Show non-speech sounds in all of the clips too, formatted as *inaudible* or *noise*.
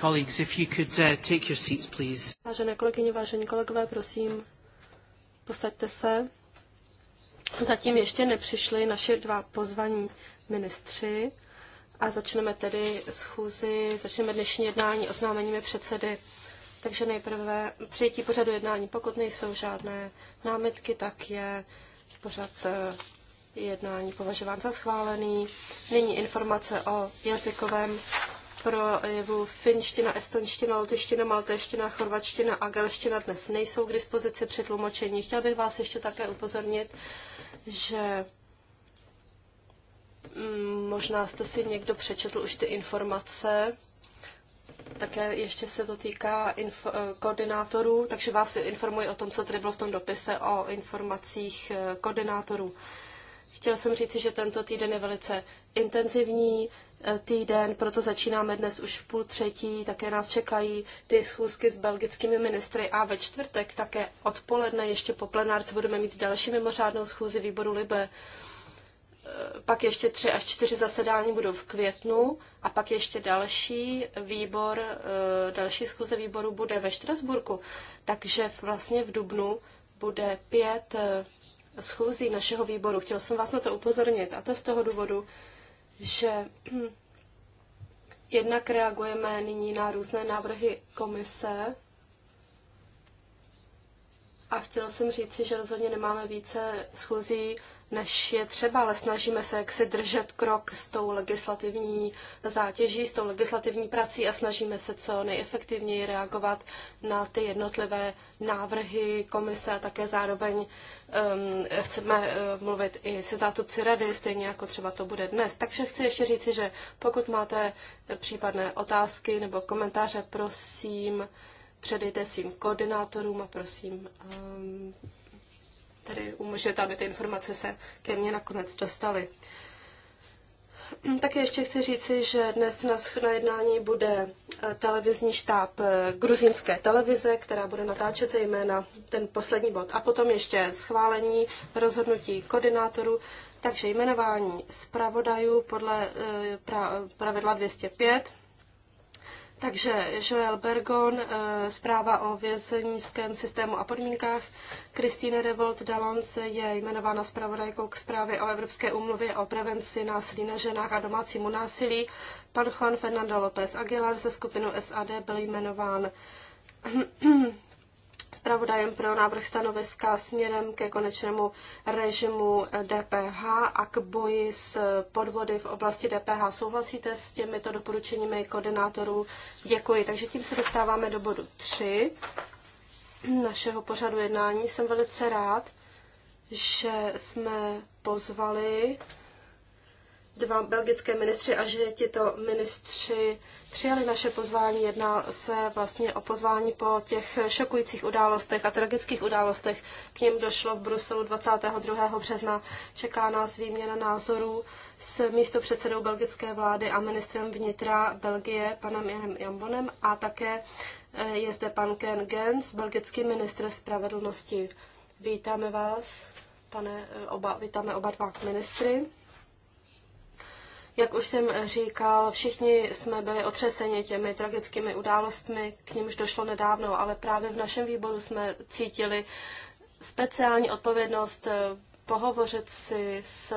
Colleagues, if you could uh, take your seats, please. Vážené kolegyně, vážení kolegové, prosím, posaďte se. Zatím ještě nepřišli naše dva pozvaní ministři a začneme tedy schůzi, začneme dnešní jednání oznámeními předsedy. Takže nejprve přijetí pořadu jednání. Pokud nejsou žádné námitky, tak je pořad eh, jednání považován za schválený. Nyní informace o jazykovém projevu finština, estonština, lotyština, maltéština, chorvačtina a galština dnes nejsou k dispozici při tlumočení. Chtěla bych vás ještě také upozornit, že mm, možná jste si někdo přečetl už ty informace, také ještě se to týká info, eh, koordinátorů, takže vás informuji o tom, co tady bylo v tom dopise o informacích eh, koordinátorů. Chtěla jsem říci, že tento týden je velice intenzivní týden, proto začínáme dnes už v půl třetí, také nás čekají ty schůzky s belgickými ministry a ve čtvrtek také odpoledne ještě po plenárce budeme mít další mimořádnou schůzi výboru Libe. E, pak ještě tři až čtyři zasedání budou v květnu a pak ještě další výbor, e, další schůze výboru bude ve Štrasburku. Takže vlastně v Dubnu bude pět e, schůzí našeho výboru. Chtěl jsem vás na to upozornit a to z toho důvodu, že *clears throat* jednak reagujeme nyní na různé návrhy komise a chtěla jsem říci, že rozhodně nemáme více schůzí než je třeba, ale snažíme se jaksi držet krok s tou legislativní zátěží, s tou legislativní prací a snažíme se co nejefektivněji reagovat na ty jednotlivé návrhy komise a také zároveň um, chceme uh, mluvit i se zástupci rady, stejně jako třeba to bude dnes. Takže chci ještě říci, že pokud máte případné otázky nebo komentáře, prosím, předejte svým koordinátorům a prosím, um, tedy umožňujete, aby ty informace se ke mně nakonec dostaly. Tak ještě chci říci, že dnes na jednání bude eh, televizní štáb eh, gruzínské televize, která bude natáčet zejména ten poslední bod. A potom ještě schválení rozhodnutí koordinátorů, takže jmenování zpravodajů podle eh, pravidla 205 takže Joel Bergon, eh, zpráva o vězeňském systému a podmínkách. Kristýna Revolt Dalons je jmenována zpravodajkou k zprávě o Evropské umluvě o prevenci násilí na ženách a domácímu násilí. Pan Juan Fernando López Aguilar ze skupinu SAD byl jmenován *clears throat* zpravodajem pro návrh stanoviska směrem ke konečnému režimu DPH a k boji s podvody v oblasti DPH. Souhlasíte s těmito doporučeními koordinátorů? Děkuji. Takže tím se dostáváme do bodu 3 našeho pořadu jednání. Jsem velice rád, že jsme pozvali dva belgické ministři a že tito ministři přijali naše pozvání. Jedná se vlastně o pozvání po těch šokujících událostech a tragických událostech. K něm došlo v Bruselu 22. března. Čeká nás výměna názorů s místo předsedou belgické vlády a ministrem vnitra Belgie, panem Janem Jambonem, a také eh, je zde pan Ken Gens, belgický ministr spravedlnosti. Vítáme vás, pane, eh, oba, vítáme oba dva ministry. Jak už jsem říkal, všichni jsme byli otřeseni těmi tragickými událostmi, k nímž došlo nedávno, ale právě v našem výboru jsme cítili speciální odpovědnost eh, pohovořit si s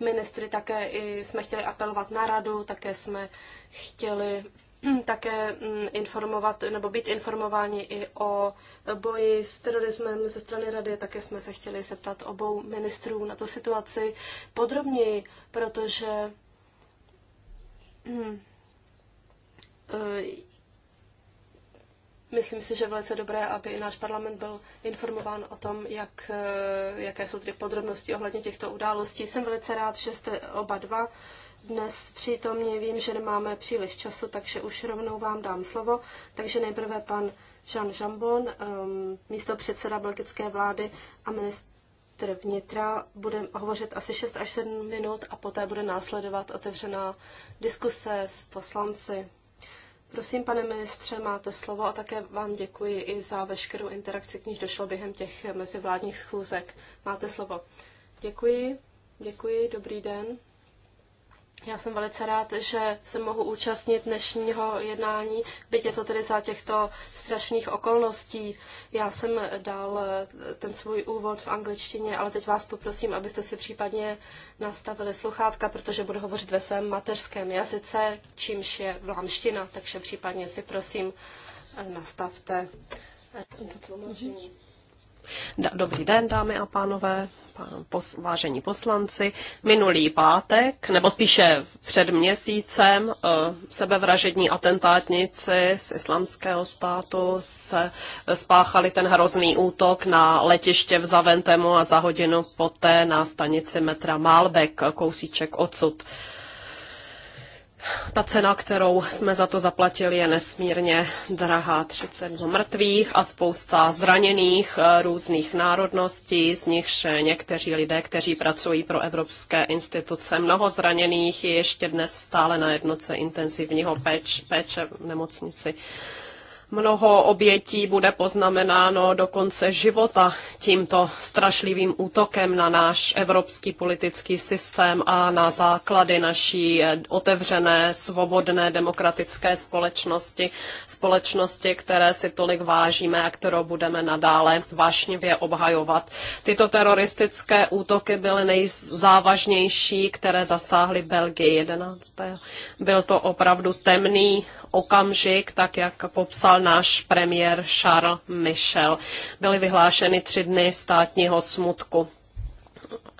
ministry, také i jsme chtěli apelovat na radu, také jsme chtěli mm, také mm, informovat nebo být informováni i o boji s terorismem ze strany rady. Také jsme se chtěli zeptat obou ministrů na tu situaci podrobněji, protože Hmm. Eh, myslím si, že je velice dobré, aby i náš parlament byl informován o tom, jak, eh, jaké jsou tedy podrobnosti ohledně těchto událostí. Jsem velice rád, že jste oba dva dnes přítomně. Vím, že nemáme příliš času, takže už rovnou vám dám slovo. Takže nejprve pan Jean Jambon, ehm, místo předseda belgické vlády a ministr ministr vnitra bude hovořit asi 6 až 7 minut a poté bude následovat otevřená diskuse s poslanci. Prosím, pane ministře, máte slovo a také vám děkuji i za veškerou interakci, k níž došlo během těch mezivládních schůzek. Máte slovo. Děkuji, děkuji, dobrý den. Já jsem velice rád, že se mohu účastnit dnešního jednání, byť je to tedy za těchto strašných okolností. Já jsem dal eh, ten svůj úvod v angličtině, ale teď vás poprosím, abyste si případně nastavili sluchátka, protože budu hovořit ve svém mateřském jazyce, čímž je vlámština, takže případně si prosím eh, nastavte eh, to tlumočení. Dobrý den, dámy a pánové pos, vážení poslanci, minulý pátek, nebo spíše před měsícem, eh, sebevražední atentátníci z islamského státu se eh, spáchali ten hrozný útok na letiště v Zaventemu a za hodinu poté na stanici metra Malbek kousíček odsud ta cena, kterou jsme za to zaplatili, je nesmírně drahá. 30 mrtvých a spousta zraněných eh, různých národností, z nichž někteří lidé, kteří pracují pro evropské instituce. Mnoho zraněných je ještě dnes stále na jednoce intenzivního péč, péče v nemocnici. Mnoho obětí bude poznamenáno do konce života tímto strašlivým útokem na náš evropský politický systém a na základy naší eh, otevřené, svobodné, demokratické společnosti, společnosti, které si tolik vážíme a kterou budeme nadále vášnivě obhajovat. Tyto teroristické útoky byly nejzávažnější, které zasáhly Belgii 11. Byl to opravdu temný okamžik, tak jak popsal náš premiér Charles Michel. Byly vyhlášeny tři dny státního smutku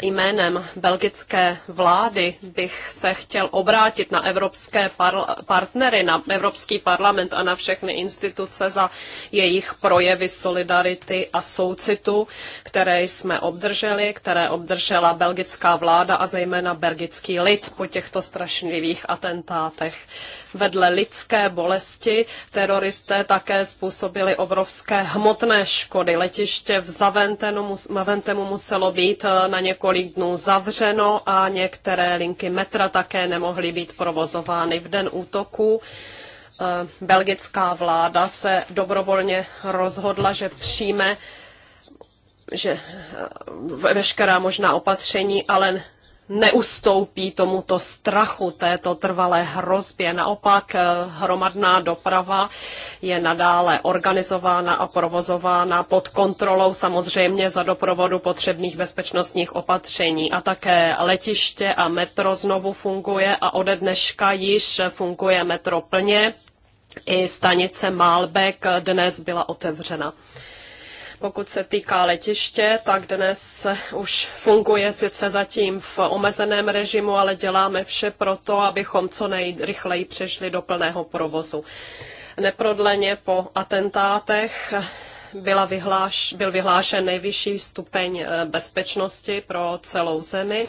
jménem belgické vlády bych se chtěl obrátit na evropské partnery, na Evropský parlament a na všechny instituce za jejich projevy solidarity a soucitu, které jsme obdrželi, které obdržela belgická vláda a zejména belgický lid po těchto strašlivých atentátech. Vedle lidské bolesti teroristé také způsobili obrovské hmotné škody. Letiště v Zaventemu muselo být eh, na několik dnů zavřeno a některé linky metra také nemohly být provozovány v den útoku eh, belgická vláda se dobrovolně rozhodla, že přijme že eh, veškerá možná opatření, ale neustoupí tomuto strachu, této trvalé hrozbě. Naopak eh, hromadná doprava je nadále organizována a provozována pod kontrolou samozřejmě za doprovodu potřebných bezpečnostních opatření. A také letiště a metro znovu funguje a ode dneška již funguje metro plně. I stanice Málbek dnes byla otevřena. Pokud se týká letiště, tak dnes už funguje sice zatím v omezeném režimu, ale děláme vše pro to, abychom co nejrychleji přešli do plného provozu. Neprodleně po atentátech byla vyhláš, byl vyhlášen nejvyšší stupeň eh, bezpečnosti pro celou zemi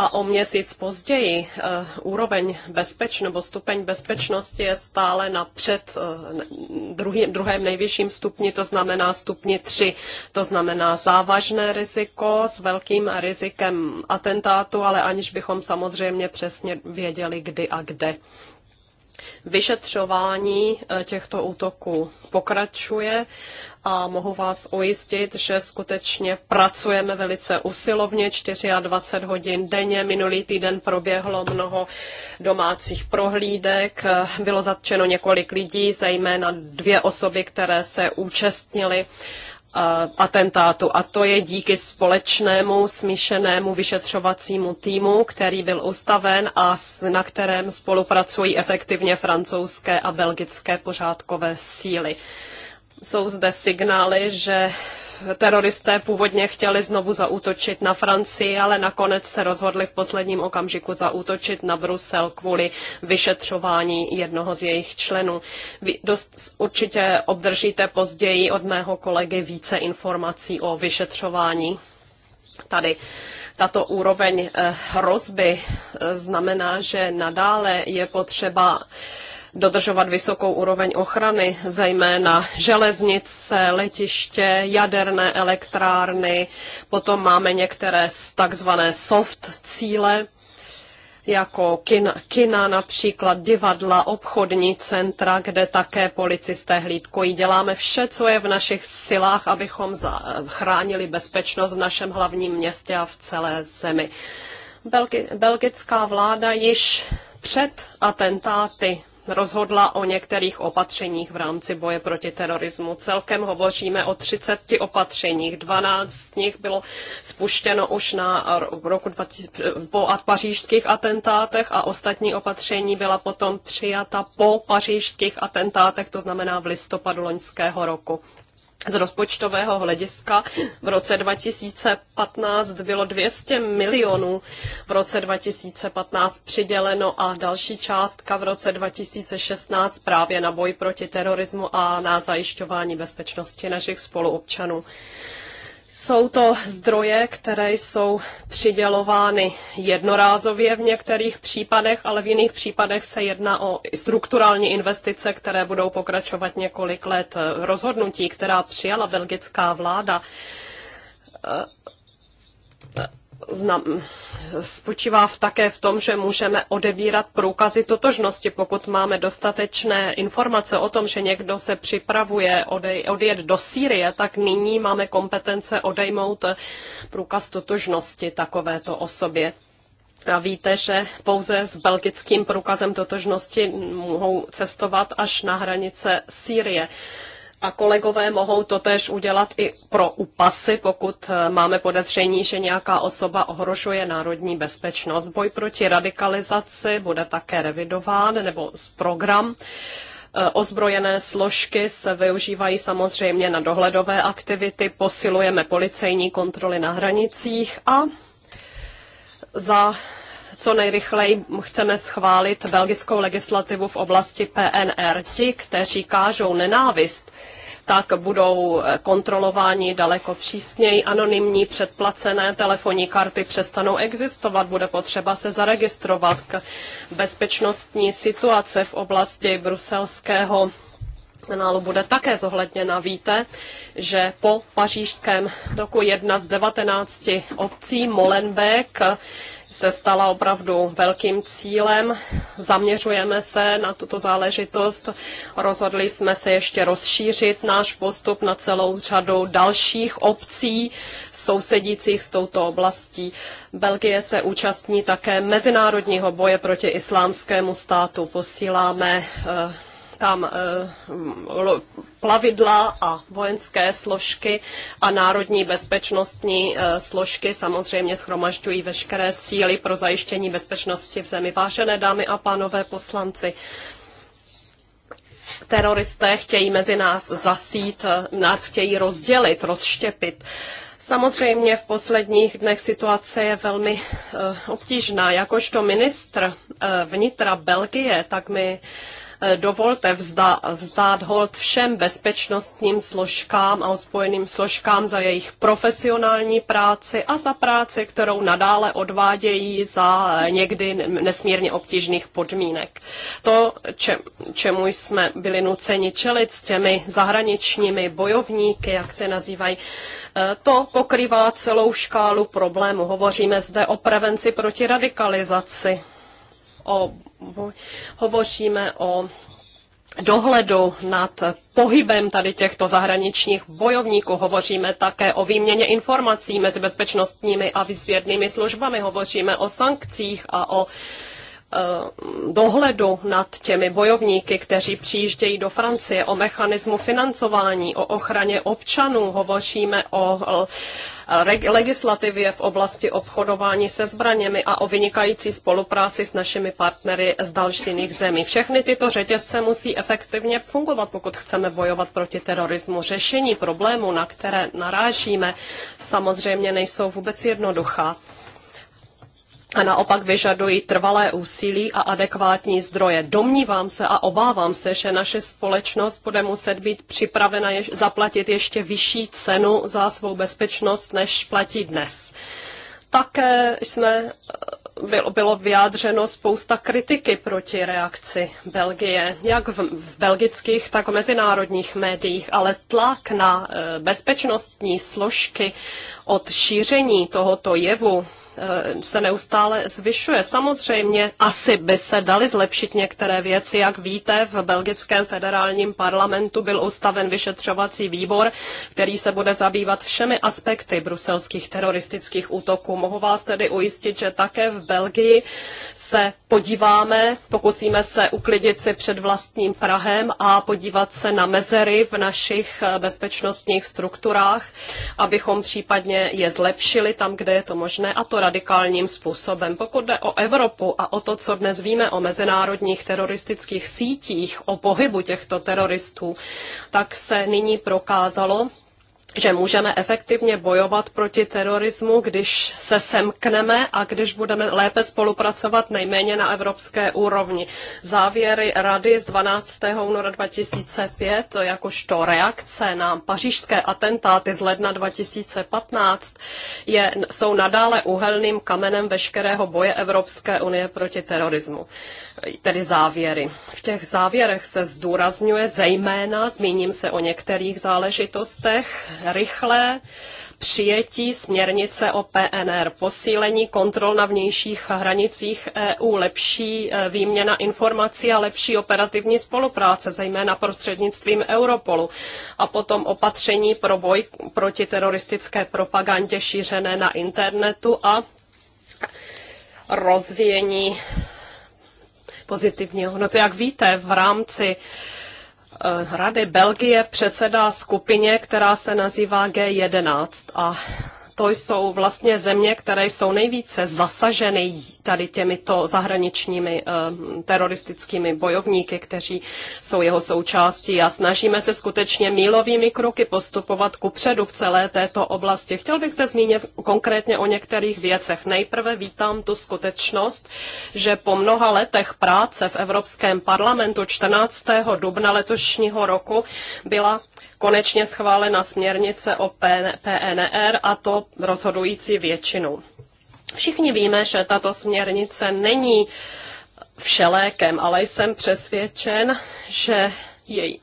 a o měsíc později eh, úroveň bezpečnosti nebo stupeň bezpečnosti je stále na před eh, druhý, druhém nejvyšším stupni, to znamená stupni 3. To znamená závažné riziko s velkým rizikem atentátu, ale aniž bychom samozřejmě přesně věděli, kdy a kde. Vyšetřování eh, těchto útoků pokračuje a mohu vás ujistit, že skutečně pracujeme velice usilovně 24 hodin denně. Minulý týden proběhlo mnoho domácích prohlídek, bylo zatčeno několik lidí, zejména dvě osoby, které se účastnily eh, atentátu. A to je díky společnému smíšenému vyšetřovacímu týmu, který byl ustaven a na kterém spolupracují efektivně francouzské a belgické pořádkové síly. Jsou zde signály, že teroristé původně chtěli znovu zaútočit na Francii, ale nakonec se rozhodli v posledním okamžiku zaútočit na Brusel kvůli vyšetřování jednoho z jejich členů. Vy dost určitě obdržíte později od mého kolegy více informací o vyšetřování tady tato úroveň eh, hrozby eh, znamená, že nadále je potřeba dodržovat vysokou úroveň ochrany, zejména železnice, letiště, jaderné elektrárny, potom máme některé takzvané soft cíle, jako kina, kina, například divadla, obchodní centra, kde také policisté hlídkojí. Děláme vše, co je v našich silách, abychom chránili bezpečnost v našem hlavním městě a v celé zemi. Belgi, belgická vláda již před atentáty rozhodla o některých opatřeních v rámci boje proti terorismu. Celkem hovoříme o 30 opatřeních. 12 z nich bylo spuštěno už na roku po pařížských atentátech a ostatní opatření byla potom přijata po pařížských atentátech, to znamená v listopadu loňského roku z rozpočtového hlediska v roce 2015 bylo 200 milionů, v roce 2015 přiděleno a další částka v roce 2016 právě na boj proti terorismu a na zajišťování bezpečnosti našich spoluobčanů. Jsou to zdroje, které jsou přidělovány jednorázově v některých případech, ale v jiných případech se jedná o strukturální investice, které budou pokračovat několik let. Rozhodnutí, která přijala belgická vláda, znam, spočívá v také v tom, že můžeme odebírat průkazy totožnosti, pokud máme dostatečné informace o tom, že někdo se připravuje odjet do Sýrie, tak nyní máme kompetence odejmout průkaz totožnosti takovéto osobě. A víte, že pouze s belgickým průkazem totožnosti mohou cestovat až na hranice Sýrie a kolegové mohou totež udělat i pro upasy, pokud eh, máme podezření, že nějaká osoba ohrožuje národní bezpečnost. Boj proti radikalizaci bude také revidován nebo z program. Eh, ozbrojené složky se využívají samozřejmě na dohledové aktivity, posilujeme policejní kontroly na hranicích a za co nejrychleji chceme schválit belgickou legislativu v oblasti PNR. Ti, kteří kážou nenávist, tak budou kontrolováni daleko přísněji. Anonymní předplacené telefonní karty přestanou existovat, bude potřeba se zaregistrovat k bezpečnostní situace v oblasti bruselského kanálu bude také zohledněna. Víte, že po pařížském toku jedna z 19 obcí Molenbeek se stala opravdu velkým cílem. Zaměřujeme se na tuto záležitost. Rozhodli jsme se ještě rozšířit náš postup na celou řadu dalších obcí sousedících s touto oblastí. Belgie se účastní také mezinárodního boje proti islámskému státu. Posíláme eh, tam eh, plavidla a vojenské složky a národní bezpečnostní eh, složky samozřejmě schromažďují veškeré síly pro zajištění bezpečnosti v zemi. Vážené dámy a pánové poslanci, teroristé chtějí mezi nás zasít, eh, nás chtějí rozdělit, rozštěpit. Samozřejmě v posledních dnech situace je velmi obtížná. Jakožto ministr vnitra Belgie, tak mi Eh, dovolte vzdá, vzdát hold všem bezpečnostním složkám a ozbrojeným složkám za jejich profesionální práci a za práci, kterou nadále odvádějí za eh, někdy nesmírně obtížných podmínek. To, če, čemu jsme byli nuceni čelit s těmi zahraničními bojovníky, jak se nazývají, eh, to pokrývá celou škálu problémů. Hovoříme zde o prevenci proti radikalizaci, o hovoříme o dohledu nad pohybem tady těchto zahraničních bojovníků. Hovoříme také o výměně informací mezi bezpečnostními a výzvědnými službami. Hovoříme o sankcích a o Eh, dohledu nad těmi bojovníky, kteří přijíždějí do Francie, o mechanismu financování, o ochraně občanů, hovoříme o eh, legislativě v oblasti obchodování se zbraněmi a o vynikající spolupráci s našimi partnery z dalších zemí. Všechny tyto řetězce musí efektivně fungovat, pokud chceme bojovat proti terorismu. Řešení problému, na které narážíme, samozřejmě nejsou vůbec jednoduchá a naopak vyžadují trvalé úsilí a adekvátní zdroje. Domnívám se a obávám se, že naše společnost bude muset být připravena jež, zaplatit ještě vyšší cenu za svou bezpečnost, než platí dnes. Také jsme, eh, bylo, bylo vyjádřeno spousta kritiky proti reakci Belgie, jak v, v belgických, tak v mezinárodních médiích, ale tlak na eh, bezpečnostní složky od šíření tohoto jevu Eh, se neustále zvyšuje. Samozřejmě asi by se daly zlepšit některé věci. Jak víte, v belgickém federálním parlamentu byl ustaven vyšetřovací výbor, který se bude zabývat všemi aspekty bruselských teroristických útoků. Mohu vás tedy ujistit, že také v Belgii se podíváme, pokusíme se uklidit si před vlastním Prahem a podívat se na mezery v našich eh, bezpečnostních strukturách, abychom případně je zlepšili tam, kde je to možné. A to radikálním způsobem. Pokud jde o Evropu a o to, co dnes víme o mezinárodních teroristických sítích, o pohybu těchto teroristů, tak se nyní prokázalo, že můžeme efektivně bojovat proti terorismu, když se semkneme a když budeme lépe spolupracovat nejméně na evropské úrovni. Závěry rady z 12. února 2005, jakožto reakce na pařížské atentáty z ledna 2015, je, jsou nadále uhelným kamenem veškerého boje Evropské unie proti terorismu. Tedy závěry. V těch závěrech se zdůrazňuje zejména, zmíním se o některých záležitostech, rychlé přijetí směrnice o PNR, posílení kontrol na vnějších hranicích EU, lepší e, výměna informací a lepší operativní spolupráce, zejména prostřednictvím Europolu a potom opatření pro boj proti teroristické propagandě šířené na internetu a rozvíjení pozitivního. No jak víte, v rámci Rady Belgie předsedá skupině, která se nazývá G11 a to jsou vlastně země, které jsou nejvíce zasaženy tady těmito zahraničními eh, teroristickými bojovníky, kteří jsou jeho součástí a snažíme se skutečně mílovými kroky postupovat ku předu v celé této oblasti. Chtěl bych se zmínit konkrétně o některých věcech. Nejprve vítám tu skutečnost, že po mnoha letech práce v Evropském parlamentu 14. dubna letošního roku byla konečně schválena směrnice o PNR a to rozhodující většinu. Všichni víme, že tato směrnice není všelékem, ale jsem přesvědčen, že její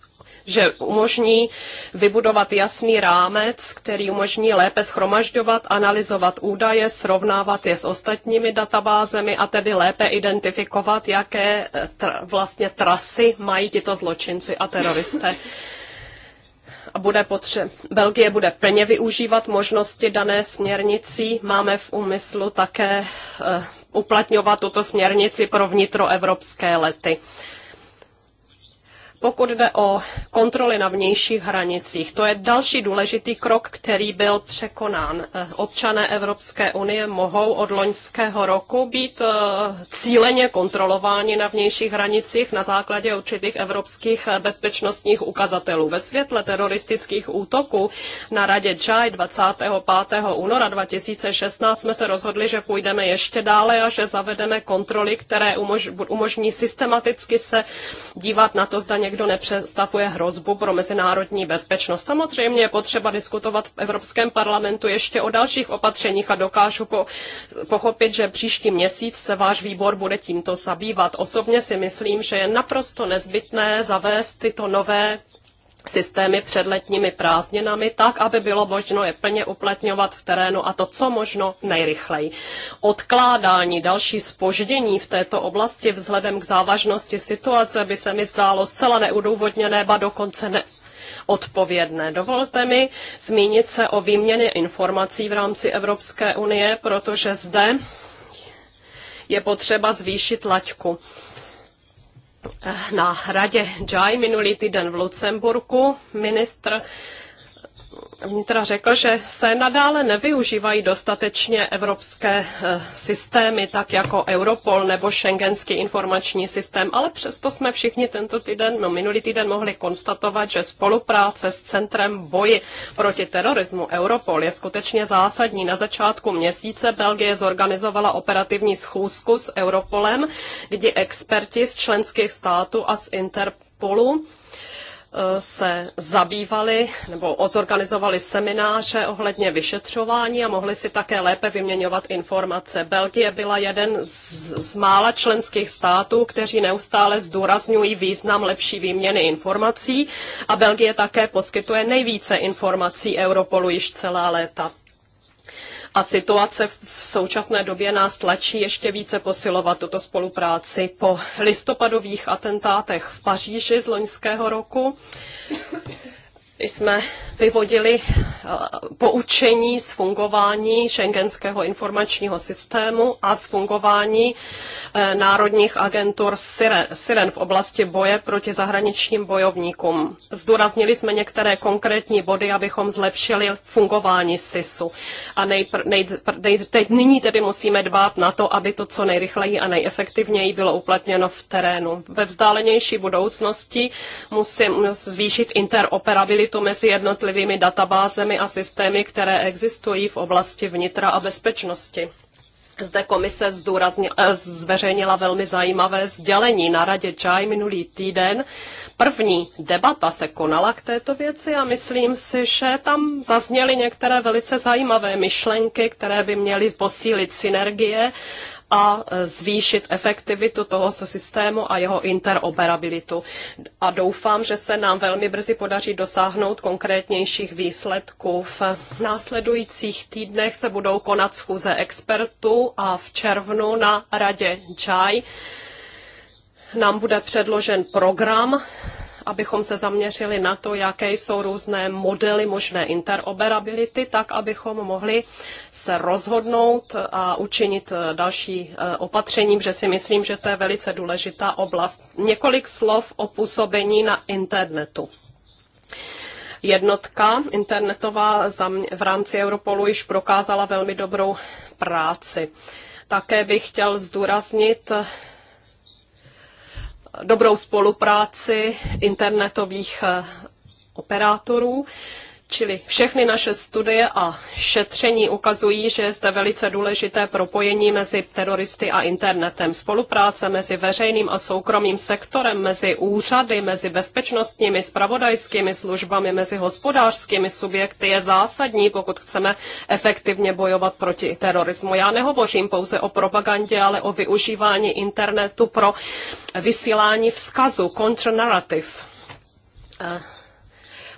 že umožní vybudovat jasný rámec, který umožní lépe schromažďovat, analyzovat údaje, srovnávat je s ostatními databázemi a tedy lépe identifikovat, jaké eh, tr- vlastně trasy mají tito zločinci a teroristé bude potře- Belgie bude plně využívat možnosti dané směrnicí. Máme v úmyslu také eh, uplatňovat tuto směrnici pro vnitroevropské lety. Pokud jde o kontroly na vnějších hranicích, to je další důležitý krok, který byl překonán. Eh, občané Evropské unie mohou od loňského roku být eh, cíleně kontrolováni na vnějších hranicích na základě určitých evropských eh, bezpečnostních ukazatelů. Ve světle teroristických útoků na radě JAI 25. února 2016 jsme se rozhodli, že půjdeme ještě dále a že zavedeme kontroly, které umožní systematicky se dívat na to, zda někdo nepředstavuje hrozbu pro mezinárodní bezpečnost. Samozřejmě je potřeba diskutovat v Evropském parlamentu ještě o dalších opatřeních a dokážu po, pochopit, že příští měsíc se váš výbor bude tímto zabývat. Osobně si myslím, že je naprosto nezbytné zavést tyto nové systémy před letními prázdninami tak, aby bylo možno je plně uplatňovat v terénu a to co možno nejrychleji. Odkládání, další spoždění v této oblasti vzhledem k závažnosti situace by se mi zdálo zcela neudůvodněné, ba dokonce ne, odpovědné. Dovolte mi zmínit se o výměně informací v rámci Evropské unie, protože zde je potřeba zvýšit laťku. Eh, na radě JAI minulý týden v Lucemburku ministr vnitra řekl, že se nadále nevyužívají dostatečně evropské eh, systémy, tak jako Europol nebo Schengenský informační systém, ale přesto jsme všichni tento týden, no minulý týden mohli konstatovat, že spolupráce s Centrem boji proti terorismu Europol je skutečně zásadní. Na začátku měsíce Belgie zorganizovala operativní schůzku s Europolem, kdy experti z členských států a z Interpolu Eh, se zabývali nebo odorganizovali semináře ohledně vyšetřování a mohli si také lépe vyměňovat informace. Belgie byla jeden z, z mála členských států, kteří neustále zdůrazňují význam lepší výměny informací a Belgie také poskytuje nejvíce informací Europolu již celá léta a situace v současné době nás tlačí ještě více posilovat tuto spolupráci po listopadových atentátech v Paříži z loňského roku jsme vyvodili eh, poučení z fungování šengenského informačního systému a z fungování eh, národních agentur Siren v oblasti boje proti zahraničním bojovníkům. Zdůraznili jsme některé konkrétní body, abychom zlepšili fungování SISu. A nejpr, nejpr, nej, teď, nyní tedy musíme dbát na to, aby to co nejrychleji a nejefektivněji bylo uplatněno v terénu. Ve vzdálenější budoucnosti musím zvýšit interoperabilitu konektivitu mezi jednotlivými databázemi a systémy, které existují v oblasti vnitra a bezpečnosti. Zde komise eh, zveřejnila velmi zajímavé sdělení na radě Čaj minulý týden. První debata se konala k této věci a myslím si, že tam zazněly některé velice zajímavé myšlenky, které by měly posílit synergie a zvýšit efektivitu toho systému a jeho interoperabilitu. A doufám, že se nám velmi brzy podaří dosáhnout konkrétnějších výsledků. V následujících týdnech se budou konat schůze expertů a v červnu na radě JAI nám bude předložen program abychom se zaměřili na to, jaké jsou různé modely možné interoperability, tak abychom mohli se rozhodnout a učinit eh, další eh, opatření, protože si myslím, že to je velice důležitá oblast. Několik slov o působení na internetu jednotka internetová v rámci Europolu již prokázala velmi dobrou práci. Také bych chtěl zdůraznit dobrou spolupráci internetových eh, operátorů. Čili všechny naše studie a šetření ukazují, že je zde velice důležité propojení mezi teroristy a internetem. Spolupráce mezi veřejným a soukromým sektorem, mezi úřady, mezi bezpečnostními, spravodajskými službami, mezi hospodářskými subjekty je zásadní, pokud chceme efektivně bojovat proti terorismu. Já nehovořím pouze o propagandě, ale o využívání internetu pro vysílání vzkazu, counter narrative eh,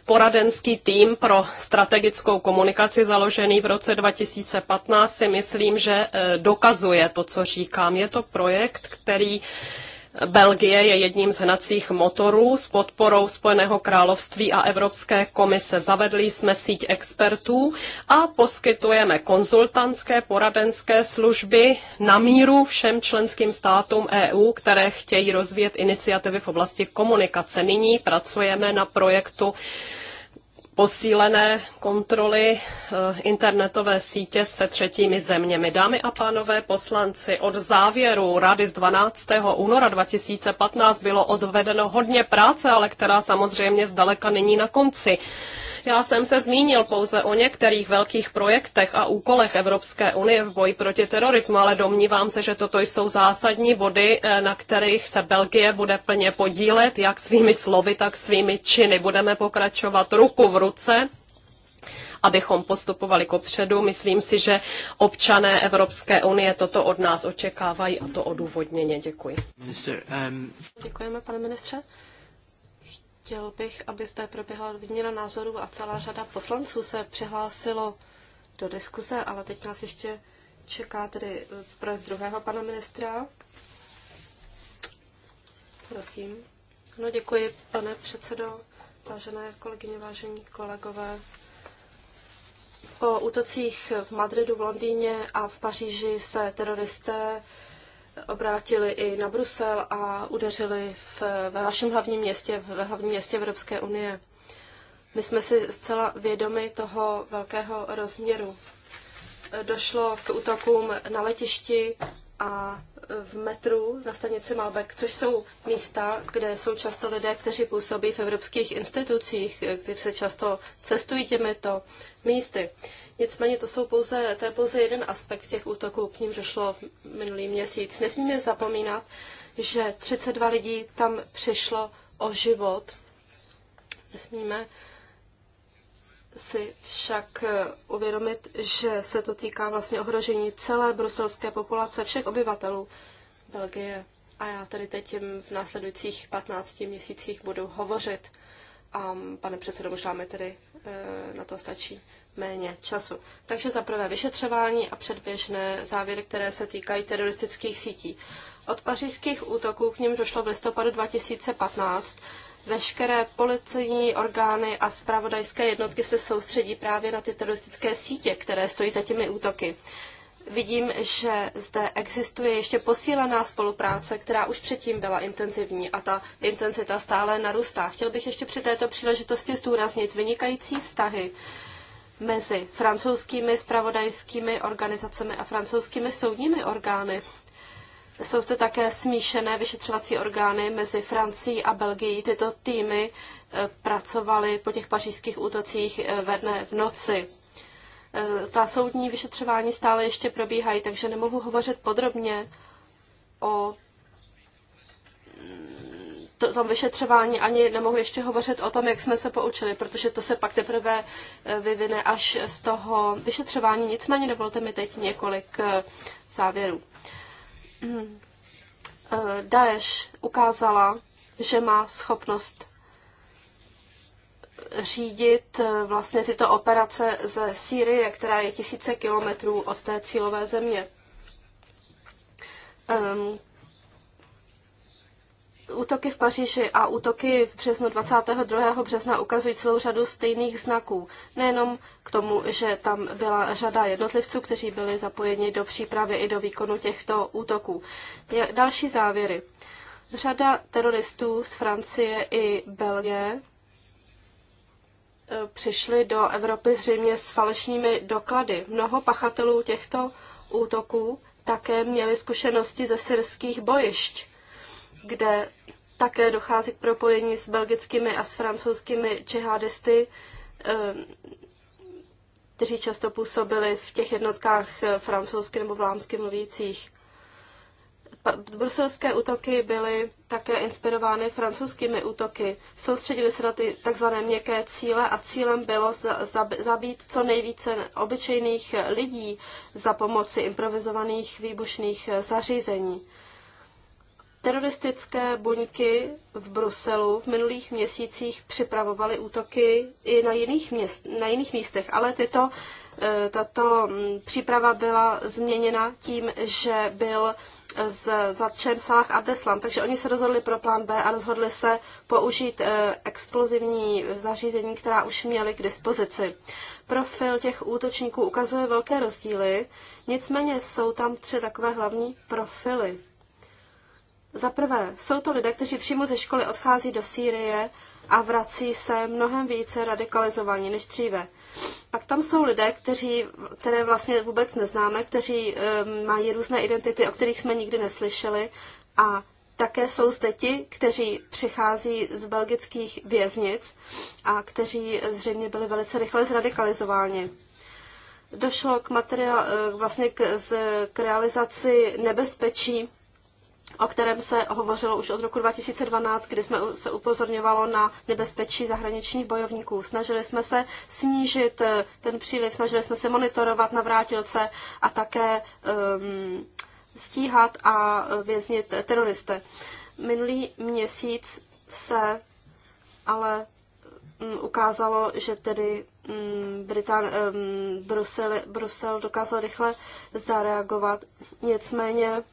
poradenský tým pro strategickou komunikaci založený v roce 2015 si myslím, že eh, dokazuje to, co říkám. Je to projekt, který eh, Belgie je jedním z hnacích motorů s podporou Spojeného království a Evropské komise. Zavedli jsme síť expertů a poskytujeme konzultantské poradenské služby na míru všem členským státům EU, které chtějí rozvíjet iniciativy v oblasti komunikace. Nyní pracujeme na projektu posílené kontroly eh, internetové sítě se třetími zeměmi. Dámy a pánové poslanci, od závěru Rady z 12. února 2015 bylo odvedeno hodně práce, ale která samozřejmě zdaleka není na konci. Já jsem se zmínil pouze o některých velkých projektech a úkolech Evropské unie v boji proti terorismu, ale domnívám se, že toto jsou zásadní body, eh, na kterých se Belgie bude plně podílet, jak svými slovy, tak svými činy. Budeme pokračovat ruku v ruce abychom postupovali kopředu. Myslím si, že občané Evropské unie toto od nás očekávají a to odůvodněně. Děkuji. Minister, um... Děkujeme, pane ministře. Chtěl bych, aby zde proběhla výměna názorů a celá řada poslanců se přihlásilo do diskuse, ale teď nás ještě čeká tedy projev druhého pana ministra. Prosím. No děkuji, pane předsedo, vážené kolegyně, vážení kolegové. Po útocích v Madridu, v Londýně a v Paříži se teroristé obrátili i na Brusel a udeřili v, ve vašem hlavním městě, ve hlavním městě Evropské unie. My jsme si zcela vědomi toho velkého rozměru. Došlo k útokům na letišti a v metru na stanici Malbec, což jsou místa, kde jsou často lidé, kteří působí v evropských institucích, kteří se často cestují těmito místy. Nicméně to, jsou pouze, to je pouze jeden aspekt těch útoků, k ním došlo minulý měsíc. Nesmíme zapomínat, že 32 lidí tam přišlo o život. Nesmíme si však eh, uvědomit, že se to týká vlastně ohrožení celé bruselské populace, všech obyvatelů Belgie. A já tady teď v následujících 15 měsících budu hovořit. A mm, pane předsedo, možná mi tedy eh, na to stačí méně času. Takže za prvé vyšetřování a předběžné závěry, které se týkají teroristických sítí. Od pařížských útoků k ním došlo v listopadu 2015. Veškeré policejní orgány a zpravodajské jednotky se soustředí právě na ty teroristické sítě, které stojí za těmi útoky. Vidím, že zde existuje ještě posílená spolupráce, která už předtím byla intenzivní a ta intenzita stále narůstá. Chtěl bych ještě při této příležitosti zdůraznit vynikající vztahy mezi francouzskými spravodajskými organizacemi a francouzskými soudními orgány. Jsou zde také smíšené vyšetřovací orgány mezi Francií a Belgií. Tyto týmy eh, pracovaly po těch pařížských útocích eh, ve dne v noci. Eh, ta soudní vyšetřování stále ještě probíhají, takže nemohu hovořit podrobně o to, tom vyšetřování ani nemohu ještě hovořit o tom, jak jsme se poučili, protože to se pak teprve eh, vyvine až z toho vyšetřování. Nicméně dovolte mi teď několik eh, závěrů. Hmm. Eh, Daesh ukázala, že má schopnost řídit vlastně tyto operace ze Sýrie, která je tisíce kilometrů od té cílové země. Ehm, Útoky v Paříži a útoky v březnu 22. března ukazují celou řadu stejných znaků. Nejenom k tomu, že tam byla řada jednotlivců, kteří byli zapojeni do přípravy i do výkonu těchto útoků. Další závěry. Řada teroristů z Francie i Belgie e, přišli do Evropy zřejmě s falešnými doklady. Mnoho pachatelů těchto útoků také měli zkušenosti ze syrských bojišť, kde také dochází k propojení s belgickými a s francouzskými džihadisty, eh, kteří často působili v těch jednotkách eh, francouzsky nebo vlámsky mluvících. Bruselské útoky byly také inspirovány francouzskými útoky. Soustředili se na ty tzv. měkké cíle a cílem bylo zabít co nejvíce obyčejných lidí za pomoci improvizovaných výbušných eh, zařízení. Teroristické buňky v Bruselu v minulých měsících připravovaly útoky i na jiných, měst, na jiných místech, ale tyto, eh, tato mm, příprava byla změněna tím, že byl eh, z zatčen Salah Abdeslam, takže oni se rozhodli pro plán B a rozhodli se použít eh, explozivní zařízení, která už měli k dispozici. Profil těch útočníků ukazuje velké rozdíly, nicméně jsou tam tři takové hlavní profily. Za prvé, jsou to lidé, kteří přímo ze školy odchází do Sýrie a vrací se mnohem více radikalizovaní než dříve. Pak tam jsou lidé, kteří, které vlastně vůbec neznáme, kteří um, mají různé identity, o kterých jsme nikdy neslyšeli. A také jsou zde ti, kteří přichází z belgických věznic a kteří zřejmě byli velice rychle zradikalizováni došlo k, materiál, e, vlastně k, z, k realizaci nebezpečí o kterém se hovořilo už od roku 2012, kdy jsme se upozorňovalo na nebezpečí zahraničních bojovníků. Snažili jsme se snížit eh, ten příliv, snažili jsme se monitorovat navrátilce a také um, stíhat a eh, věznit teroristy. Minulý měsíc se ale mm, ukázalo, že tedy mm, Britán, um, Brusel, Brusel dokázal rychle zareagovat. Nicméně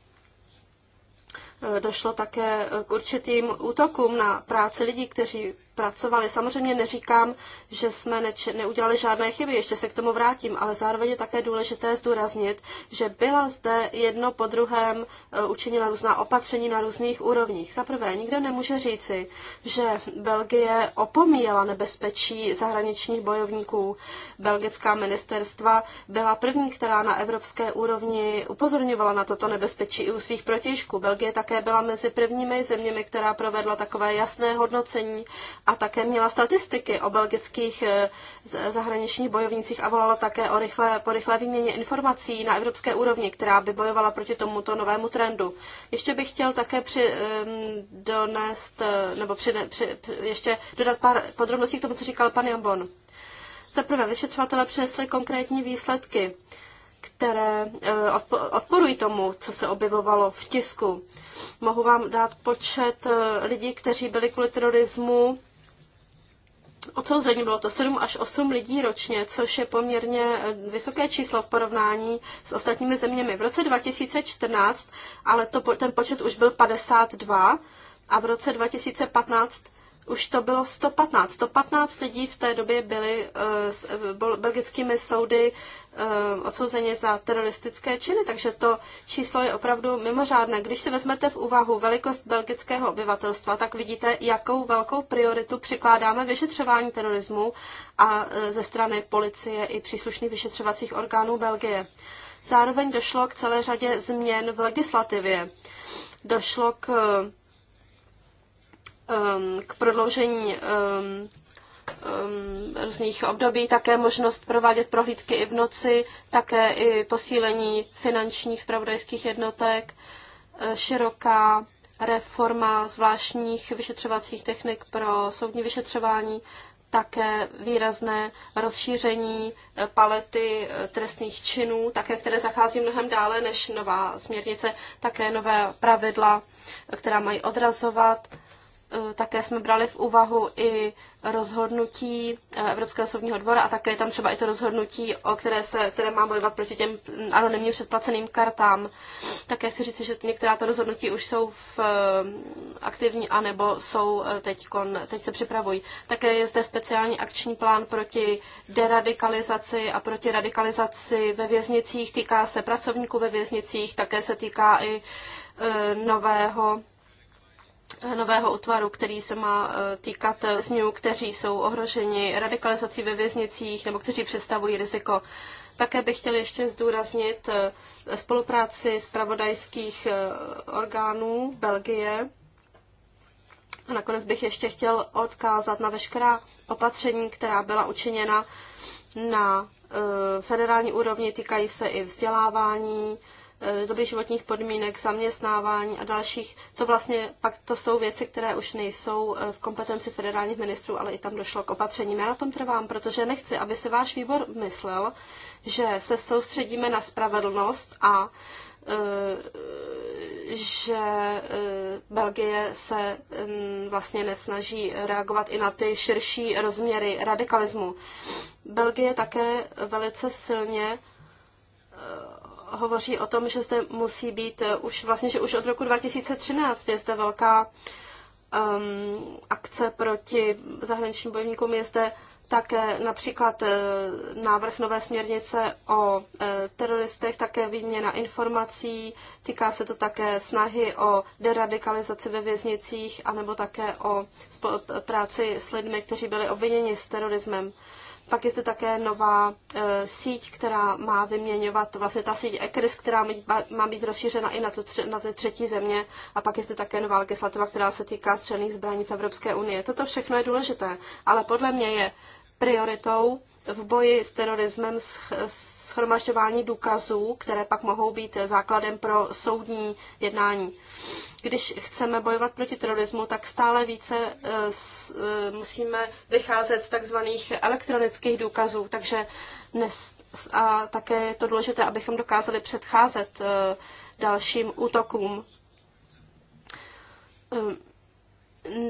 Došlo také k určitým útokům na práci lidí, kteří pracovali. Samozřejmě neříkám, že jsme neudělali žádné chyby, ještě se k tomu vrátím, ale zároveň je také důležité zdůraznit, že byla zde jedno po druhém eh, učinila různá opatření na různých úrovních. Za prvé, nikdo nemůže říci, že Belgie opomíjela nebezpečí zahraničních bojovníků. Belgická ministerstva byla první, která na evropské úrovni upozorňovala na toto nebezpečí i u svých protěžků. Belgie také byla mezi prvními zeměmi, která provedla takové jasné hodnocení a také měla statistiky o belgických eh, zahraničních bojovnících a volala také o rychlé, po rychlé výměně informací na evropské úrovni, která by bojovala proti tomuto novému trendu. Ještě bych chtěl také při, um, donést, eh, nebo přine, při, při, ještě dodat pár podrobností k tomu, co říkal pan Jambon. Za prvé, vyšetřovatele přinesli konkrétní výsledky, které eh, odporují tomu, co se objevovalo v tisku. Mohu vám dát počet lidí, kteří byli kvůli terorismu odsouzení. Bylo to 7 až 8 lidí ročně, což je poměrně eh, vysoké číslo v porovnání s ostatními zeměmi. V roce 2014 ale to, ten počet už byl 52 a v roce 2015 už to bylo 115. 115 lidí v té době byli eh, s eh, belgickými soudy eh, odsouzeni za teroristické činy, takže to číslo je opravdu mimořádné. Když si vezmete v úvahu velikost belgického obyvatelstva, tak vidíte, jakou velkou prioritu přikládáme vyšetřování terorismu a ze strany policie i příslušných vyšetřovacích orgánů Belgie. Zároveň došlo k celé řadě změn v legislativě. Došlo k Um, k prodloužení um, um, různých období, také možnost provádět prohlídky i v noci, také i posílení finančních spravodajských jednotek, eh, široká reforma zvláštních vyšetřovacích technik pro soudní vyšetřování, také výrazné rozšíření eh, palety eh, trestných činů, také které zachází mnohem dále než nová směrnice, také nové pravidla, která mají odrazovat Eh, také jsme brali v úvahu i rozhodnutí eh, Evropského soudního dvora a také tam třeba i to rozhodnutí, o které, se, které má bojovat proti těm anonymním předplaceným kartám. Také chci říct, že některá ta rozhodnutí už jsou v eh, aktivní, nebo jsou teď, kon, teď se připravují. Také je zde speciální akční plán proti deradikalizaci a proti radikalizaci ve věznicích. Týká se pracovníků ve věznicích, také se týká i nového nového útvaru, který se má eh, týkat vězňů, eh, kteří jsou ohroženi radikalizací ve věznicích nebo kteří představují riziko. Také bych chtěl ještě zdůraznit eh, spolupráci s pravodajských orgánů Belgie. A nakonec bych ještě chtěl odkázat na veškerá opatření, která byla učiněna na federální úrovni, týkají se i vzdělávání, Eh, dobrých životních podmínek, zaměstnávání a dalších. To vlastně pak to jsou věci, které už nejsou eh, v kompetenci federálních ministrů, ale i tam došlo k opatřením. Já na tom trvám, protože nechci, aby se váš výbor myslel, že se soustředíme na spravedlnost a eh, že Belgie se mm, vlastně nesnaží reagovat i na ty širší rozměry radikalismu. Belgie také velice silně hovoří o tom, že zde musí být eh, už vlastně, že už od roku 2013 je zde velká um, akce proti zahraničním bojovníkům. Je zde také například eh, návrh nové směrnice o eh, teroristech, také výměna informací, týká se to také snahy o deradikalizaci ve věznicích, anebo také o práci s lidmi, kteří byli obviněni s terorismem. Pak je zde také nová e, síť, která má vyměňovat, vlastně ta síť ECRIS, která má, má být rozšířena i na, tu, na ty třetí země. A pak je zde také nová legislativa, která se týká střelných zbraní v Evropské unii. Toto všechno je důležité, ale podle mě je prioritou v boji s terorismem schromažďování důkazů, které pak mohou být základem pro soudní jednání když chceme bojovat proti terorismu, tak stále více eh, eh, musíme vycházet z takzvaných elektronických důkazů, takže dnes a také je to důležité, abychom dokázali předcházet eh, dalším útokům.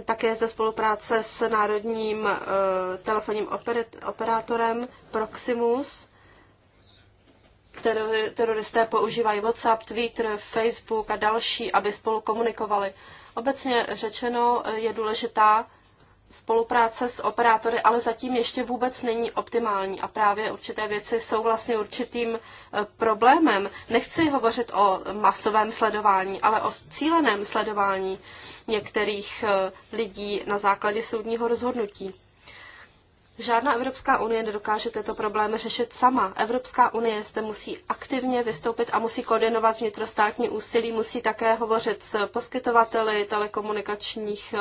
Také je spolupráce s národním telefonním operátorem Proximus teroristé používají WhatsApp, Twitter, Facebook a další, aby spolu komunikovali. Obecně řečeno eh, je důležitá spolupráce s operátory, ale zatím ještě vůbec není optimální a právě určité věci jsou vlastně určitým eh, problémem. Nechci hovořit o masovém sledování, ale o cíleném sledování některých eh, lidí na základě soudního rozhodnutí. Žádná Evropská unie nedokáže tyto problémy řešit sama. Evropská unie zde musí aktivně vystoupit a musí koordinovat vnitrostátní úsilí, musí také hovořit s poskytovateli telekomunikačních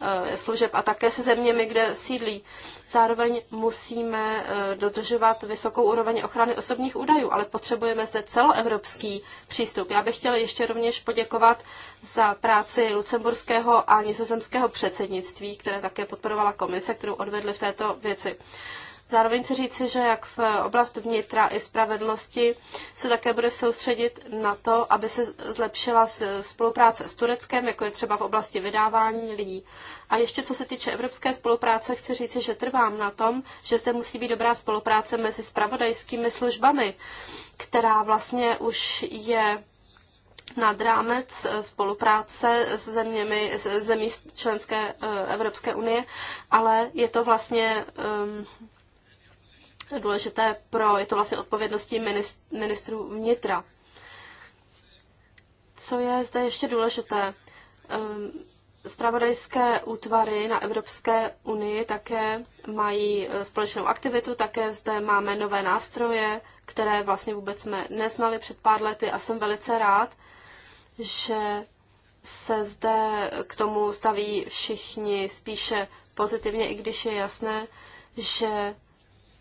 Eh, služeb a také se zeměmi, kde sídlí. Zároveň musíme eh, dodržovat vysokou úroveň ochrany osobních údajů, ale potřebujeme zde celoevropský přístup. Já bych chtěla ještě rovněž poděkovat za práci lucemburského a nizozemského předsednictví, které také podporovala komise, kterou odvedli v této věci. Zároveň se říci, že jak v oblasti vnitra i spravedlnosti se také bude soustředit na to, aby se zlepšila spolupráce s Tureckem, jako je třeba v oblasti vydávání lidí. A ještě co se týče evropské spolupráce, chci říci, že trvám na tom, že zde musí být dobrá spolupráce mezi spravodajskými službami, která vlastně už je nad rámec eh, spolupráce s zeměmi, s zemí členské eh, Evropské unie, ale je to vlastně um, to je důležité pro, je to vlastně odpovědností ministrů vnitra. Co je zde ještě důležité? Spravodajské ehm, útvary na Evropské unii také mají e, společnou aktivitu, také zde máme nové nástroje, které vlastně vůbec jsme neznali před pár lety a jsem velice rád, že se zde k tomu staví všichni spíše pozitivně, i když je jasné, že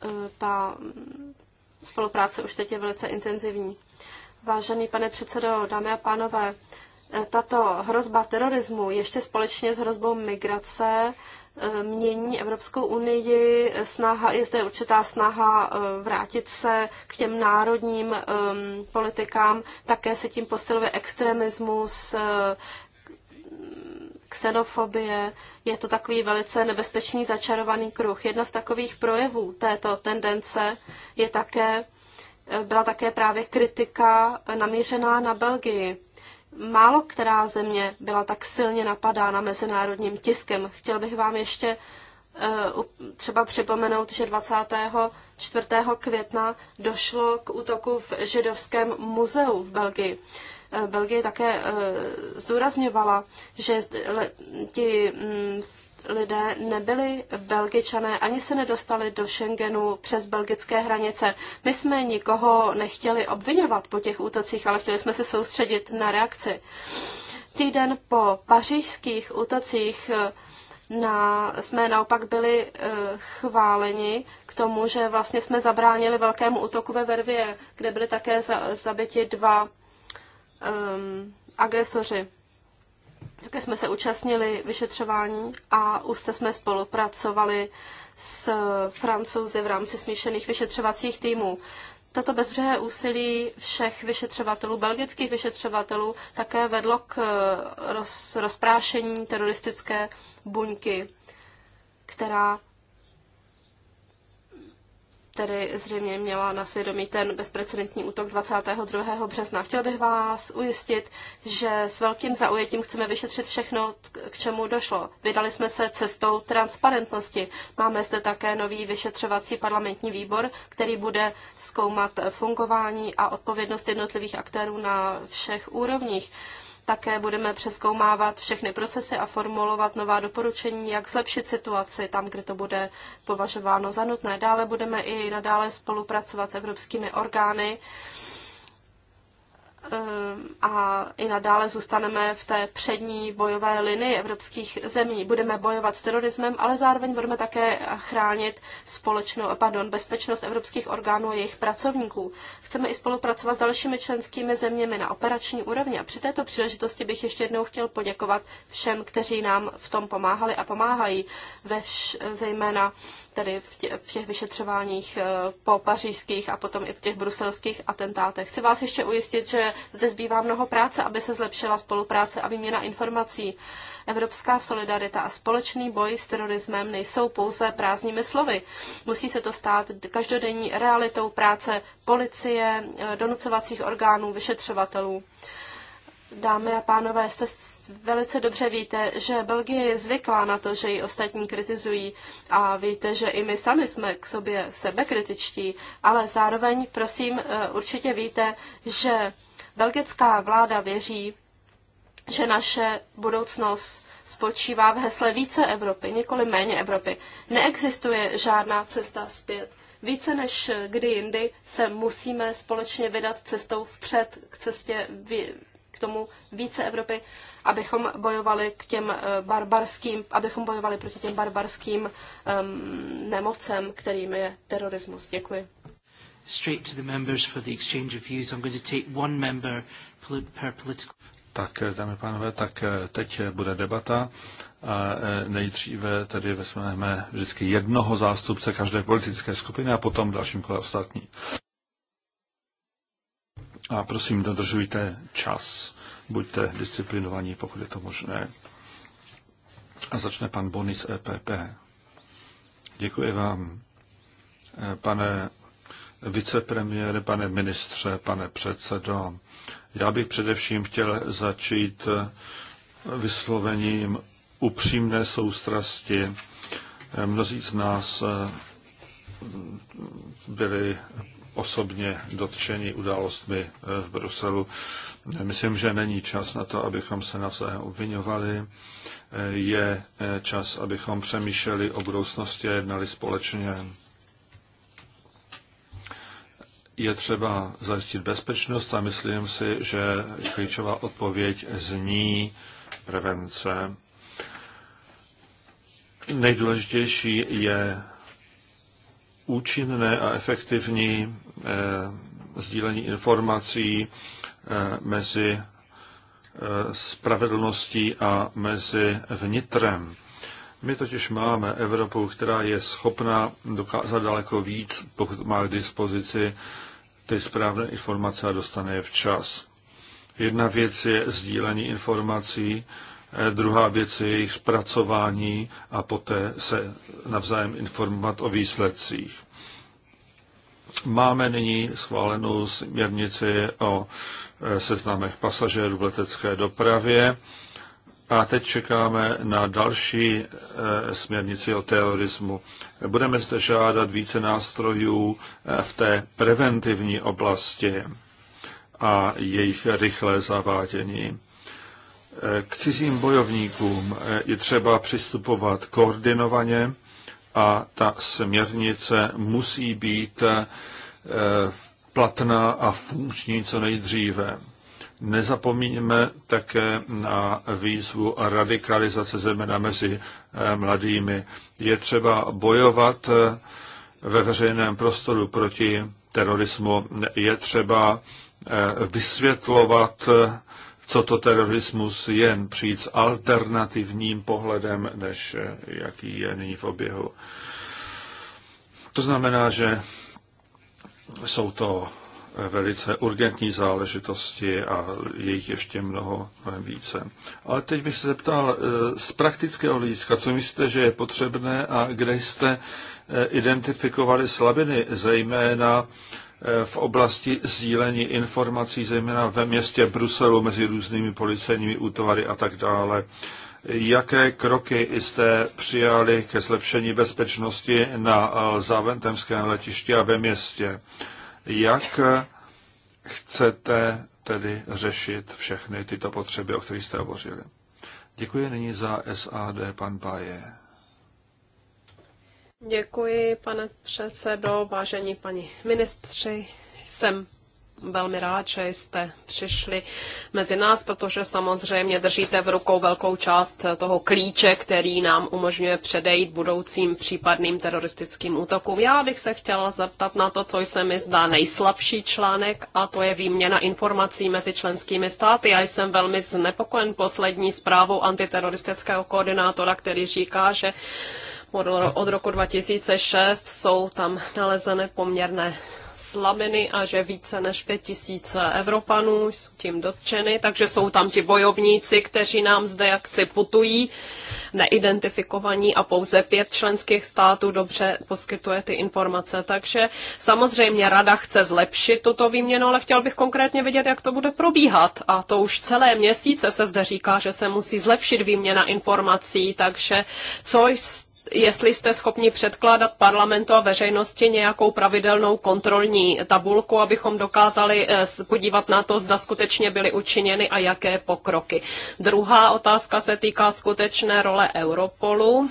Eh, ta mm, spolupráce už teď je velice intenzivní. Vážený pane předsedo, dámy a pánové, eh, tato hrozba terorismu ještě společně s hrozbou migrace eh, mění Evropskou unii. Snaha, je zde určitá snaha vrátit se k těm národním ehm, politikám. Také se tím posiluje extremismus, xenofobie. Je to takový velice nebezpečný začarovaný kruh. Jedna z takových projevů této tendence je také, byla také právě kritika namířená na Belgii. Málo která země byla tak silně napadána mezinárodním tiskem. Chtěl bych vám ještě eh, třeba připomenout, že 24. května došlo k útoku v židovském muzeu v Belgii. Belgie také eh, zdůrazňovala, že ti mm, lidé nebyli belgičané, ani se nedostali do Schengenu přes belgické hranice. My jsme nikoho nechtěli obvinovat po těch útocích, ale chtěli jsme se soustředit na reakci. Týden po pařížských útocích eh, na, jsme naopak byli eh, chváleni k tomu, že vlastně jsme zabránili velkému útoku ve Vervě, kde byly také za, zabiti dva um, agresoři. Také jsme se účastnili vyšetřování a úzce jsme spolupracovali s francouzi v rámci smíšených vyšetřovacích týmů. Toto bezbřehé úsilí všech vyšetřovatelů, belgických vyšetřovatelů, také vedlo k eh, roz, rozprášení teroristické buňky, která tedy zřejmě měla na svědomí ten bezprecedentní útok 22. března. Chtěl bych vás ujistit, že s velkým zaujetím chceme vyšetřit všechno, k čemu došlo. Vydali jsme se cestou transparentnosti. Máme zde také nový vyšetřovací parlamentní výbor, který bude zkoumat fungování a odpovědnost jednotlivých aktérů na všech úrovních. Také budeme přeskoumávat všechny procesy a formulovat nová doporučení, jak zlepšit situaci tam, kde to bude považováno za nutné. Dále budeme i nadále spolupracovat s evropskými orgány Ehm, a i nadále zůstaneme v té přední bojové linii evropských zemí. Budeme bojovat s terorismem, ale zároveň budeme také chránit společnou, pardon, bezpečnost evropských orgánů a jejich pracovníků. Chceme i spolupracovat s dalšími členskými zeměmi na operační úrovni a při této příležitosti bych ještě jednou chtěl poděkovat všem, kteří nám v tom pomáhali a pomáhají, ve vš, zejména tedy v, tě, v těch vyšetřováních eh, po pařížských a potom i v těch bruselských atentátech. Chci vás ještě ujistit, že zde zbývá mnoho práce, aby se zlepšila spolupráce a výměna informací. Evropská solidarita a společný boj s terorismem nejsou pouze prázdnými slovy. Musí se to stát každodenní realitou práce policie, eh, donucovacích orgánů, vyšetřovatelů. Dámy a pánové, jste Velice dobře víte, že Belgie je zvyklá na to, že ji ostatní kritizují a víte, že i my sami jsme k sobě sebekritičtí, ale zároveň, prosím, eh, určitě víte, že belgická vláda věří, že naše budoucnost spočívá v hesle více Evropy, nikoli méně Evropy. Neexistuje žádná cesta zpět. Více než kdy jindy se musíme společně vydat cestou vpřed k cestě k tomu více Evropy abychom bojovali k těm eh, barbarským, abychom bojovali proti těm barbarským um, nemocem, kterým je terorismus. Děkuji. Straight to the members for the exchange of views. I'm going to take one member per political. Tak, eh, dámy a pánové, tak eh, teď bude debata. A nejdříve tedy vezmeme vždycky jednoho zástupce každé politické skupiny a potom dalším kole ostatní. A prosím, dodržujte čas buďte disciplinovaní, pokud je to možné. A začne pan Bonis EPP. Děkuji vám, e, pane vicepremiére, pane ministře, pane předsedo. Já bych především chtěl začít e, vyslovením upřímné soustrasti. E, mnozí z nás byli osobně dotčeni událostmi v Bruselu. Myslím, že není čas na to, abychom se navzájem obvinovali. Je eh, čas, abychom přemýšleli o budoucnosti a jednali společně. Je třeba zajistit bezpečnost a myslím si, že klíčová odpověď zní prevence. Nejdůležitější je účinné a efektivní eh, sdílení informací Eh, mezi eh, spravedlností a mezi vnitrem. My totiž máme Evropu, která je schopná dokázat daleko víc, pokud má k dispozici ty správné informace a dostane je včas. Jedna věc je sdílení informací, eh, druhá věc je jejich zpracování a poté se navzájem informovat o výsledcích. Máme nyní schválenou směrnici o e, seznamech pasažérů v letecké dopravě a teď čekáme na další e, směrnici o terorismu. Budeme zde žádat více nástrojů e, v té preventivní oblasti a jejich rychlé zavádění. K cizím bojovníkům je třeba přistupovat koordinovaně a ta směrnice musí být eh, platná a funkční co nejdříve. Nezapomínáme také na výzvu a radikalizace zejména mezi eh, mladými. Je třeba bojovat eh, ve veřejném prostoru proti terorismu. Je třeba vysvětlovat co to terorismus jen přijít s alternativním pohledem, než eh, jaký je nyní v oběhu. To znamená, že jsou to eh, velice urgentní záležitosti a jejich ještě mnoho, mnohem více. Ale teď bych se zeptal eh, z praktického hlediska, co myslíte, že je potřebné a kde jste identifikovali slabiny, zejména Eh, v oblasti sdílení informací, zejména ve městě Bruselu mezi různými policejními útvary a tak dále. Jaké kroky jste přijali ke zlepšení bezpečnosti na eh, záventemském letišti a ve městě? Jak eh, chcete tedy řešit všechny tyto potřeby, o kterých jste hovořili? Děkuji nyní za SAD, pan Baje. Děkuji, pane předsedo, vážení paní ministři. Jsem velmi rád, že jste přišli mezi nás, protože samozřejmě držíte v rukou velkou část toho klíče, který nám umožňuje předejít budoucím případným teroristickým útokům. Já bych se chtěla zeptat na to, co se mi zdá nejslabší článek, a to je výměna informací mezi členskými státy. Já jsem velmi znepokojen poslední zprávou antiteroristického koordinátora, který říká, že od roku 2006 jsou tam nalezeny poměrné slabiny a že více než 5000 Evropanů jsou tím dotčeny, takže jsou tam ti bojovníci, kteří nám zde jaksi putují, neidentifikovaní a pouze pět členských států dobře poskytuje ty informace. Takže samozřejmě rada chce zlepšit tuto výměnu, ale chtěl bych konkrétně vidět, jak to bude probíhat. A to už celé měsíce se zde říká, že se musí zlepšit výměna informací, takže co jste jestli jste schopni předkládat parlamentu a veřejnosti nějakou pravidelnou kontrolní tabulku, abychom dokázali eh, podívat na to, zda skutečně byly učiněny a jaké pokroky. Druhá otázka se týká skutečné role Europolu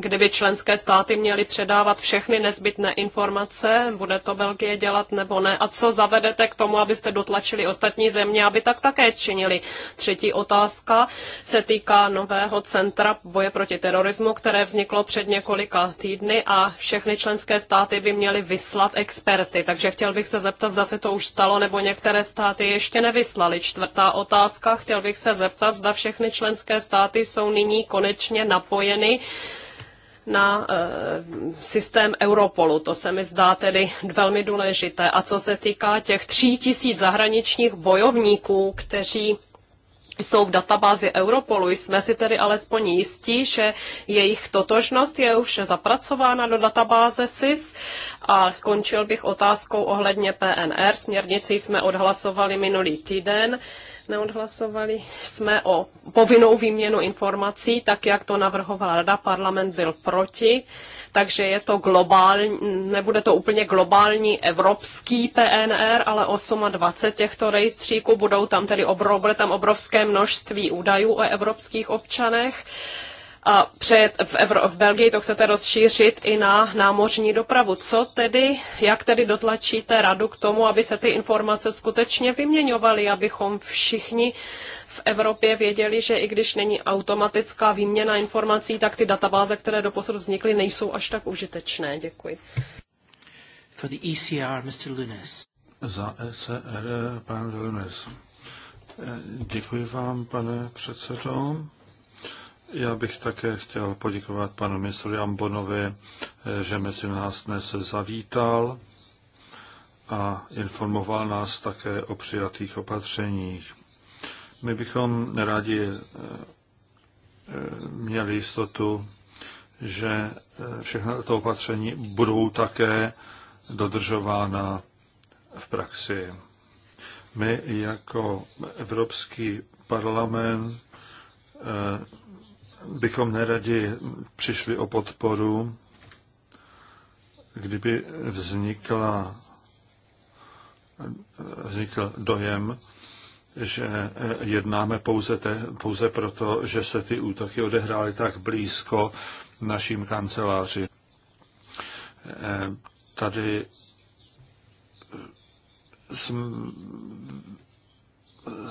kdyby členské státy měly předávat všechny nezbytné informace, bude to Belgie dělat nebo ne, a co zavedete k tomu, abyste dotlačili ostatní země, aby tak také činili. Třetí otázka se týká nového centra boje proti terorismu, které vzniklo před několika týdny a všechny členské státy by měly vyslat experty. Takže chtěl bych se zeptat, zda se to už stalo, nebo některé státy ještě nevyslali. Čtvrtá otázka, chtěl bych se zeptat, zda všechny členské státy jsou nyní konečně napojeny na eh, systém Europolu. To se mi zdá tedy velmi důležité. A co se týká těch tří tisíc zahraničních bojovníků, kteří jsou v databázi Europolu. Jsme si tedy alespoň jistí, že jejich totožnost je už zapracována do databáze SIS. A skončil bych otázkou ohledně PNR. Směrnici jsme odhlasovali minulý týden. Uh, neodhlasovali jsme o povinnou výměnu informací, tak jak to navrhovala rada, parlament byl proti, takže je to globální, nebude to úplně globální evropský PNR, ale 28 těchto rejstříků budou tam tedy obrov, bude tam obrovské množství údajů o evropských občanech a před, v, Evro, v Belgii to chcete rozšířit i na námořní dopravu. Co tedy, jak tedy dotlačíte radu k tomu, aby se ty informace skutečně vyměňovaly, abychom všichni v Evropě věděli, že i když není automatická výměna informací, tak ty databáze, které doposud vznikly, nejsou až tak užitečné. Děkuji. For the ECR, Mr. Lunes. Za ECR, pan Lunes. Eh, děkuji vám, pane předsedo. Já bych také chtěl poděkovat panu ministru Jambonovi, eh, že mezi nás dnes zavítal a informoval nás také o přijatých opatřeních. My bychom rádi eh, eh, měli jistotu, že všechna tato opatření budou také dodržována v praxi. My jako Evropský parlament bychom neradi přišli o podporu, kdyby vznikla, vznikl dojem, že jednáme pouze, te, pouze proto, že se ty útoky odehrály tak blízko naším kanceláři. Eh, tady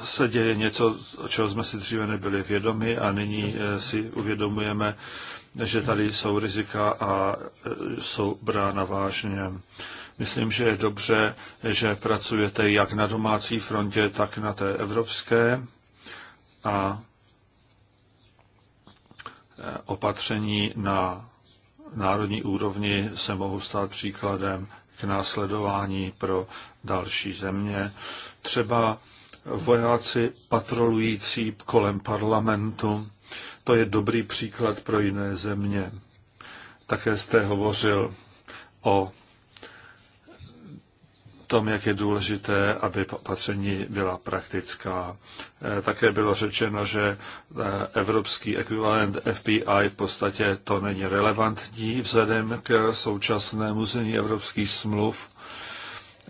se děje něco, čeho jsme si dříve nebyli vědomi a nyní eh, si uvědomujeme, že tady jsou rizika a eh, jsou brána vážně. Myslím, že je dobře, že pracujete jak na domácí frontě, tak na té evropské a eh, opatření na národní úrovni se mohou stát příkladem k následování pro další země. Třeba vojáci patrolující kolem parlamentu. To je dobrý příklad pro jiné země. Také jste hovořil o tom, jak je důležité, aby opatření byla praktická. Eh, také bylo řečeno, že eh, evropský ekvivalent FPI v podstatě to není relevantní vzhledem k současnému znění evropských smluv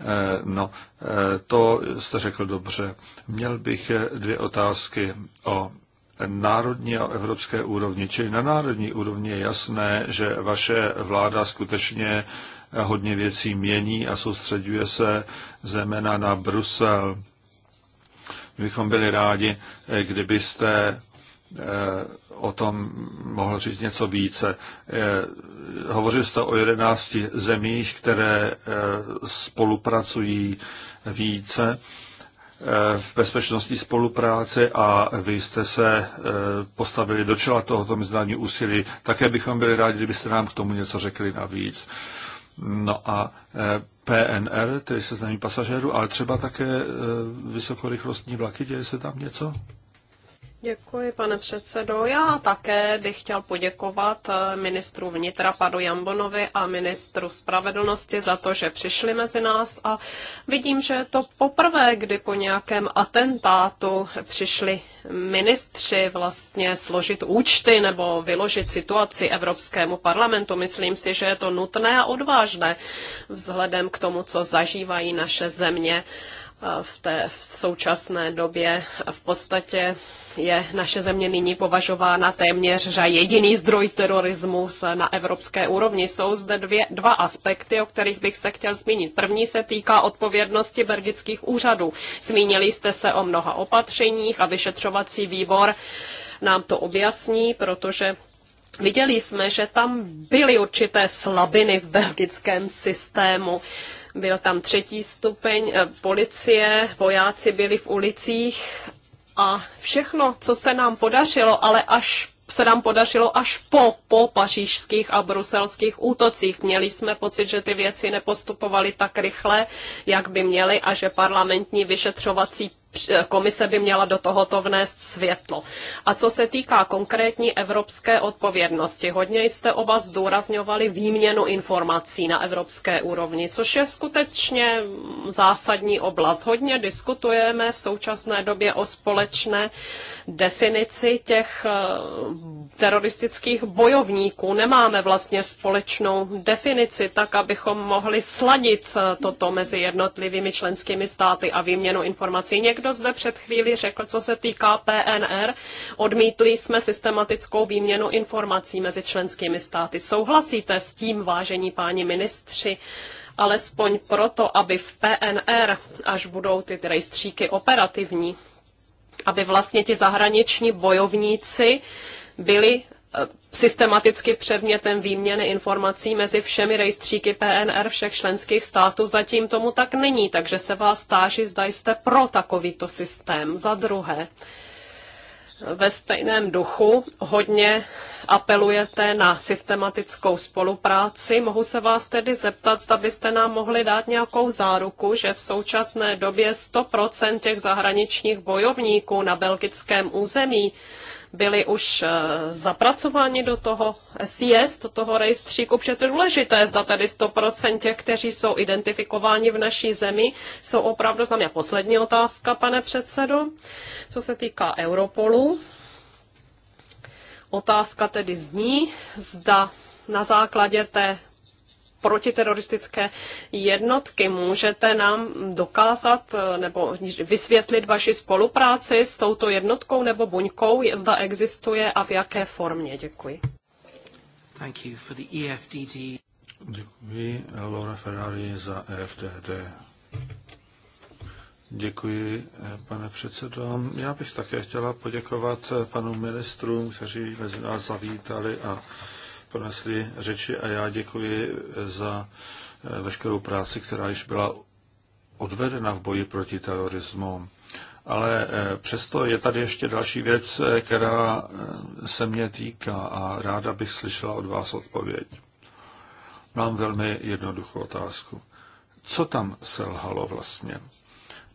Eh, no, eh, to jste řekl dobře. Měl bych dvě otázky o národní a evropské úrovni. Čili na národní úrovni je jasné, že vaše vláda skutečně hodně věcí mění a soustředuje se zejména na Brusel. My bychom byli rádi, eh, kdybyste o tom mohl říct něco více. Eh, hovořil jste o 11 zemích, které eh, spolupracují více eh, v bezpečnostní spolupráci a vy jste se postavili do čela tohoto mezinárodní úsilí. Také bychom byli rádi, kdybyste nám k tomu něco řekli navíc. No a PNR, tedy seznamí pasažérů, ale třeba také vysokorychlostní vlaky, děje se tam něco? Děkuji, pane předsedo. Já také bych chtěl poděkovat eh, ministru vnitra panu Jambonovi a ministru spravedlnosti za to, že přišli mezi nás a vidím, že je to poprvé, kdy po nějakém atentátu přišli ministři vlastně složit účty nebo vyložit situaci Evropskému parlamentu. Myslím si, že je to nutné a odvážné vzhledem k tomu, co zažívají naše země v té v současné době v podstatě je naše země nyní považována téměř za jediný zdroj terorismu na evropské úrovni. Jsou zde dvě, dva aspekty, o kterých bych se chtěl zmínit. První se týká odpovědnosti belgických úřadů. Zmínili jste se o mnoha opatřeních a vyšetřovací výbor nám to objasní, protože Viděli jsme, že tam byly určité slabiny v belgickém systému. Byl tam třetí stupeň eh, policie, vojáci byli v ulicích a všechno, co se nám podařilo, ale až se nám podařilo až po, po pařížských a bruselských útocích. Měli jsme pocit, že ty věci nepostupovaly tak rychle, jak by měly a že parlamentní vyšetřovací komise by měla do tohoto vnést světlo. A co se týká konkrétní evropské odpovědnosti, hodně jste oba zdůrazňovali výměnu informací na evropské úrovni, což je skutečně zásadní oblast. Hodně diskutujeme v současné době o společné definici těch eh, teroristických bojovníků. Nemáme vlastně společnou definici, tak abychom mohli sladit eh, toto mezi jednotlivými členskými státy a výměnu informací. Někde někdo zde před chvílí řekl, co se týká PNR, odmítli jsme systematickou výměnu informací mezi členskými státy. Souhlasíte s tím, vážení páni ministři? alespoň proto, aby v PNR, až budou ty rejstříky operativní, aby vlastně ti zahraniční bojovníci byli systematicky předmětem výměny informací mezi všemi rejstříky PNR všech členských států. Zatím tomu tak není, takže se vás táží, zda jste pro takovýto systém. Za druhé, ve stejném duchu hodně apelujete na systematickou spolupráci. Mohu se vás tedy zeptat, zda byste nám mohli dát nějakou záruku, že v současné době 100% těch zahraničních bojovníků na belgickém území byli už eh, zapracováni do toho SIS, do toho rejstříku, protože to je důležité, zda tedy 100% těch, kteří jsou identifikováni v naší zemi, jsou opravdu A poslední otázka, pane předsedo, co se týká Europolu. Otázka tedy zní, zda na základě té protiteroristické jednotky. Můžete nám dokázat eh, nebo vysvětlit vaši spolupráci s touto jednotkou nebo buňkou, zda existuje a v jaké formě? Děkuji. Thank you for the EFDD. Děkuji Laura Ferrari za EFDD. Děkuji, eh, pane předsedo. Já bych také chtěla poděkovat eh, panu ministrům, kteří mezi nás zavítali a pronesli řeči a já děkuji za eh, veškerou práci, která již byla odvedena v boji proti terorismu. Ale eh, přesto je tady ještě další věc, eh, která se mě týká a ráda bych slyšela od vás odpověď. Mám velmi jednoduchou otázku. Co tam selhalo vlastně?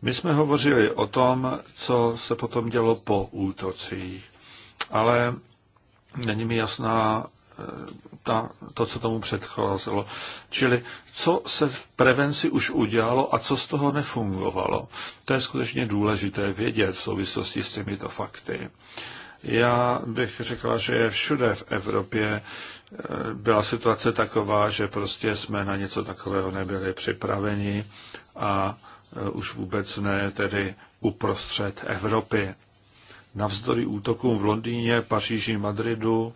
My jsme hovořili o tom, co se potom dělo po útocích, ale není mi jasná ta, to, co tomu předcházelo. Čili co se v prevenci už udělalo a co z toho nefungovalo. To je skutečně důležité vědět v souvislosti s těmito fakty. Já bych řekla, že všude v Evropě eh, byla situace taková, že prostě jsme na něco takového nebyli připraveni a eh, už vůbec ne tedy uprostřed Evropy. Navzdory útokům v Londýně, Paříži, Madridu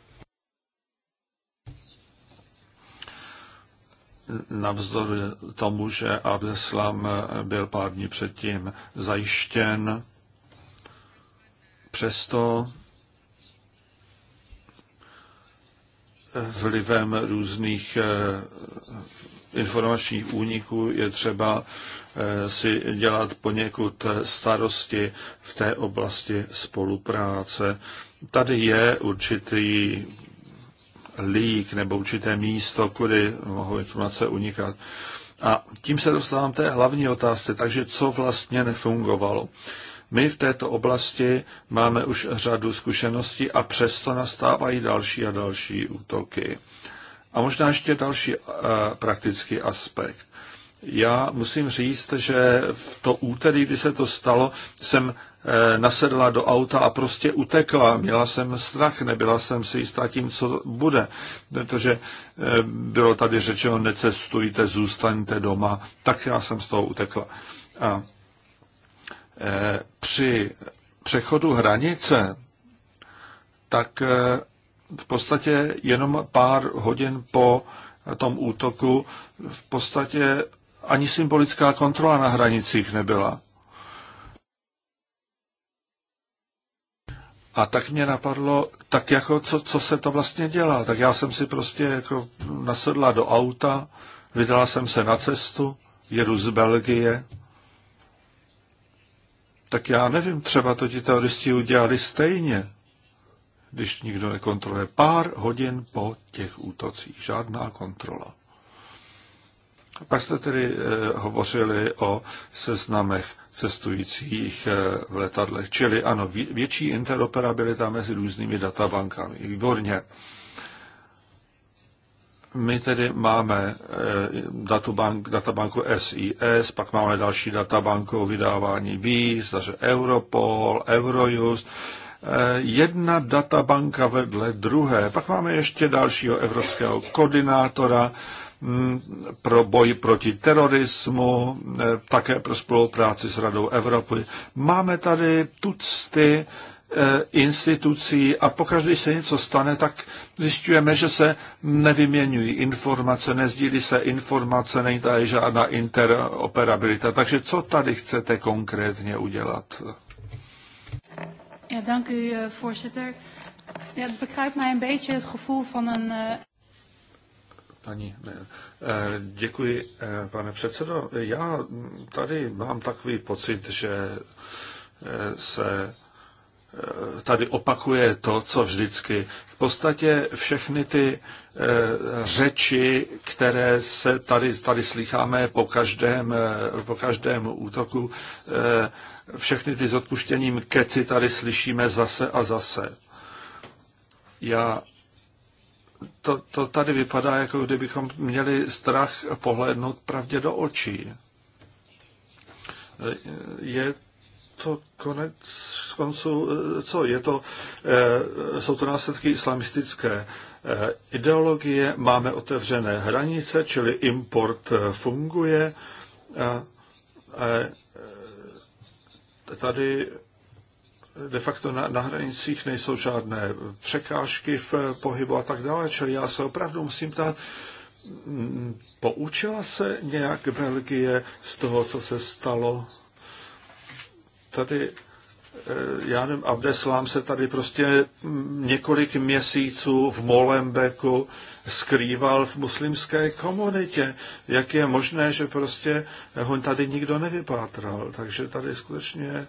navzdory tomu, že Abdeslam byl pár dní předtím zajištěn. Přesto vlivem různých eh, informačních úniků je třeba eh, si dělat poněkud starosti v té oblasti spolupráce. Tady je určitý lík nebo určité místo, kudy mohou informace unikat. A tím se dostávám té hlavní otázce, takže co vlastně nefungovalo. My v této oblasti máme už řadu zkušeností a přesto nastávají další a další útoky. A možná ještě další uh, praktický aspekt. Já musím říct, že v to úterý, kdy se to stalo, jsem Eh, nasedla do auta a prostě utekla. Měla jsem strach, nebyla jsem si jistá tím, co bude, protože eh, bylo tady řečeno, necestujte, zůstaňte doma, tak já jsem z toho utekla. A eh, při přechodu hranice, tak v podstatě jenom pár hodin po tom útoku, v podstatě ani symbolická kontrola na hranicích nebyla. A tak mě napadlo, tak jako co, co se to vlastně dělá. Tak já jsem si prostě jako nasedla do auta, vydala jsem se na cestu, jedu z Belgie. Tak já nevím, třeba to ti teroristi udělali stejně, když nikdo nekontroluje. Pár hodin po těch útocích, žádná kontrola. Pak jste tedy e, hovořili o seznamech cestujících eh, v letadlech. Čili ano, větší interoperabilita mezi různými databankami. Výborně. My tedy máme eh, databank, databanku SIS, pak máme další databanku vydávání víz, takže Europol, Eurojust, eh, jedna databanka vedle druhé. Pak máme ještě dalšího evropského koordinátora, Mm, pro boj proti terorismu, eh, také pro spolupráci s Radou Evropy. Máme tady tucty eh, institucí a pokaždé se něco stane, tak zjišťujeme, že se nevyměňují informace, nezdílí se informace, není tady žádná interoperabilita. Takže co tady chcete konkrétně udělat? Ja, dank u, eh, voorzitter. Ja, het begrijpt mij een beetje het gevoel van een... Uh paní eh, Děkuji, eh, pane předsedo. Já tady mám takový pocit, že eh, se tady opakuje to, co vždycky. V podstatě všechny ty řeči, které se tady, tady slycháme po každém, po každém útoku, všechny ty s odpuštěním keci tady slyšíme zase a zase. Já to, to tady vypadá, jako kdybychom měli strach pohlédnout pravdě do očí. Je to konec konců, co je to, eh, jsou to následky islamistické eh, ideologie, máme otevřené hranice, čili import eh, funguje. Tady de facto na, na hranicích nejsou žádné překážky v pohybu a tak dále. Čili já se opravdu musím ptát, poučila se nějak Belgie z toho, co se stalo? Tady, eh, já nevím, Abdeslám se tady prostě několik měsíců v Molembeku skrýval v muslimské komunitě. Jak je možné, že prostě ho tady nikdo nevypátral? Takže tady skutečně eh,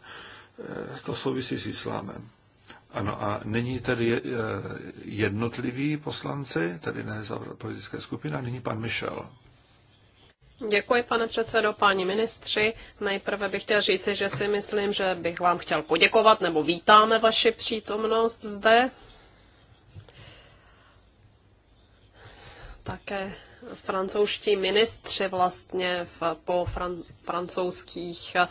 Eh, to souvisí s islámem. Ano, a není tedy eh, jednotliví poslanci, tedy ne za politické skupiny, a nyní pan Michel. Děkuji, pane předsedo, páni ministři. Nejprve bych chtěl říci, že si myslím, že bych vám chtěl poděkovat, nebo vítáme vaši přítomnost zde. Také francouzští ministři vlastně v, po fran, francouzských uh,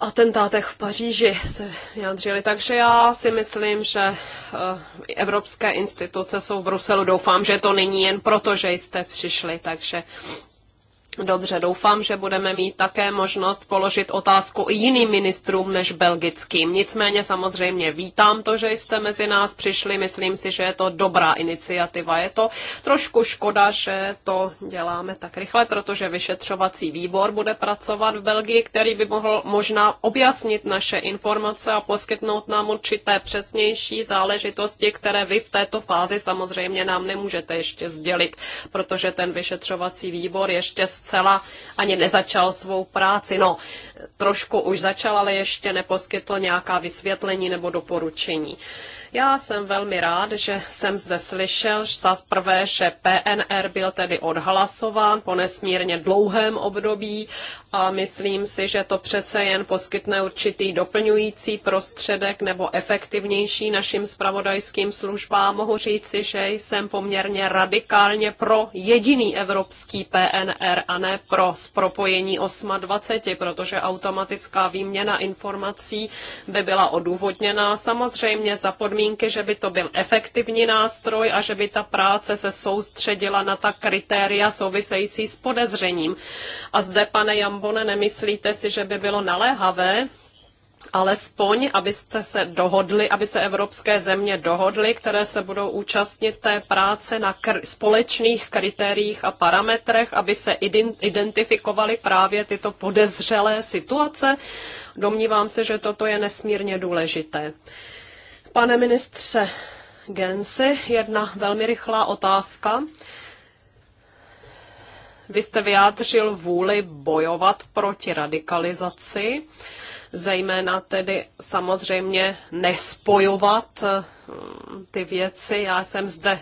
atentátech v Paříži se vyjádřili. Takže já si myslím, že eh, evropské instituce jsou v Bruselu. Doufám, že to není jen proto, že jste přišli. Takže Dobře, doufám, že budeme mít také možnost položit otázku i jiným ministrům než belgickým. Nicméně samozřejmě vítám to, že jste mezi nás přišli. Myslím si, že je to dobrá iniciativa. Je to trošku škoda, že to děláme tak rychle, protože vyšetřovací výbor bude pracovat v Belgii, který by mohl možná objasnit naše informace a poskytnout nám určité přesnější záležitosti, které vy v této fázi samozřejmě nám nemůžete ještě sdělit, protože ten vyšetřovací výbor ještě zcela ani nezačal svou práci. No, trošku už začal, ale ještě neposkytl nějaká vysvětlení nebo doporučení. Uh, já jsem velmi rád, že jsem zde slyšel že za prvé, že PNR byl tedy odhlasován po nesmírně dlouhém období a myslím si, že to přece jen poskytne určitý doplňující prostředek nebo efektivnější našim spravodajským službám. Mohu říci, že jsem poměrně radikálně pro jediný evropský PNR a ne pro spropojení 28, protože automatická výměna informací by byla odůvodněná samozřejmě za podmínky, podmínky, že by to byl efektivní nástroj a že by ta práce se soustředila na ta kritéria související s podezřením. A zde, pane Jambone, nemyslíte si, že by bylo naléhavé alespoň, abyste se dohodli, aby se evropské země dohodly, které se budou účastnit té práce na kr- společných kritériích a parametrech, aby se identifikovaly právě tyto podezřelé situace. Domnívám se, že toto je nesmírně důležité. Pane ministře Gensi, jedna velmi rychlá otázka. Vy jste vyjádřil vůli bojovat proti radikalizaci, zejména tedy samozřejmě nespojovat hm, ty věci. Já jsem zde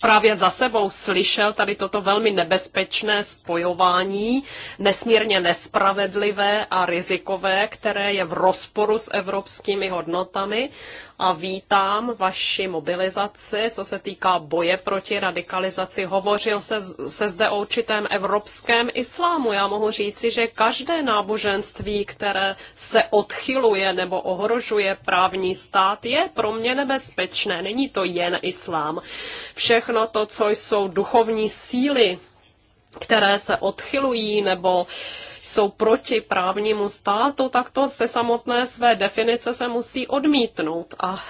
právě za sebou slyšel tady toto velmi nebezpečné spojování, nesmírně nespravedlivé a rizikové, které je v rozporu s evropskými hodnotami a vítám vaši mobilizaci, co se týká boje proti radikalizaci. Hovořil se, se zde o určitém evropském islámu. Já mohu říci, že každé náboženství, které se odchyluje nebo ohrožuje právní stát, je pro mě nebezpečné. Není to jen islám. Všech všechno to, co jsou duchovní síly, které se odchylují nebo jsou proti právnímu státu, tak to se samotné své definice se musí odmítnout. A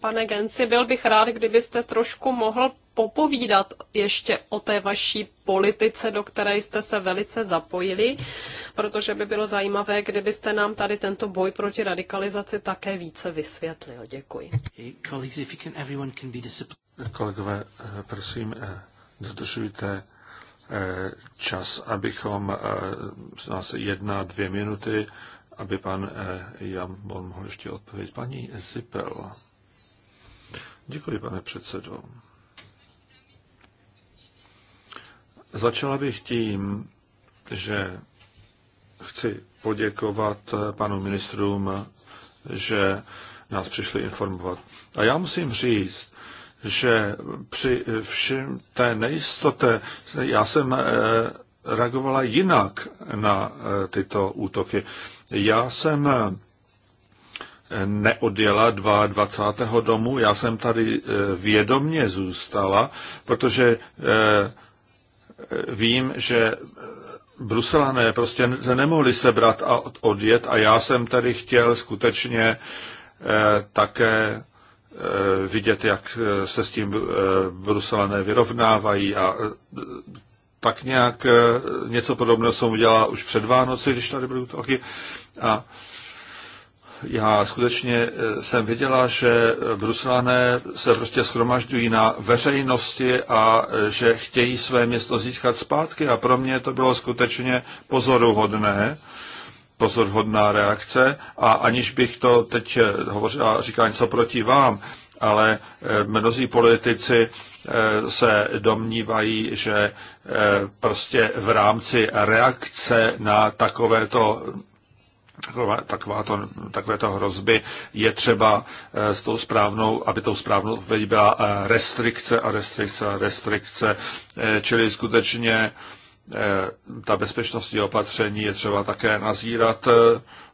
Pane Genci, byl bych rád, kdybyste trošku mohl popovídat ještě o té vaší politice, do které jste se velice zapojili, protože by bylo zajímavé, kdybyste nám tady tento boj proti radikalizaci také více vysvětlil. Děkuji. Kolegové, eh, prosím, eh, dodržujte eh, čas, abychom z nás jedna, dvě minuty, aby pan Jan mohl ještě odpovědět. Paní Zipel. Děkuji, pane předsedo. Začala bych tím, že chci poděkovat panu ministrům, že nás přišli informovat. A já musím říct, že při všem té nejistotě, já jsem eh, reagovala jinak na eh, tyto útoky. Já jsem neodjela 22. domu. Já jsem tady eh, vědomně zůstala, protože eh, vím, že Bruselané prostě se nemohli sebrat a odjet a já jsem tady chtěl skutečně eh, také vidět, jak se s tím Bruselané vyrovnávají a tak nějak něco podobného jsem udělala už před Vánoci, když tady budou taky. A já skutečně eh, jsem viděla, že Bruslané se prostě schromažďují na veřejnosti a eh, že chtějí své město získat zpátky a pro mě to bylo skutečně pozoruhodné, pozoruhodná reakce a aniž bych to teď eh, hovořila, říká něco proti vám, ale mnozí politici se domnívají, že prostě v rámci reakce na takovéto taková to, takovéto hrozby je třeba eh, s tou správnou, aby tou správnou odpovědí byla eh, restrikce a restrikce a restrikce, eh, čili skutečně ta bezpečnostní opatření je třeba také nazírat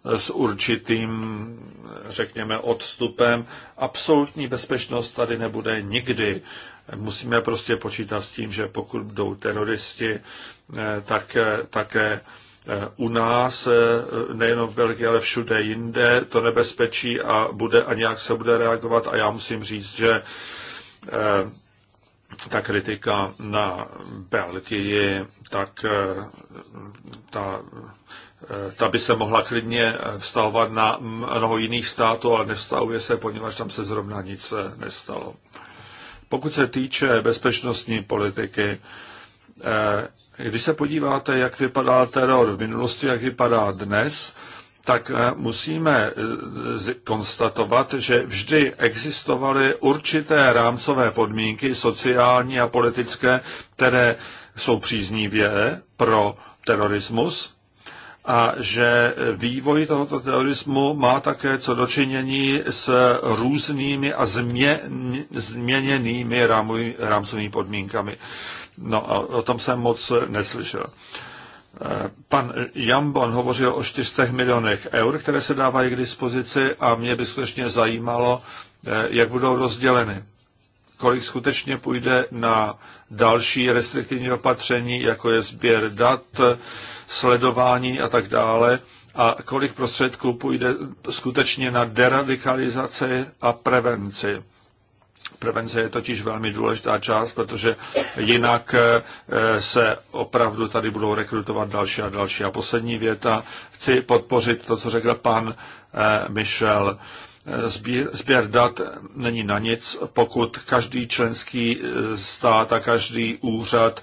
s určitým, řekněme, odstupem. Absolutní bezpečnost tady nebude nikdy. Musíme prostě počítat s tím, že pokud jdou teroristi, tak také Eh, u nás, eh, nejenom v Belgii, ale všude jinde, to nebezpečí a, bude, a nějak se bude reagovat. A já musím říct, že eh, ta kritika na Belgii, tak ta, ta by se mohla klidně vztahovat na mnoho jiných států, ale nevztahuje se, poněvadž tam se zrovna nic nestalo. Pokud se týče bezpečnostní politiky, když se podíváte, jak vypadal teror v minulosti, jak vypadá dnes, tak eh, musíme eh, konstatovat, že vždy existovaly určité rámcové podmínky sociální a politické, které jsou příznivě pro terorismus a že vývoj tohoto terorismu má také co dočinění s různými a změněnými rámcovými podmínkami. No a o tom jsem moc neslyšel. Eh, pan Jambon hovořil o 400 milionech eur, které se dávají k dispozici a mě by skutečně zajímalo, eh, jak budou rozděleny. Kolik skutečně půjde na další restriktivní opatření, jako je sběr dat, sledování a tak dále, a kolik prostředků půjde skutečně na deradikalizaci a prevenci. Prevence je totiž velmi důležitá část, protože jinak eh, se opravdu tady budou rekrutovat další a další. A poslední věta. Chci podpořit to, co řekl pan eh, Michel sběr dat není na nic, pokud každý členský e, stát a každý úřad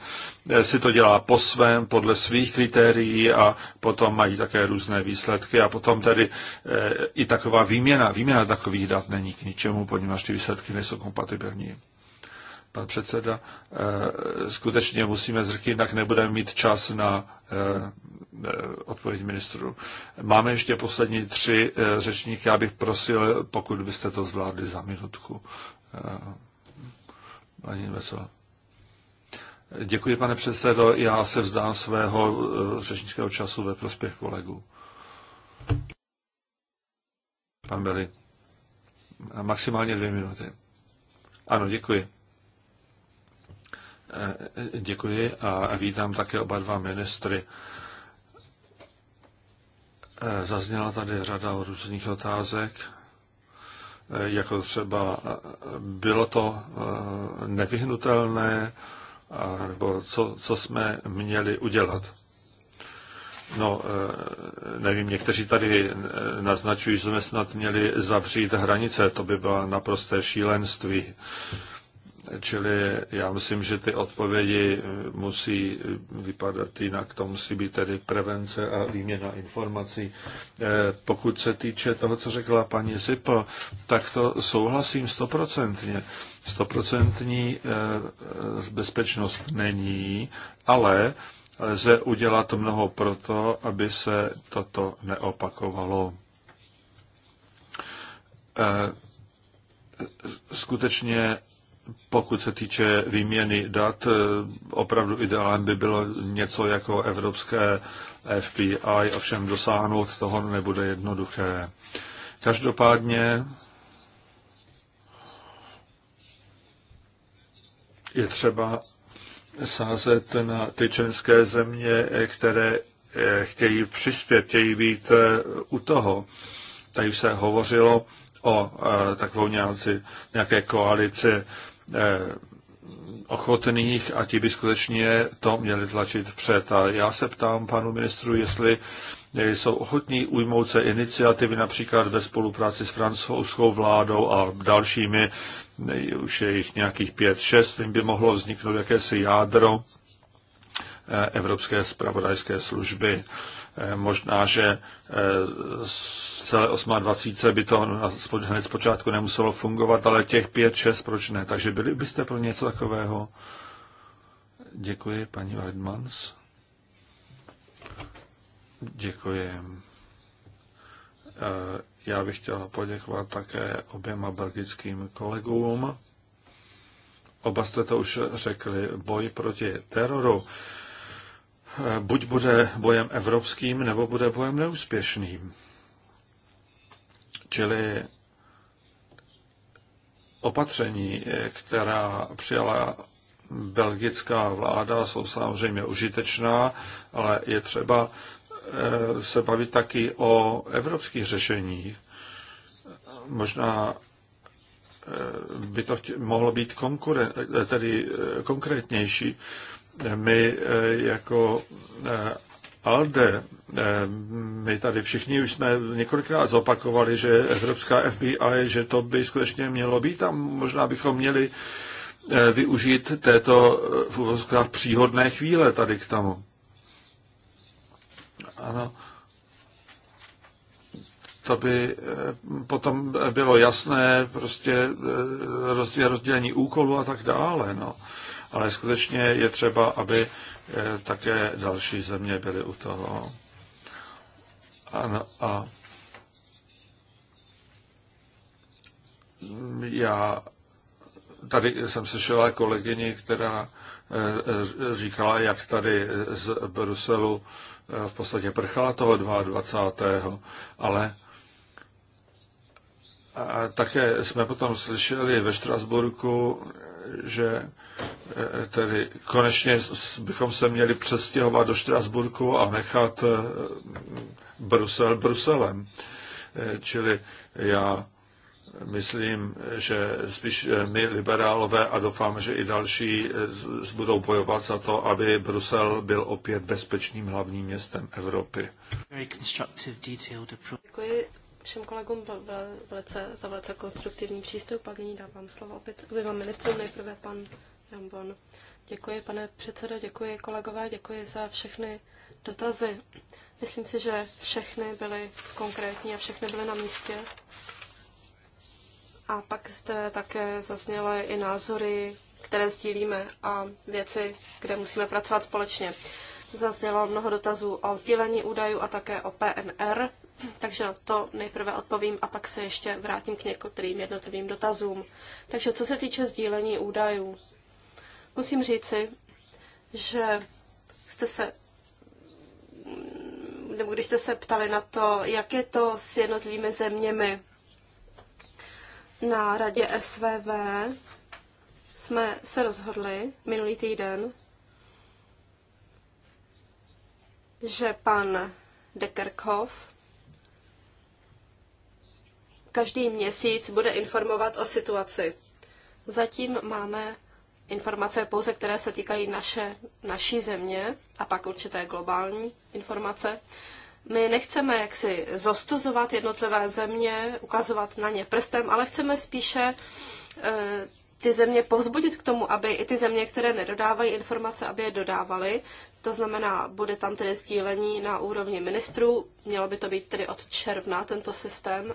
e, si to dělá po svém, podle svých kritérií a potom mají také různé výsledky a potom tedy e, i taková výměna, výměna takových dat není k ničemu, poněvadž ty výsledky nejsou kompatibilní pan předseda, eh, skutečně musíme zřeknout, jinak nebudeme mít čas na eh, eh, odpověď ministru. Máme ještě poslední tři řečníky, já bych prosil, pokud byste to zvládli za minutku. Paní Vesela. Děkuji, pane předsedo. Já se vzdám svého řečnického času ve prospěch kolegů. Pan Beli. Maximálně dvě minuty. Ano, děkuji. Děkuji a vítám také oba dva ministry. Zazněla tady řada různých otázek, jako třeba bylo to eh, nevyhnutelné, nebo co, co jsme měli udělat. No, eh, nevím, někteří tady eh, naznačují, že jsme snad měli zavřít hranice, to by bylo naprosté šílenství. Čili já myslím, že ty odpovědi eh, musí eh, vypadat jinak, to musí být tedy prevence a výměna informací. Eh, pokud se týče toho, co řekla paní Sipo, tak to souhlasím stoprocentně. Stoprocentní bezpečnost není, ale lze udělat mnoho proto, aby se toto neopakovalo skutečně pokud se týče výměny dat, eh, opravdu ideálem by bylo něco jako evropské FBI, ovšem dosáhnout toho nebude jednoduché. Každopádně je třeba sázet na ty členské země, eh, které eh, chtějí přispět, chtějí být u toho. Tady se hovořilo o takovou nějaké koalici Eh, ochotných a ti by skutečně to měli tlačit před. A já se ptám panu ministru, jestli eh, jsou ochotní ujmout se iniciativy například ve spolupráci s francouzskou vládou a dalšími, eh, už je jich nějakých pět, šest, jim by mohlo vzniknout jakési jádro Evropské spravodajské služby. Možná, že celé 28 by to hned z počátku nemuselo fungovat, ale těch 5, 6 proč ne? Takže byli byste pro něco takového? Děkuji, paní Weidmans. Děkuji. Eh, já bych chtěl poděkovat také oběma belgickým kolegům. Oba jste to už řekli, boj proti teroru eh, buď bude bojem evropským, nebo bude bojem neúspěšným. Čili opatření, která přijala belgická vláda, jsou samozřejmě užitečná, ale je třeba eh, se bavit taky o evropských řešeních. Možná eh, by to chtě, mohlo být konkuren, tedy eh, konkrétnější. My jako ALDE, eh, my tady všichni už jsme několikrát zopakovali, že Evropská FBI, že to by skutečně mělo být a možná bychom měli eh, využít této eh, v úvodzkách příhodné chvíle tady k tomu. Ano. To by potom bylo jasné, prostě rozdělení úkolů a tak dále. No. Ale skutečně je třeba, aby Eh, také další země byly u toho. Ano, a já tady jsem slyšela kolegyni, která eh, říkala, jak tady z Bruselu eh, v podstatě prchala toho 22. Ale a také jsme potom slyšeli ve Štrasburku, že Eh, tedy konečně bychom se měli přestěhovat do Štrasburku a nechat eh, Brusel Bruselem. Eh, čili já myslím, že spíš my liberálové a doufám, že i další budou bojovat za to, aby Brusel byl opět bezpečným hlavním městem Evropy. Děkuji všem kolegům velice, za velice konstruktivní přístup a nyní dávám slovo opět oběma ministrům. Nejprve pan Jambon. Děkuji, pane předsedo, děkuji kolegové, děkuji za všechny dotazy. Myslím si, že všechny byly konkrétní a všechny byly na místě. A pak zde také zazněly i názory, které sdílíme a věci, kde musíme pracovat společně. Zaznělo mnoho dotazů o sdílení údajů a také o PNR, takže na to nejprve odpovím a pak se ještě vrátím k některým jednotlivým dotazům. Takže co se týče sdílení údajů, Musím říci, že jste se nebo když jste se ptali na to, jak je to s jednotlivými zeměmi na radě SVV, jsme se rozhodli minulý týden, že pan Dekerkov každý měsíc bude informovat o situaci. Zatím máme informace pouze, které se týkají naše, naší země a pak určité globální informace. My nechceme jaksi zostuzovat jednotlivé země, ukazovat na ně prstem, ale chceme spíše eh, ty země povzbudit k tomu, aby i ty země, které nedodávají informace, aby je dodávaly. To znamená, bude tam tedy sdílení na úrovni ministrů, mělo by to být tedy od června tento systém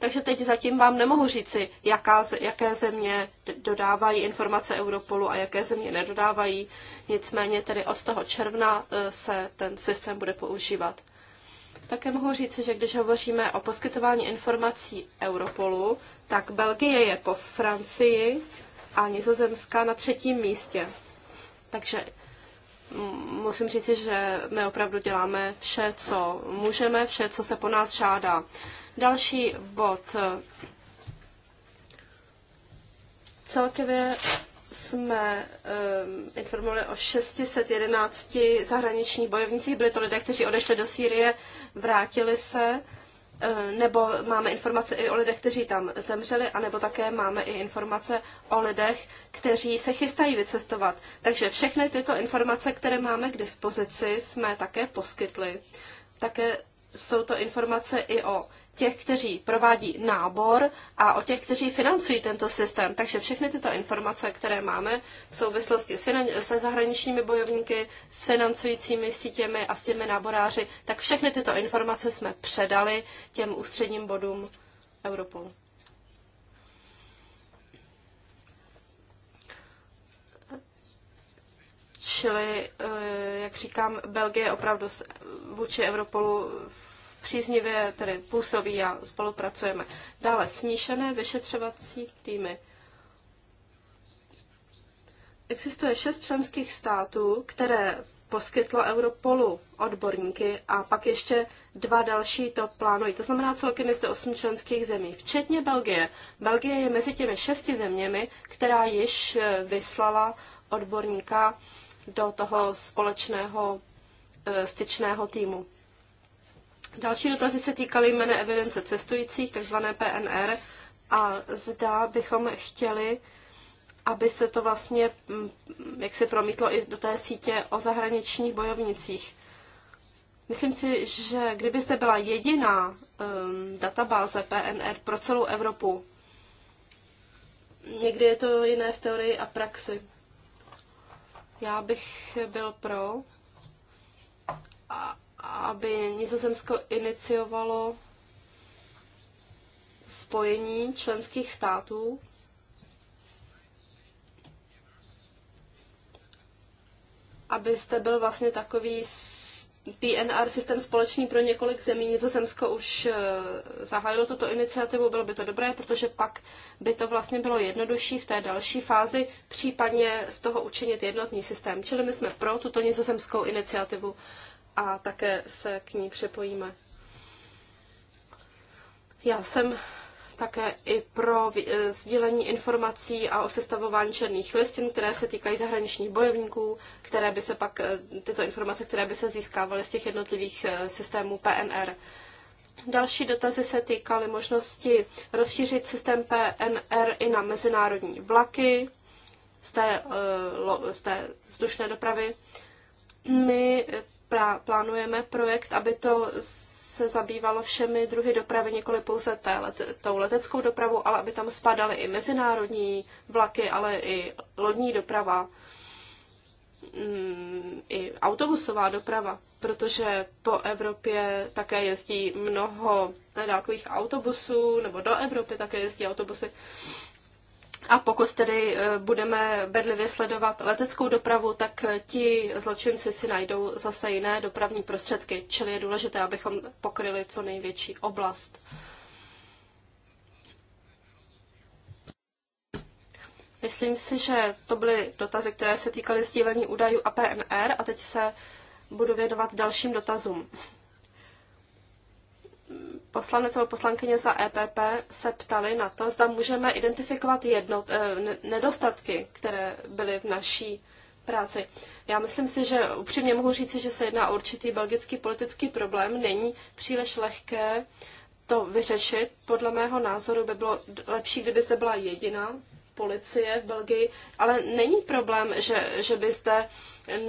takže teď zatím vám nemohu říci, jaká, jaké země dodávají informace Europolu a jaké země nedodávají. Nicméně tedy od toho června e, se ten systém bude používat. Také mohu říci, že když hovoříme o poskytování informací Europolu, tak Belgie je po Francii a Nizozemská na třetím místě. Takže musím říci, že my opravdu děláme vše, co můžeme, vše, co se po nás žádá. Další bod. Celkově jsme um, informovali o 611 zahraničních bojovnicích. Byli to lidé, kteří odešli do Sýrie, vrátili se, ehm, nebo máme informace i o lidech, kteří tam zemřeli, anebo také máme i informace o lidech, kteří se chystají vycestovat. Takže všechny tyto informace, které máme k dispozici, jsme také poskytli. Také jsou to informace i o těch, kteří provádí nábor a o těch, kteří financují tento systém. Takže všechny tyto informace, které máme v souvislosti s, finan- se zahraničními bojovníky, s financujícími sítěmi a s těmi náboráři, tak všechny tyto informace jsme předali těm ústředním bodům Europolu. Čili, eh, jak říkám, Belgie opravdu vůči Europolu v příznivě tedy působí a spolupracujeme. Dále smíšené vyšetřovací týmy. Existuje šest členských států, které poskytlo Europolu odborníky a pak ještě dva další to plánují. To znamená, celkem je zde osm členských zemí, včetně Belgie. Belgie je mezi těmi šesti zeměmi, která již eh, vyslala odborníka do toho společného eh, styčného týmu. Další dotazy se týkaly jména evidence cestujících, takzvané PNR, a zda bychom chtěli, aby se to vlastně, mm, jak se promítlo i do té sítě o zahraničních bojovnicích. Myslím si, že kdyby byla jediná um, databáze PNR pro celou Evropu, někdy je to jiné v teorii a praxi. Já bych byl pro, a, aby Nizozemsko iniciovalo spojení členských států abyste byl vlastně takový PNR systém společný pro několik zemí. Nizozemsko už eh, zahájilo tuto iniciativu, bylo by to dobré, protože pak by to vlastně bylo jednodušší v té další fázi, případně z toho učinit jednotný systém. Čili my jsme pro tuto nizozemskou iniciativu a také se k ní připojíme. Já jsem také i pro eh, sdílení informací a o sestavování černých listin, které se týkají zahraničních bojovníků, které by se pak, eh, tyto informace, které by se získávaly z těch jednotlivých eh, systémů PNR. Další dotazy se týkaly možnosti rozšířit systém PNR i na mezinárodní vlaky z té, z té vzdušné dopravy. My plánujeme projekt, aby to se zabývalo všemi druhy dopravy, nikoli pouze té let, tou leteckou dopravou, ale aby tam spadaly i mezinárodní vlaky, ale i lodní doprava, mm, i autobusová doprava, protože po Evropě také jezdí mnoho dálkových autobusů, nebo do Evropy také jezdí autobusy. A pokud tedy eh, budeme bedlivě sledovat leteckou dopravu, tak eh, ti zločinci si najdou zase jiné dopravní prostředky, čili je důležité, abychom pokryli co největší oblast. Myslím si, že to byly dotazy, které se týkaly sdílení údajů a PNR a teď se budu věnovat dalším dotazům poslanec nebo poslankyně za EPP se ptali na to, zda můžeme identifikovat jedno, eh, nedostatky, které byly v naší práci. Já myslím si, že upřímně mohu říci, že se jedná o určitý belgický politický problém. Není příliš lehké to vyřešit. Podle mého názoru by bylo lepší, kdyby zde byla jediná policie v Belgii, ale není problém, že, že byste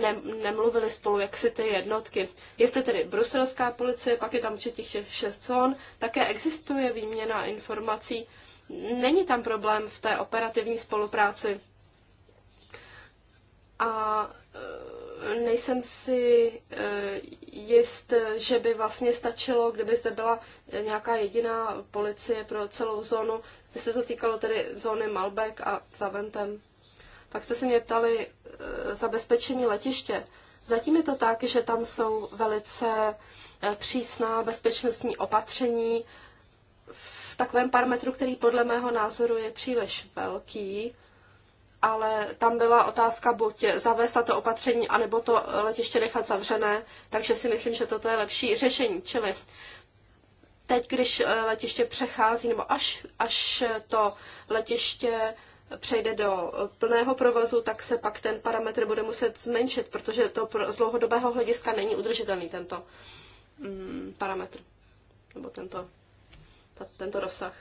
ne, nemluvili spolu jaksi ty jednotky. Jestli tedy bruselská policie, pak je tam určitě těch šest zón, také existuje výměna informací. Není tam problém v té operativní spolupráci a e, nejsem si e, jist, že by vlastně stačilo, kdyby zde byla nějaká jediná policie pro celou zónu. že se to týkalo tedy zóny Malbec a Zaventem. Pak jste se mě ptali e, zabezpečení letiště. Zatím je to tak, že tam jsou velice přísná bezpečnostní opatření v takovém parametru, který podle mého názoru je příliš velký ale tam byla otázka buď zavést tato opatření, anebo to letiště nechat zavřené, takže si myslím, že toto je lepší řešení. Čili teď, když eh, letiště přechází, nebo až, až eh, to letiště přejde do eh, plného provozu, tak se pak ten parametr bude muset zmenšit, protože to z dlouhodobého hlediska není udržitelný tento mm, parametr, nebo tento, ta, tento rozsah.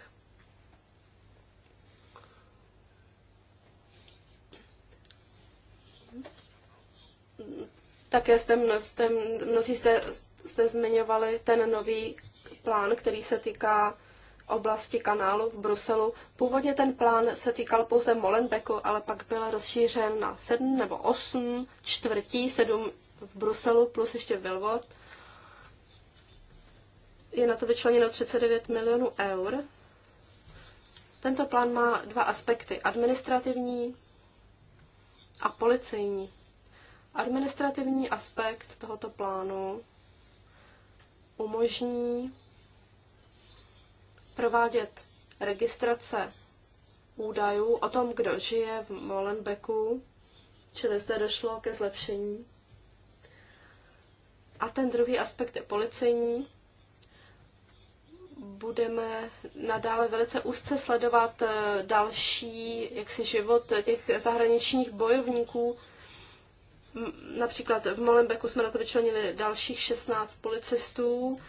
také jste, mno, jste mnozí jste, jste zmiňovali ten nový plán, který se týká oblasti kanálu v Bruselu. Původně ten plán se týkal pouze Molenbeku, ale pak byl rozšířen na sedm nebo osm čtvrtí, sedm v Bruselu plus ještě Vilvod. Je na to vyčleněno 39 milionů eur. Tento plán má dva aspekty, administrativní a policejní. Administrativní aspekt tohoto plánu umožní provádět registrace údajů o tom, kdo žije v Molenbeku, čili zde došlo ke zlepšení. A ten druhý aspekt je policejní. Budeme nadále velice úzce sledovat eh, další jaksi život těch zahraničních bojovníků, Například v Molenbeku jsme na to vyčlenili dalších 16 policistů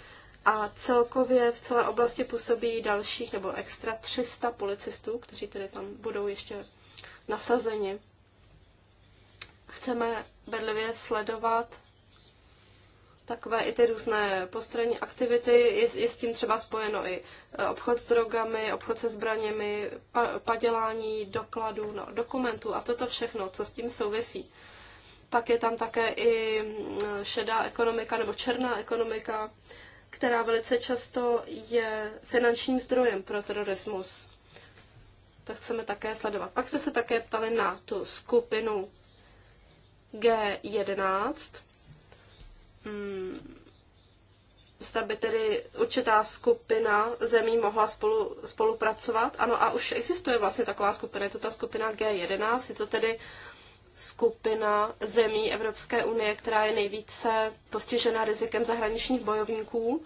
a celkově v celé oblasti působí dalších nebo extra 300 policistů, kteří tedy tam budou ještě nasazeni. Chceme bedlivě sledovat takové i ty různé postranní aktivity. Je, je s tím třeba spojeno i e, obchod s drogami, obchod se zbraněmi, pa, padělání dokladů, no, dokumentů a toto všechno, co s tím souvisí. Pak je tam také i mm, šedá ekonomika nebo černá ekonomika, která velice často je finančním zdrojem pro terorismus. To chceme také sledovat. Pak jste se také ptali na tu skupinu G11. Hmm. Zda by tedy určitá skupina zemí mohla spolu, spolupracovat. Ano, a už existuje vlastně taková skupina, je to ta skupina G11, je to tedy skupina zemí Evropské unie, která je nejvíce postižena rizikem zahraničních bojovníků.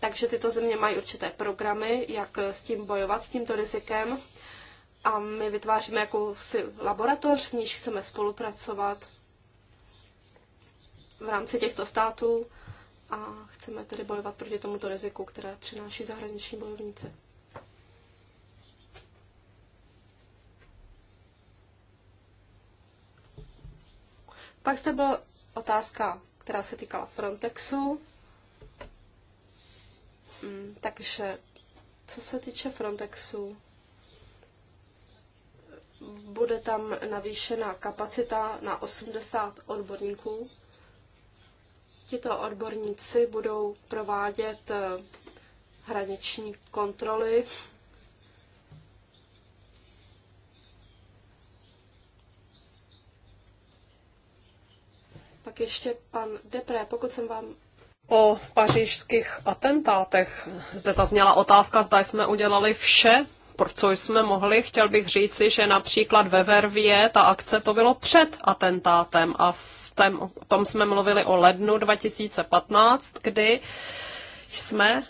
Takže tyto země mají určité programy, jak s tím bojovat, s tímto rizikem. A my vytváříme jakousi laboratoř, v níž chceme spolupracovat v rámci těchto států a chceme tedy bojovat proti tomuto riziku, které přináší zahraniční bojovníci. Pak zde byla otázka, která se týkala Frontexu. Mm, takže co se týče Frontexu, bude tam navýšena kapacita na 80 odborníků. Tito odborníci budou provádět eh, hraniční kontroly Pak ještě pan Depré, pokud jsem vám o pařížských atentátech. Zde zazněla otázka, zda jsme udělali vše, pro co jsme mohli. Chtěl bych říci, že například ve Vervě ta akce to bylo před atentátem a v tém, o tom jsme mluvili o lednu 2015, kdy jsme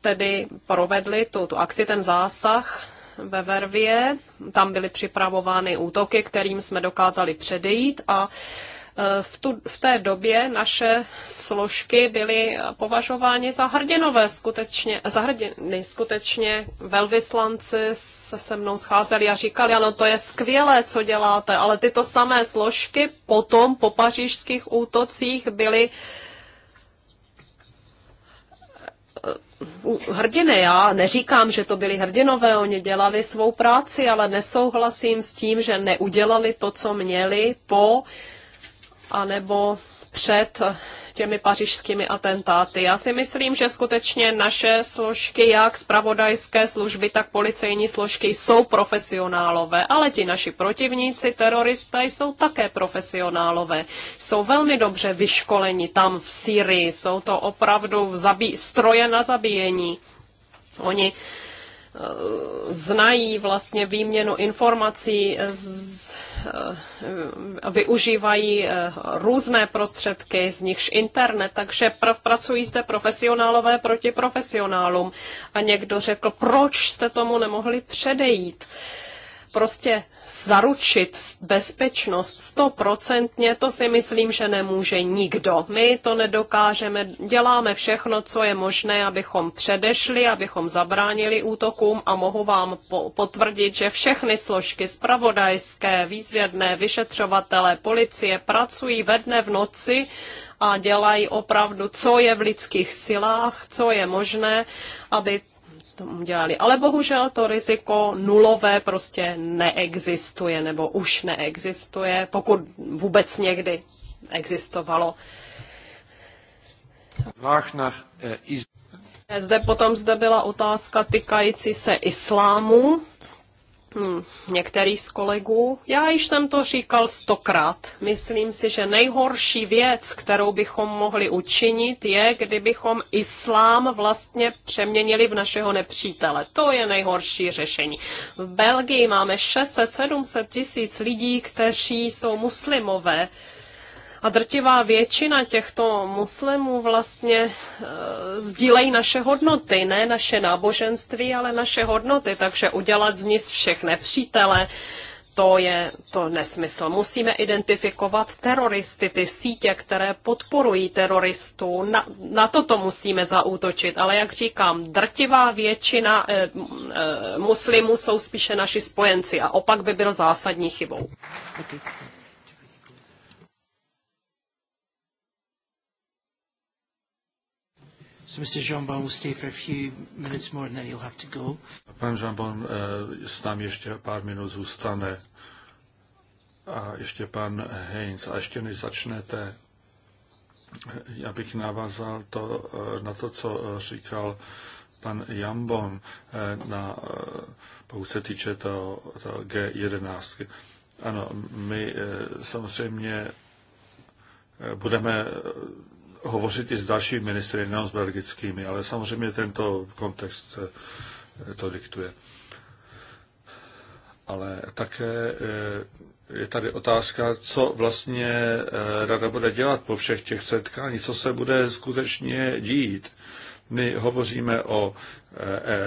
tedy provedli tu, tu akci, ten zásah ve Vervě. Tam byly připravovány útoky, kterým jsme dokázali předejít a v, tu, v té době naše složky byly považovány za hrdinové, skutečně, za hrdiny. Skutečně velvyslanci se se mnou scházeli a říkali, ano, to je skvělé, co děláte, ale tyto samé složky potom po pařížských útocích byly eh, hrdiny. Já neříkám, že to byli hrdinové, oni dělali svou práci, ale nesouhlasím s tím, že neudělali to, co měli po anebo před těmi pařížskými atentáty. Já si myslím, že skutečně naše složky, jak zpravodajské služby, tak policejní složky, jsou profesionálové, ale ti naši protivníci, teroristé, jsou také profesionálové. Jsou velmi dobře vyškoleni tam v Syrii, jsou to opravdu zabí- stroje na zabíjení. Oni znají vlastně výměnu informací, z, eh, využívají eh, různé prostředky, z nichž internet, takže pracují zde profesionálové proti profesionálům. A někdo řekl, proč jste tomu nemohli předejít? Uh, prostě zaručit bezpečnost stoprocentně, to si myslím, že nemůže nikdo. My to nedokážeme, děláme všechno, co je možné, abychom předešli, abychom zabránili útokům a mohu vám po- potvrdit, že všechny složky spravodajské, výzvědné, vyšetřovatele, policie pracují ve dne v noci a dělají opravdu, co je v lidských silách, co je možné, aby tom udělali. Ale bohužel to riziko nulové prostě neexistuje nebo už neexistuje, pokud vůbec někdy existovalo. Eh, zde potom zde byla otázka týkající se islámu. Hmm, některých z kolegů. Já již jsem to říkal stokrát. Myslím si, že nejhorší věc, kterou bychom mohli učinit, je, kdybychom islám vlastně přeměnili v našeho nepřítele. To je nejhorší řešení. V Belgii máme 600-700 tisíc lidí, kteří jsou muslimové. A drtivá většina těchto muslimů vlastně e, sdílejí naše hodnoty, ne naše náboženství, ale naše hodnoty. Takže udělat z nich všech nepřítele, to je to nesmysl. Musíme identifikovat teroristy, ty sítě, které podporují teroristů. Na, na toto musíme zaútočit. Ale jak říkám, drtivá většina e, e, muslimů jsou spíše naši spojenci a opak by byl zásadní chybou. Děkuji. So Mr. Jean-Bon will stay for a few minutes more and then he'll have to go. Pan Jean-Bon eh, s námi ještě pár minut zůstane. A ještě pan Heinz. A ještě než začnete, eh, já bych navázal to, eh, na to, co říkal pan Jambon na, pokud se týče to, to G11. Ano, my samozřejmě budeme hovořit i s dalšími ministry, nejenom s belgickými, ale samozřejmě tento kontext eh, to diktuje. Ale také eh, je tady otázka, co vlastně eh, rada bude dělat po všech těch setkání, co se bude skutečně dít. My hovoříme o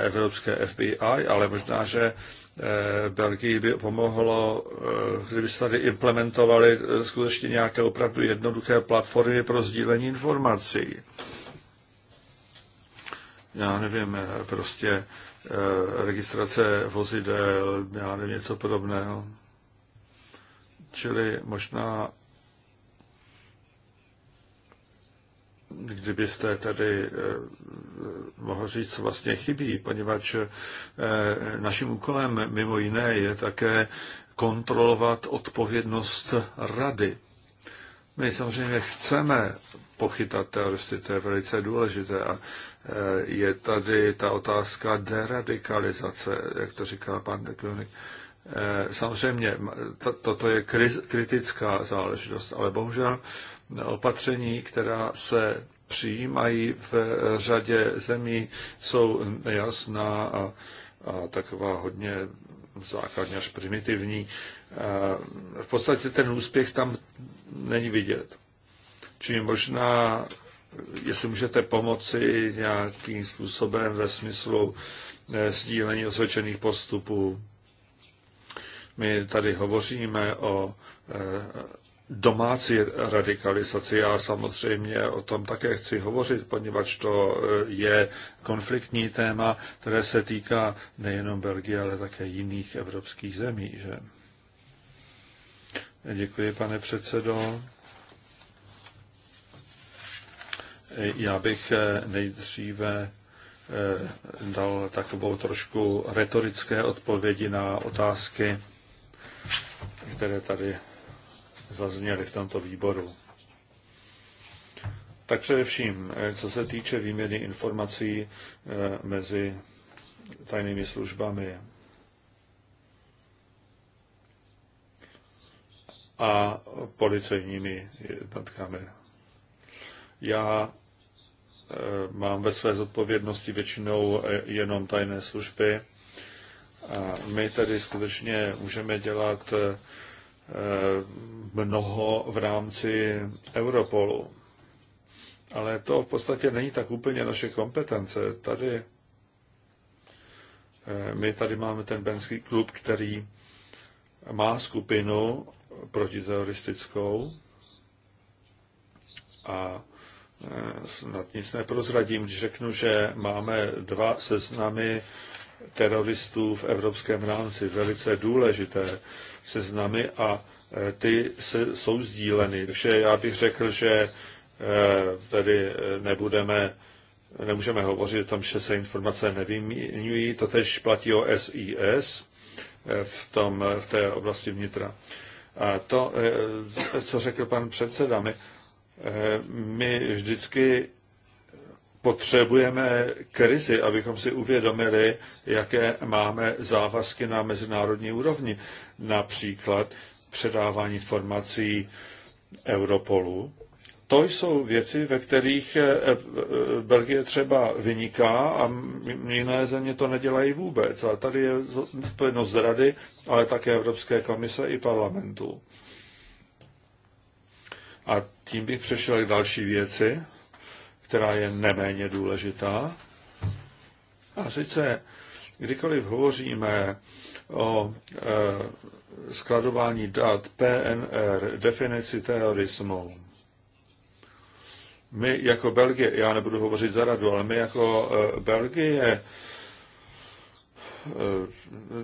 evropské FBI, ale možná, že Eh, Belgii by pomohlo, eh, kdyby se tady implementovaly eh, skutečně nějaké opravdu jednoduché platformy pro sdílení informací. Já nevím, prostě registrace vozidel, já nevím, něco podobného. Čili možná kdybyste tedy eh, eh, mohl říct, co vlastně chybí, poněvadž eh, naším úkolem mimo jiné je také kontrolovat odpovědnost rady. My samozřejmě chceme pochytat teroristy, to je velice důležité. A je tady ta otázka deradikalizace, jak to říkal pan de Koenig. Samozřejmě, toto je kritická záležitost, ale bohužel opatření, která se přijímají v řadě zemí, jsou nejasná a, a taková hodně základně až primitivní. V podstatě ten úspěch tam není vidět. Čili možná, jestli můžete pomoci nějakým způsobem ve smyslu eh, sdílení osvědčených postupů. My tady hovoříme o eh, domácí radikalizaci. Já samozřejmě o tom také chci hovořit, poněvadž to eh, je konfliktní téma, které se týká nejenom Belgie, ale také jiných evropských zemí. Že? Děkuji, pane předsedo. Eh, já bych eh, nejdříve dal takovou trošku retorické odpovědi na otázky, které tady zazněly v tomto výboru. Tak především, eh, co se týče výměny informací eh, mezi tajnými službami a policejními jednotkami. Já eh, mám ve své zodpovědnosti většinou jenom tajné služby. A my tady skutečně můžeme dělat Eh, mnoho v rámci Europolu. Ale to v podstatě není tak úplně naše kompetence. Tady eh, my tady máme ten benský klub, který má skupinu protiteroristickou a eh, snad nic neprozradím, když řeknu, že máme dva seznamy teroristů v evropském rámci, velice důležité seznamy a e, ty se, jsou sdíleny. Takže já bych řekl, že e, tedy e, nebudeme, nemůžeme hovořit o tom, že se informace nevyměňují. To tež platí o SIS v, tom, v té oblasti vnitra. A to, co řekl pan předseda, my, my vždycky potřebujeme krizi, abychom si uvědomili, jaké máme závazky na mezinárodní úrovni. Například předávání informací Europolu. To jsou věci, ve kterých eh, eh, Belgie třeba vyniká a jiné země to nedělají vůbec. A tady je odpovědnost rady, ale také Evropské komise i parlamentu. A tím bych přešel k další věci která je neméně důležitá. A sice, kdykoliv hovoříme o e, skladování dat PNR, definici terorismu, my jako Belgie, já nebudu hovořit za radu, ale my jako e, Belgie, e,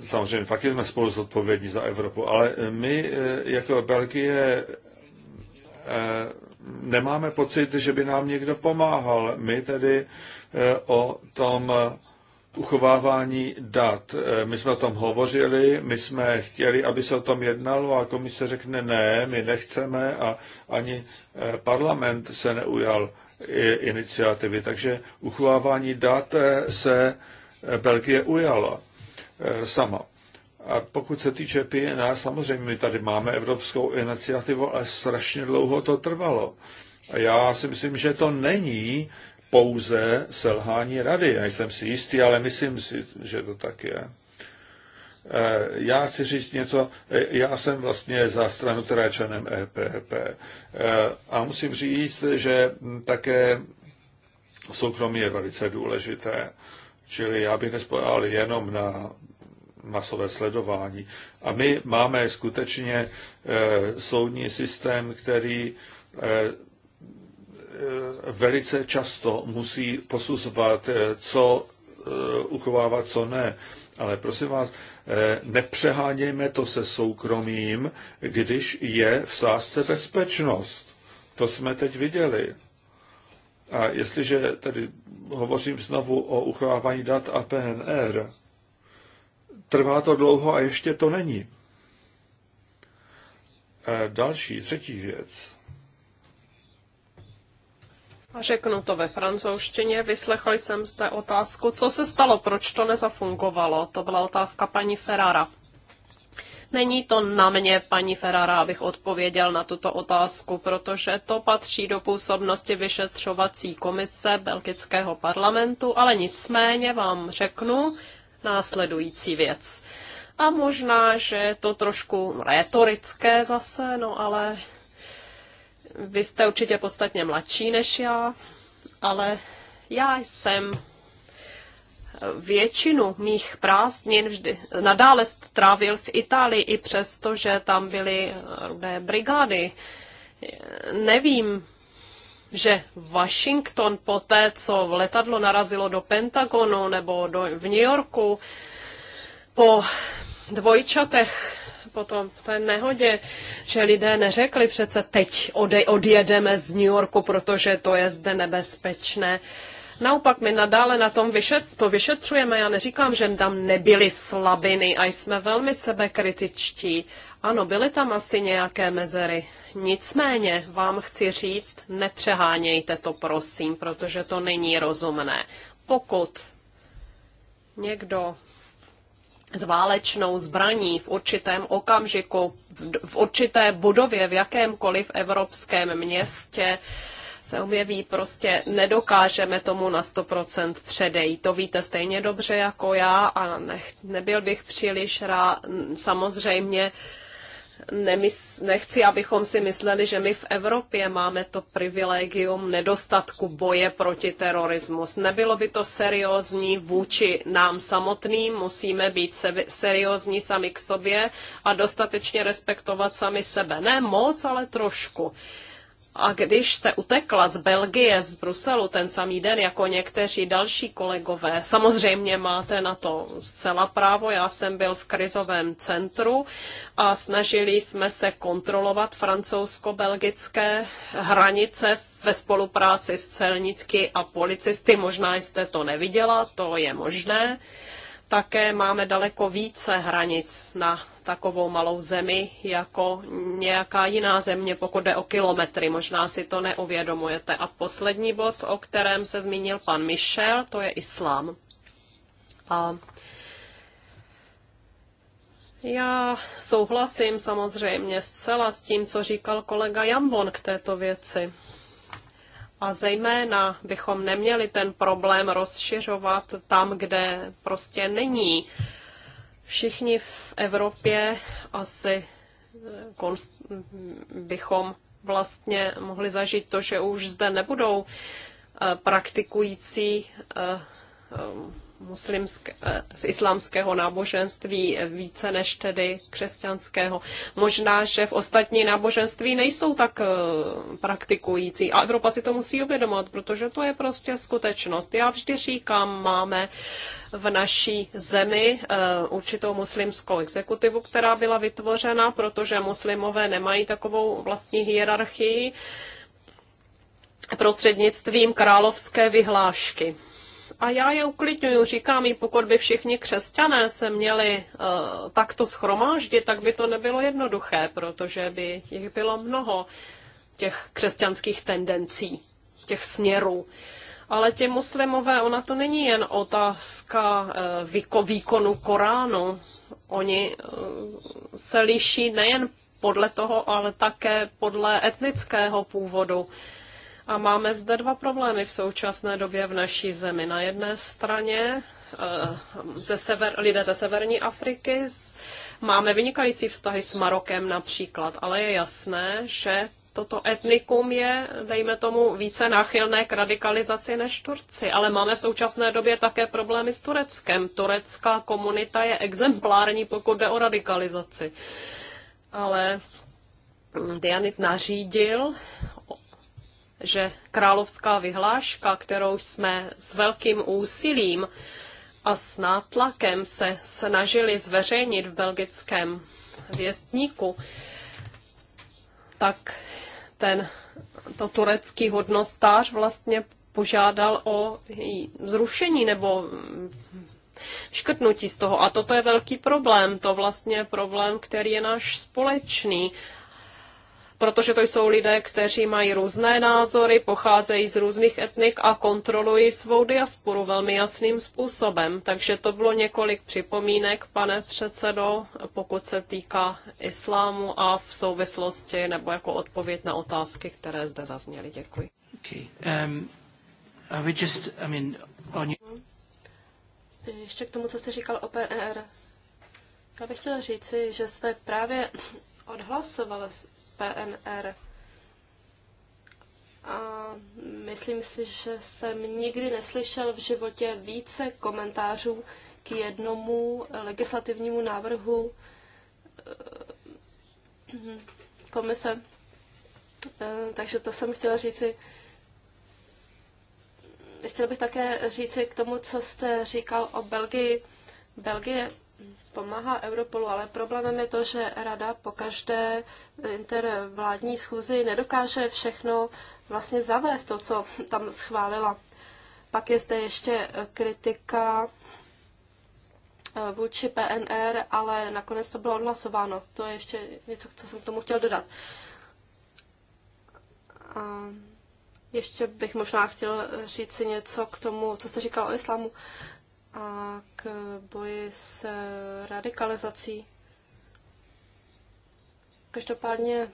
samozřejmě taky jsme spolu zodpovědní za Evropu, ale my e, jako Belgie e, nemáme pocit, že by nám někdo pomáhal. My tedy eh, o tom eh, uchovávání dat. Eh, my jsme o tom hovořili, my jsme chtěli, aby se o tom jednalo a komise řekne ne, my nechceme a ani parlament se neujal iniciativy. Takže uchovávání dat se Belgie ujala sama. A pokud se týče PNR, samozřejmě my tady máme evropskou iniciativu, ale strašně dlouho to trvalo. A já si myslím, že to není pouze selhání rady. Já jsem si jistý, ale myslím si, že to tak je. Eh, já chci říct něco, eh, já jsem vlastně za stranu, která je členem EPP. Eh, a musím říct, že také soukromí je velice důležité. Čili já bych nespojal jenom na masové sledování. A my máme skutečně eh, soudní systém, který eh, eh, velice často musí posuzovat, co uchovávat, co ne. Ale prosím vás, nepřehánějme to se soukromím, když je v sázce bezpečnost. To jsme teď viděli. A jestliže tedy hovořím znovu o uchovávání dat a PNR, Trvá to dlouho a ještě to není. E, další, třetí věc. Řeknu to ve francouzštině. Vyslechl jsem z té otázku, co se stalo, proč to nezafungovalo. To byla otázka paní Ferrara. Není to na mě, paní Ferrara, abych odpověděl na tuto otázku, protože to patří do působnosti vyšetřovací komise belgického parlamentu, ale nicméně vám řeknu, následující věc. A možná, že je to trošku retorické zase, no ale vy jste určitě podstatně mladší než já, ale já jsem většinu mých prázdnin vždy nadále strávil v Itálii, i přesto, že tam byly rudé brigády. Nevím, že Washington poté, co letadlo narazilo do Pentagonu nebo do, v New Yorku, po dvojčatech po tom té nehodě, že lidé neřekli přece teď ode, odjedeme z New Yorku, protože to je zde nebezpečné. Naopak my nadále na tom vyšet, to vyšetřujeme. Já neříkám, že tam nebyly slabiny a jsme velmi sebekritičtí, ano, byly tam asi nějaké mezery. Nicméně vám chci říct, nepřehánějte to, prosím, protože to není rozumné. Pokud někdo s válečnou zbraní v určitém okamžiku, v určité budově, v jakémkoliv evropském městě, se objeví, prostě nedokážeme tomu na 100% předejít. To víte stejně dobře jako já a nech, nebyl bych příliš rád. Samozřejmě nemys- nechci, abychom si mysleli, že my v Evropě máme to privilegium nedostatku boje proti terorismu. Nebylo by to seriózní vůči nám samotným, musíme být se- seriózní sami k sobě a dostatečně respektovat sami sebe. Ne moc, ale trošku. Uh, a když jste utekla z Belgie, z Bruselu ten samý den, jako někteří další kolegové, samozřejmě máte na to zcela právo. Já jsem byl v krizovém centru a snažili jsme se kontrolovat francouzsko-belgické hranice ve spolupráci s celnitky a policisty. Možná jste to neviděla, to je možné. Také máme daleko více hranic na takovou malou zemi jako nějaká jiná země, pokud jde o kilometry. Možná si to neuvědomujete. A poslední bod, o kterém se zmínil pan Michel, to je islám. A já souhlasím samozřejmě zcela s tím, co říkal kolega Jambon k této věci. A zejména bychom neměli ten problém rozšiřovat tam, kde prostě není. Všichni v Evropě asi eh, bychom vlastně mohli zažít to, že už zde nebudou eh, praktikující eh, muslimské, eh, z islámského náboženství eh, více než tedy křesťanského. Možná, že v ostatní náboženství nejsou tak eh, praktikující a Evropa si to musí uvědomovat, protože to je prostě skutečnost. Já vždy říkám, máme v naší zemi určitou muslimskou exekutivu, která byla vytvořena, protože muslimové nemají takovou vlastní hierarchii prostřednictvím královské vyhlášky. A já je uklidňuju, říkám jim, pokud by všichni křesťané se měli uh, takto schromáždit, tak by to nebylo jednoduché, protože by jich bylo mnoho těch křesťanských tendencí, těch směrů. Ale ti muslimové, ona to není jen otázka uh, výkonu Koránu. Oni uh, se liší nejen podle toho, ale také podle etnického původu. Uh, a máme zde dva problémy v současné době v naší zemi. Na jedné straně eh, ze sever, lidé ze severní Afriky. Máme vynikající vztahy s Marokem například, ale je jasné, že toto etnikum je, dejme tomu, více náchylné k radikalizaci než Turci. Ale máme v současné době také problémy s Tureckem. Turecká komunita je exemplární, pokud jde o radikalizaci. Ale hm, Dianit nařídil že královská vyhláška, kterou jsme s velkým úsilím a s nátlakem se snažili zveřejnit v belgickém věstníku, tak ten to turecký hodnostář vlastně požádal o zrušení nebo škrtnutí z toho. A toto je velký problém. To vlastně je problém, který je náš společný protože to jsou lidé, kteří mají různé názory, pocházejí z různých etnik a kontrolují svou diasporu velmi jasným způsobem. Takže to bylo několik připomínek, pane předsedo, pokud se týká islámu a v souvislosti nebo jako odpověď na otázky, které zde zazněly. Děkuji. Okay. Um, just, I mean, on... Ještě k tomu, co jste říkal o PR. E Já bych chtěla říci, že jsme právě odhlasovali PNR. A myslím si, že jsem nikdy neslyšel v životě více komentářů k jednomu legislativnímu návrhu eh, komise. Eh, takže to jsem chtěla říci. Chtěla bych také říci k tomu, co jste říkal o Belgii. Belgie pomáhá Europolu, ale problémem je to, že Rada po každé intervládní schůzi nedokáže všechno vlastně zavést, to, co tam schválila. Pak je zde ještě kritika eh, vůči PNR, ale nakonec to bylo odhlasováno. To je ještě něco, co jsem k tomu chtěl dodat. A ještě bych možná chtěl říct si něco k tomu, co jste říkal o islámu a k boji s radikalizací. Každopádně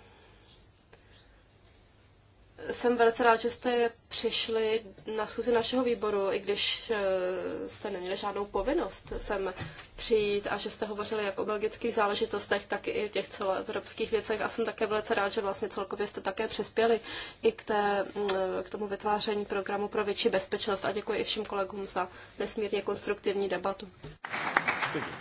jsem velice rád, že jste přišli na schůzi našeho výboru, i když eh, jste neměli žádnou povinnost sem přijít a že jste hovořili jak o belgických záležitostech, tak i o těch celoevropských věcech. A jsem také velice rád, že vlastně celkově jste také přispěli i k, té, eh, k tomu vytváření programu pro větší bezpečnost. A děkuji i všem kolegům za nesmírně konstruktivní debatu. Děkuji.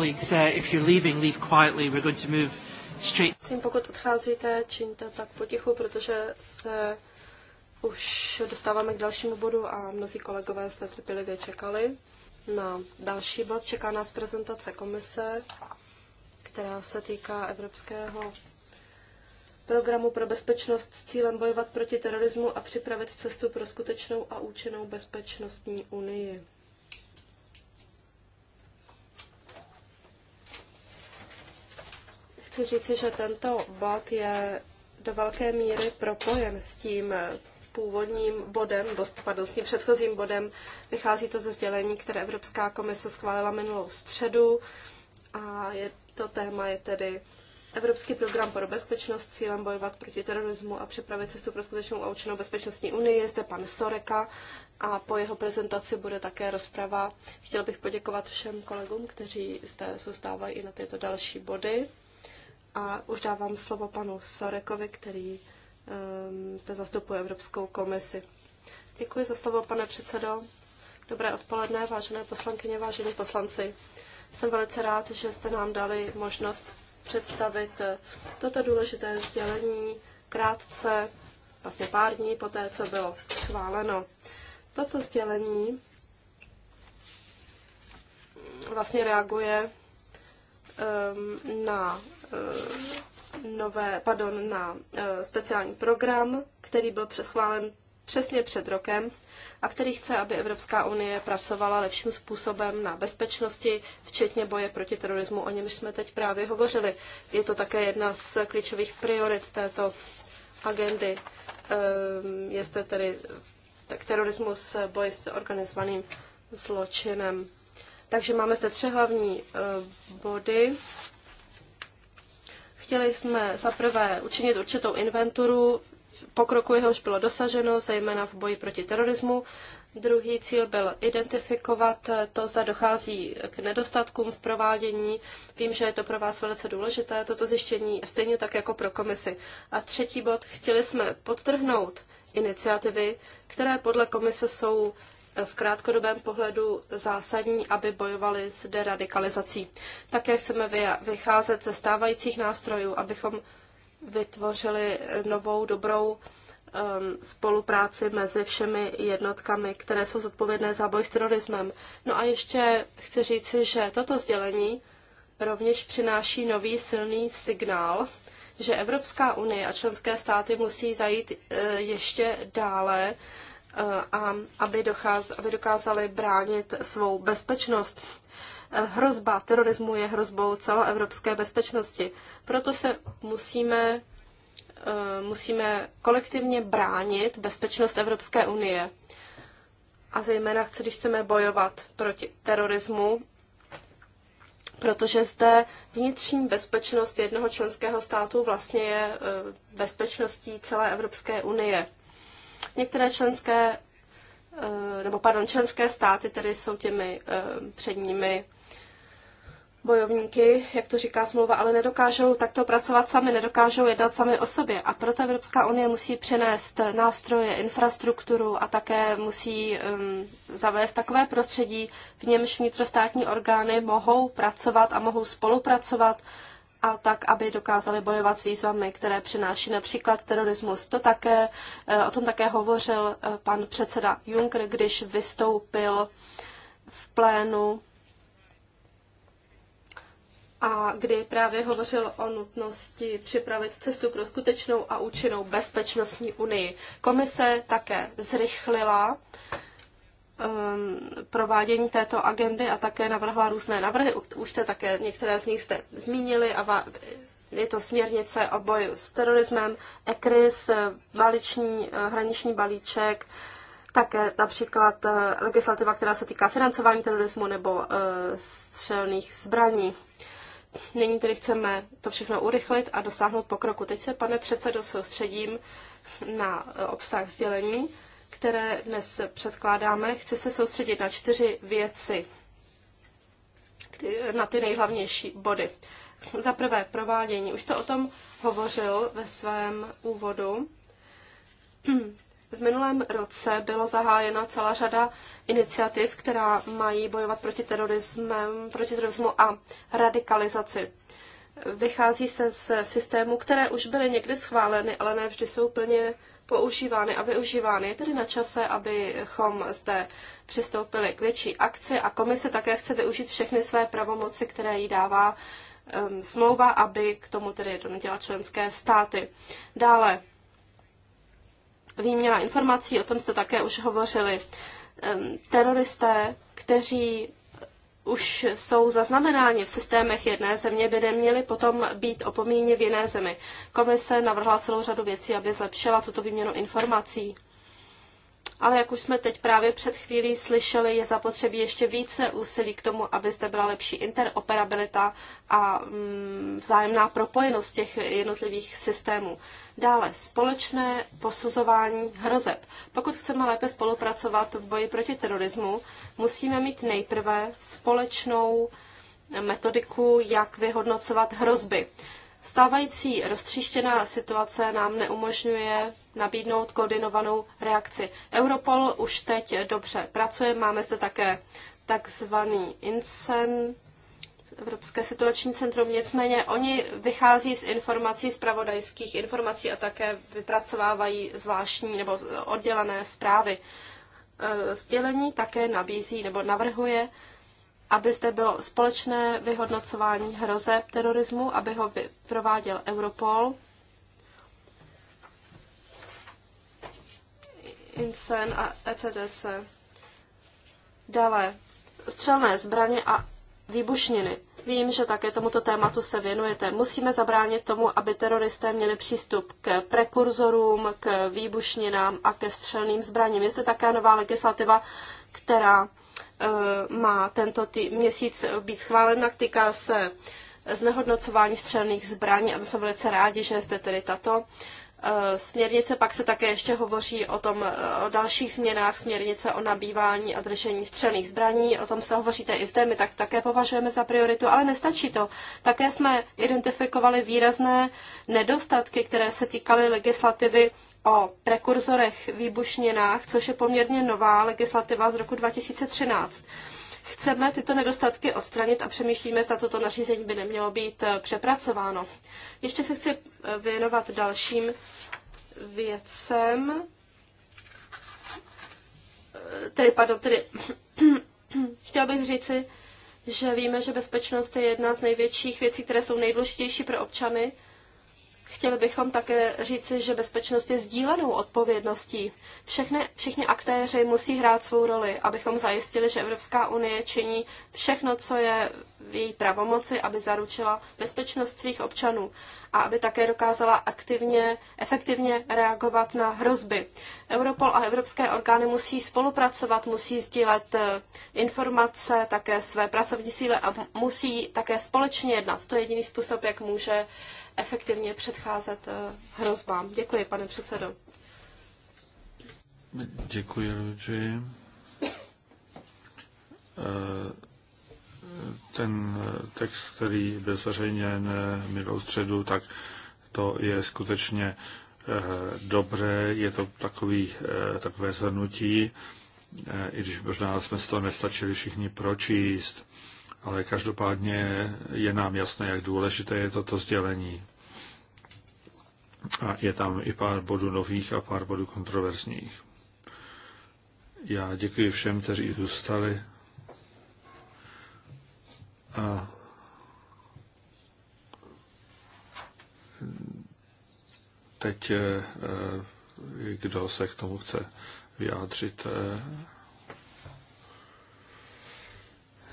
colleagues, uh, if you're leaving, leave quietly. We're going to move straight. Pokud odcházíte, čiňte tak potichu, protože se už dostáváme k dalšímu bodu a mnozí kolegové jste trpělivě čekali. Na další bod čeká nás prezentace komise, která se týká Evropského programu pro bezpečnost s cílem bojovat proti terorismu a připravit cestu pro skutečnou a účinnou bezpečnostní unii. Chci říci, že tento bod je do velké míry propojen s tím původním bodem, nebo s tím předchozím bodem. Vychází to ze sdělení, které Evropská komise schválila minulou středu a je, to téma je tedy Evropský program pro bezpečnost s cílem bojovat proti terorismu a připravit cestu pro skutečnou a účinnou bezpečnostní unii. Je zde pan Soreka a po jeho prezentaci bude také rozprava. Chtěl bych poděkovat všem kolegům, kteří zde zůstávají i na tyto další body. A už dávám slovo panu Sorekovi, který um, zde zastupuje Evropskou komisi. Děkuji za slovo, pane předsedo. Dobré odpoledne, vážené poslankyně, vážení poslanci. Jsem velice rád, že jste nám dali možnost představit eh, toto důležité sdělení krátce, vlastně pár dní poté, co bylo schváleno. Toto sdělení vlastně reaguje um, na Eh, nové, pardon, na eh, speciální program, který byl přeschválen přesně před rokem a který chce, aby Evropská unie pracovala lepším způsobem na bezpečnosti, včetně boje proti terorismu, o němž jsme teď právě hovořili. Je to také jedna z klíčových priorit této agendy. Ehm, je zde tedy tak terorismus, boj s organizovaným zločinem. Takže máme zde tři hlavní eh, body. Chtěli jsme zaprvé učinit určitou inventuru pokroku jehož bylo dosaženo, zejména v boji proti terorismu. Druhý cíl byl identifikovat to, zda dochází k nedostatkům v provádění. Vím, že je to pro vás velice důležité, toto zjištění, stejně tak jako pro komisi. A třetí bod, chtěli jsme podtrhnout iniciativy, které podle komise jsou v krátkodobém pohledu zásadní, aby bojovali s deradikalizací. Také chceme vycházet ze stávajících nástrojů, abychom vytvořili novou dobrou um, spolupráci mezi všemi jednotkami, které jsou zodpovědné za boj s terorismem. No a ještě chci říci, že toto sdělení rovněž přináší nový silný signál, že Evropská unie a členské státy musí zajít eh, ještě dále a aby, docház, aby dokázali bránit svou bezpečnost. Hrozba terorismu je hrozbou celoevropské bezpečnosti. Proto se musíme, eh, musíme kolektivně bránit bezpečnost Evropské unie. A zejména, když chceme bojovat proti terorismu, protože zde vnitřní bezpečnost jednoho členského státu vlastně je eh, bezpečností celé Evropské unie. Některé členské, eh, nebo pardon, členské státy tedy jsou těmi eh, předními bojovníky, jak to říká smlouva, ale nedokážou takto pracovat sami, nedokážou jednat sami o sobě. A proto Evropská unie musí přenést nástroje, infrastrukturu a také musí um, zavést takové prostředí, v němž vnitrostátní orgány mohou pracovat a mohou spolupracovat a tak, aby dokázali bojovat s výzvami, které přináší například terorismus. To také, eh, o tom také hovořil eh, pan předseda Juncker, když vystoupil v plénu a kdy právě hovořil o nutnosti připravit cestu pro skutečnou a účinnou bezpečnostní unii. Komise také zrychlila uh, Um, provádění této agendy a také navrhla různé návrhy. Už jste také některé z nich jste zmínili a je to směrnice o boji s terorismem, ECRIS, baliční, eh, eh, hraniční balíček, také například eh, legislativa, která se týká financování terorismu nebo střelných zbraní. Nyní tedy chceme to všechno urychlit a dosáhnout pokroku. Teď se, pane předsedo, soustředím na obsah sdělení které dnes předkládáme, chci se soustředit na čtyři věci, na ty nejhlavnější body. Za prvé provádění. Už jste o tom hovořil ve svém úvodu. V minulém roce bylo zahájena celá řada iniciativ, která mají bojovat proti, terorismu, proti terorismu a radikalizaci. Vychází se z systémů, které už byly někdy schváleny, ale ne vždy jsou plně používány a využívány. Je tedy na čase, abychom zde přistoupili k větší akci a komise také chce využít všechny své pravomoci, které jí dává um, smlouva, aby k tomu tedy donutila členské státy. Dále výměna informací, o tom jste také už hovořili. Um, teroristé, kteří už jsou zaznamenáni v systémech jedné země, by neměly potom být opomíněny v jiné zemi. Komise navrhla celou řadu věcí, aby zlepšila tuto výměnu informací. Ale jak už jsme teď právě před chvílí slyšeli, je zapotřebí ještě více úsilí k tomu, aby zde byla lepší interoperabilita a mm, vzájemná propojenost těch jednotlivých systémů. Dále společné posuzování hrozeb. Pokud chceme lépe spolupracovat v boji proti terorismu, musíme mít nejprve společnou metodiku, jak vyhodnocovat hrozby. Stávající roztříštěná situace nám neumožňuje nabídnout koordinovanou reakci. Europol už teď dobře pracuje, máme zde také takzvaný incen, Evropské situační centrum. Nicméně oni vychází z informací, z pravodajských informací a také vypracovávají zvláštní nebo oddělené zprávy. E, sdělení také nabízí nebo navrhuje, aby zde bylo společné vyhodnocování hrozeb terorismu, aby ho prováděl Europol, INSEN a ECDC. Dále střelné zbraně a výbušniny. Vím, že také tomuto tématu se věnujete. Musíme zabránit tomu, aby teroristé měli přístup k prekurzorům, k výbušninám a ke střelným zbraním. Je zde také nová legislativa, která e, má tento tý, měsíc být schválena, týká se znehodnocování střelných zbraní a my jsme velice rádi, že je zde tedy tato Eh, směrnice, pak se také ještě hovoří o, tom, eh, o dalších změnách směrnice o nabývání a držení střelných zbraní, o tom se hovoříte i zde, my tak také považujeme za prioritu, ale nestačí to. Také jsme identifikovali výrazné nedostatky, které se týkaly legislativy o prekurzorech výbušninách, což je poměrně nová legislativa z roku 2013. Chceme tyto nedostatky odstranit a přemýšlíme, zda toto nařízení by nemělo být eh, přepracováno. Ještě se chci eh, věnovat dalším věcem. Eh, tedy, pardon, tedy *clears throat* chtěla bych říci, že víme, že bezpečnost je jedna z největších věcí, které jsou nejdůležitější pro občany Chtěli bychom také říci, že bezpečnost je sdílenou odpovědností. Všechny, všichni aktéři musí hrát svou roli, abychom zajistili, že Evropská unie činí všechno, co je v její pravomoci, aby zaručila bezpečnost svých občanů a aby také dokázala aktivně, efektivně reagovat na hrozby. Europol a evropské orgány musí spolupracovat, musí sdílet eh, informace, také své pracovní síly a musí také společně jednat. To je jediný způsob, jak může efektivně předcházet eh, hrozbám. Děkuji, pane předsedo. Děkuji, Luigi. Eh, ten eh, text, který byl zveřejněn minulou středu, tak to je skutečně dobré, je to takový, takové zhrnutí, i když možná jsme z toho nestačili všichni pročíst, ale každopádně je nám jasné, jak důležité je toto sdělení. A je tam i pár bodů nových a pár bodů kontroverzních. Já děkuji všem, kteří zůstali. A teď, eh, eh, kdo se k tomu chce vyjádřit. Eh.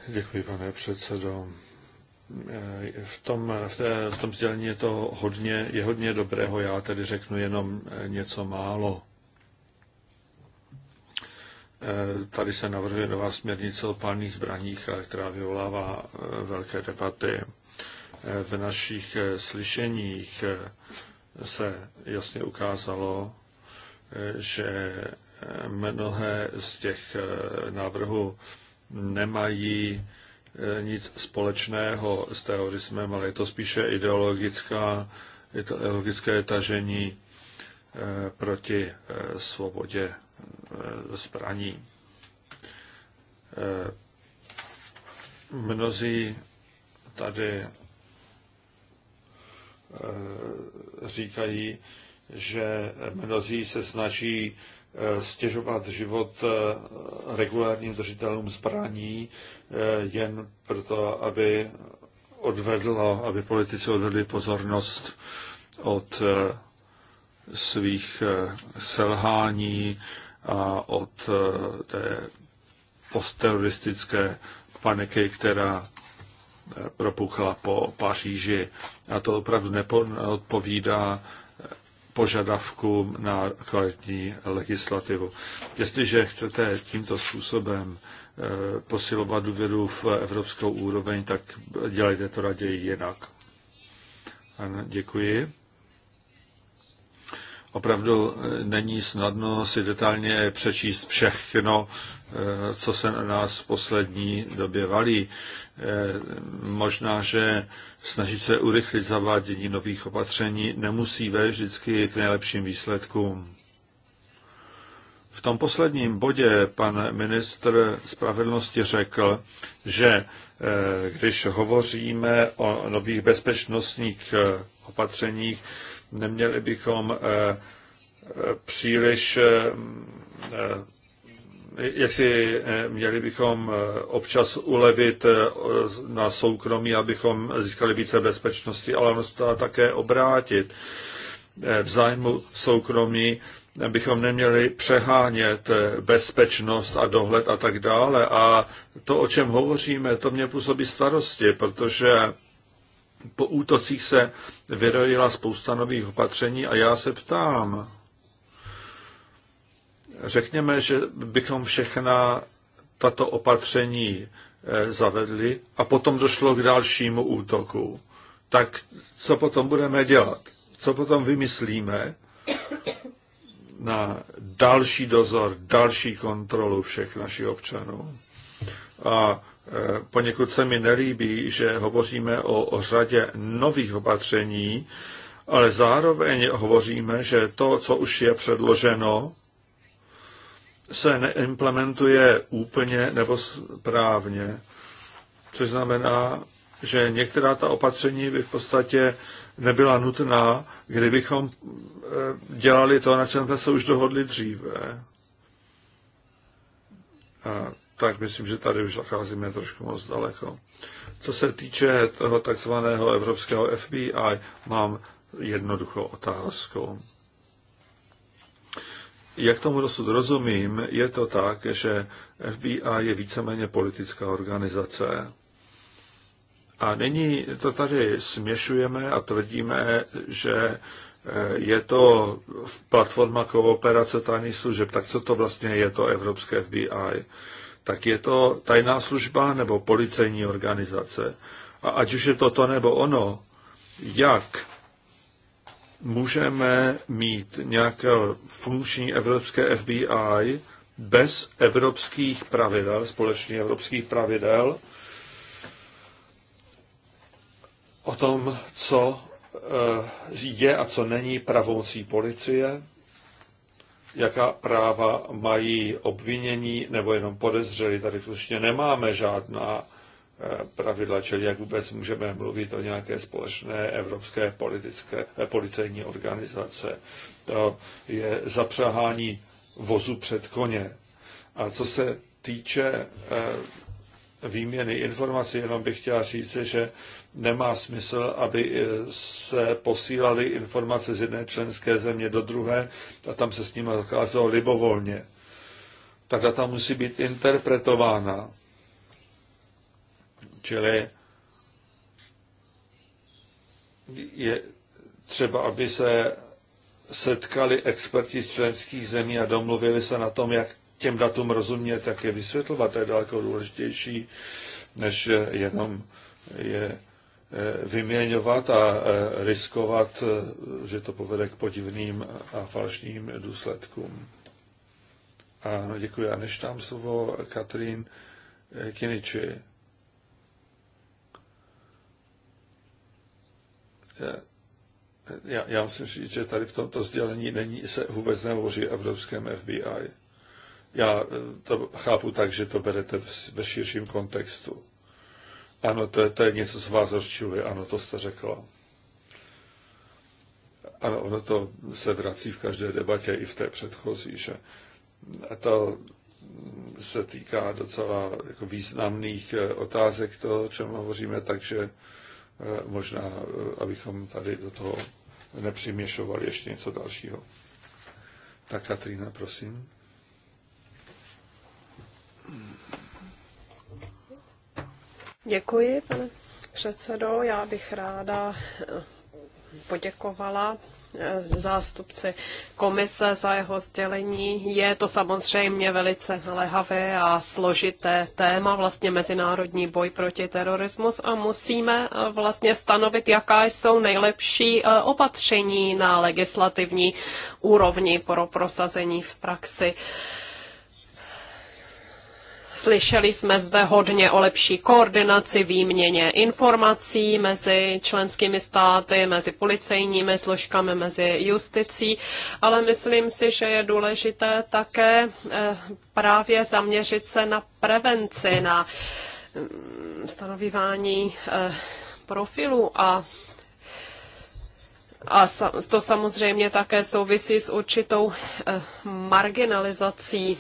Děkuji, pane předsedo. Eh, v tom, v, té, v tom sdělení je to hodně, je hodně dobrého, já tedy řeknu jenom eh, něco málo. Eh, tady se navrhuje nová směrnice o palných zbraních, která vyvolává velké debaty. V našich slyšeních se jasně ukázalo, že mnohé z těch návrhů nemají Eh, nic společného s terorismem, ale je to spíše ideologická, ideologické tažení eh, proti eh, svobodě zbraní. Mnozí tady říkají, že mnozí se snaží Eh, stěžovat život eh, regulárním držitelům zbraní eh, jen proto, aby odvedlo, aby politici odvedli pozornost od svých selhání a od té postteroristické paniky, která propukla po Paříži. A to opravdu neodpovídá požadavkům na kvalitní legislativu. Jestliže chcete tímto způsobem eh, posilovat důvěru v evropskou úroveň, tak dělejte to raději jinak. Ano, děkuji. Opravdu eh, není snadno si detailně přečíst všechno, eh, co se na nás v poslední době valí. Eh, možná, že snažit se urychlit zavádění nových opatření nemusí vést vždycky k nejlepším výsledkům. V tom posledním bodě pan ministr spravedlnosti řekl, že eh, když hovoříme o nových bezpečnostních eh, opatřeních, neměli bychom příliš jestli eh, měli bychom eh, občas ulevit eh, na soukromí, abychom získali více bezpečnosti, ale ono se také obrátit. V zájmu soukromí bychom neměli přehánět bezpečnost a dohled a tak dále. A to, o čem hovoříme, to mě působí starosti, protože po útocích se vyrojila spousta nových opatření a já se ptám, Řekněme, že bychom všechna tato opatření eh, zavedli a potom došlo k dalšímu útoku. Tak co potom budeme dělat? Co potom vymyslíme na další dozor, další kontrolu všech našich občanů? A eh, poněkud se mi nelíbí, že hovoříme o, o řadě nových opatření, ale zároveň hovoříme, že to, co už je předloženo, se neimplementuje úplně nebo správně, což znamená, že některá ta opatření by v podstatě nebyla nutná, kdybychom e, dělali to, na čem jsme se už dohodli dříve. A tak myslím, že tady už zacházíme trošku moc daleko. Co se týče toho takzvaného evropského FBI, mám jednoduchou otázku. Jak tomu dosud rozumím, je to tak, že FBI je víceméně politická organizace. A nyní to tady směšujeme a tvrdíme, že eh, je to platforma kooperace tajných služeb. Tak co to vlastně je to Evropské FBI? Tak je to tajná služba nebo policejní organizace? A ať už je to to nebo ono, jak můžeme mít nějaké funkční evropské FBI bez evropských pravidel, společně evropských pravidel, o tom, co eh, je a co není pravomocí policie, jaká práva mají obvinění nebo jenom podezřeli. Tady skutečně nemáme žádná Eh, pravidla, čili jak vůbec můžeme mluvit o nějaké společné evropské politické, eh, policejní organizace. To je zapřahání vozu před koně. A co se týče eh, výměny informací, jenom bych chtěla říct, že nemá smysl, aby se posílaly informace z jedné členské země do druhé a tam se s nimi zakázalo libovolně. Ta data musí být interpretována Čili je třeba, aby se setkali experti z členských zemí a domluvili se na tom, jak těm datům rozumět, tak je vysvětlovat. To je daleko důležitější, než jenom je eh, vyměňovat a eh, riskovat, eh, že to povede k podivným a falšným důsledkům. Ano, děkuji. A než tam slovo Katrín Kiniči, Eh, já, já musím říct, že tady v tomto sdělení není, se vůbec nehovoří o evropském FBI. Já eh, to chápu tak, že to berete ve širším kontextu. Ano, to je, to je něco, co vás rozčiluje. Ano, to jste řekla. Ano, ono to se vrací v každé debatě, i v té předchozí, že a to mm, se týká docela jako významných eh, otázek toho, o čem hovoříme, takže Eh, možná, eh, abychom tady do toho nepřiměšovali ještě něco dalšího. Tak Katrina, prosím. Děkuji, pane předsedo. Já bych ráda poděkovala Eh, zástupci komise za jeho sdělení. Je to samozřejmě velice naléhavé a složité téma, vlastně mezinárodní boj proti terorismu a musíme eh, vlastně stanovit, jaká jsou nejlepší eh, opatření na legislativní úrovni pro prosazení v praxi. Slyšeli jsme zde hodně o lepší koordinaci, výměně informací mezi členskými státy, mezi policejními složkami, mezi justicí, ale myslím si, že je důležité také eh, právě zaměřit se na prevenci, na mm, stanovívání eh, profilu a a to samozřejmě také souvisí s určitou eh, marginalizací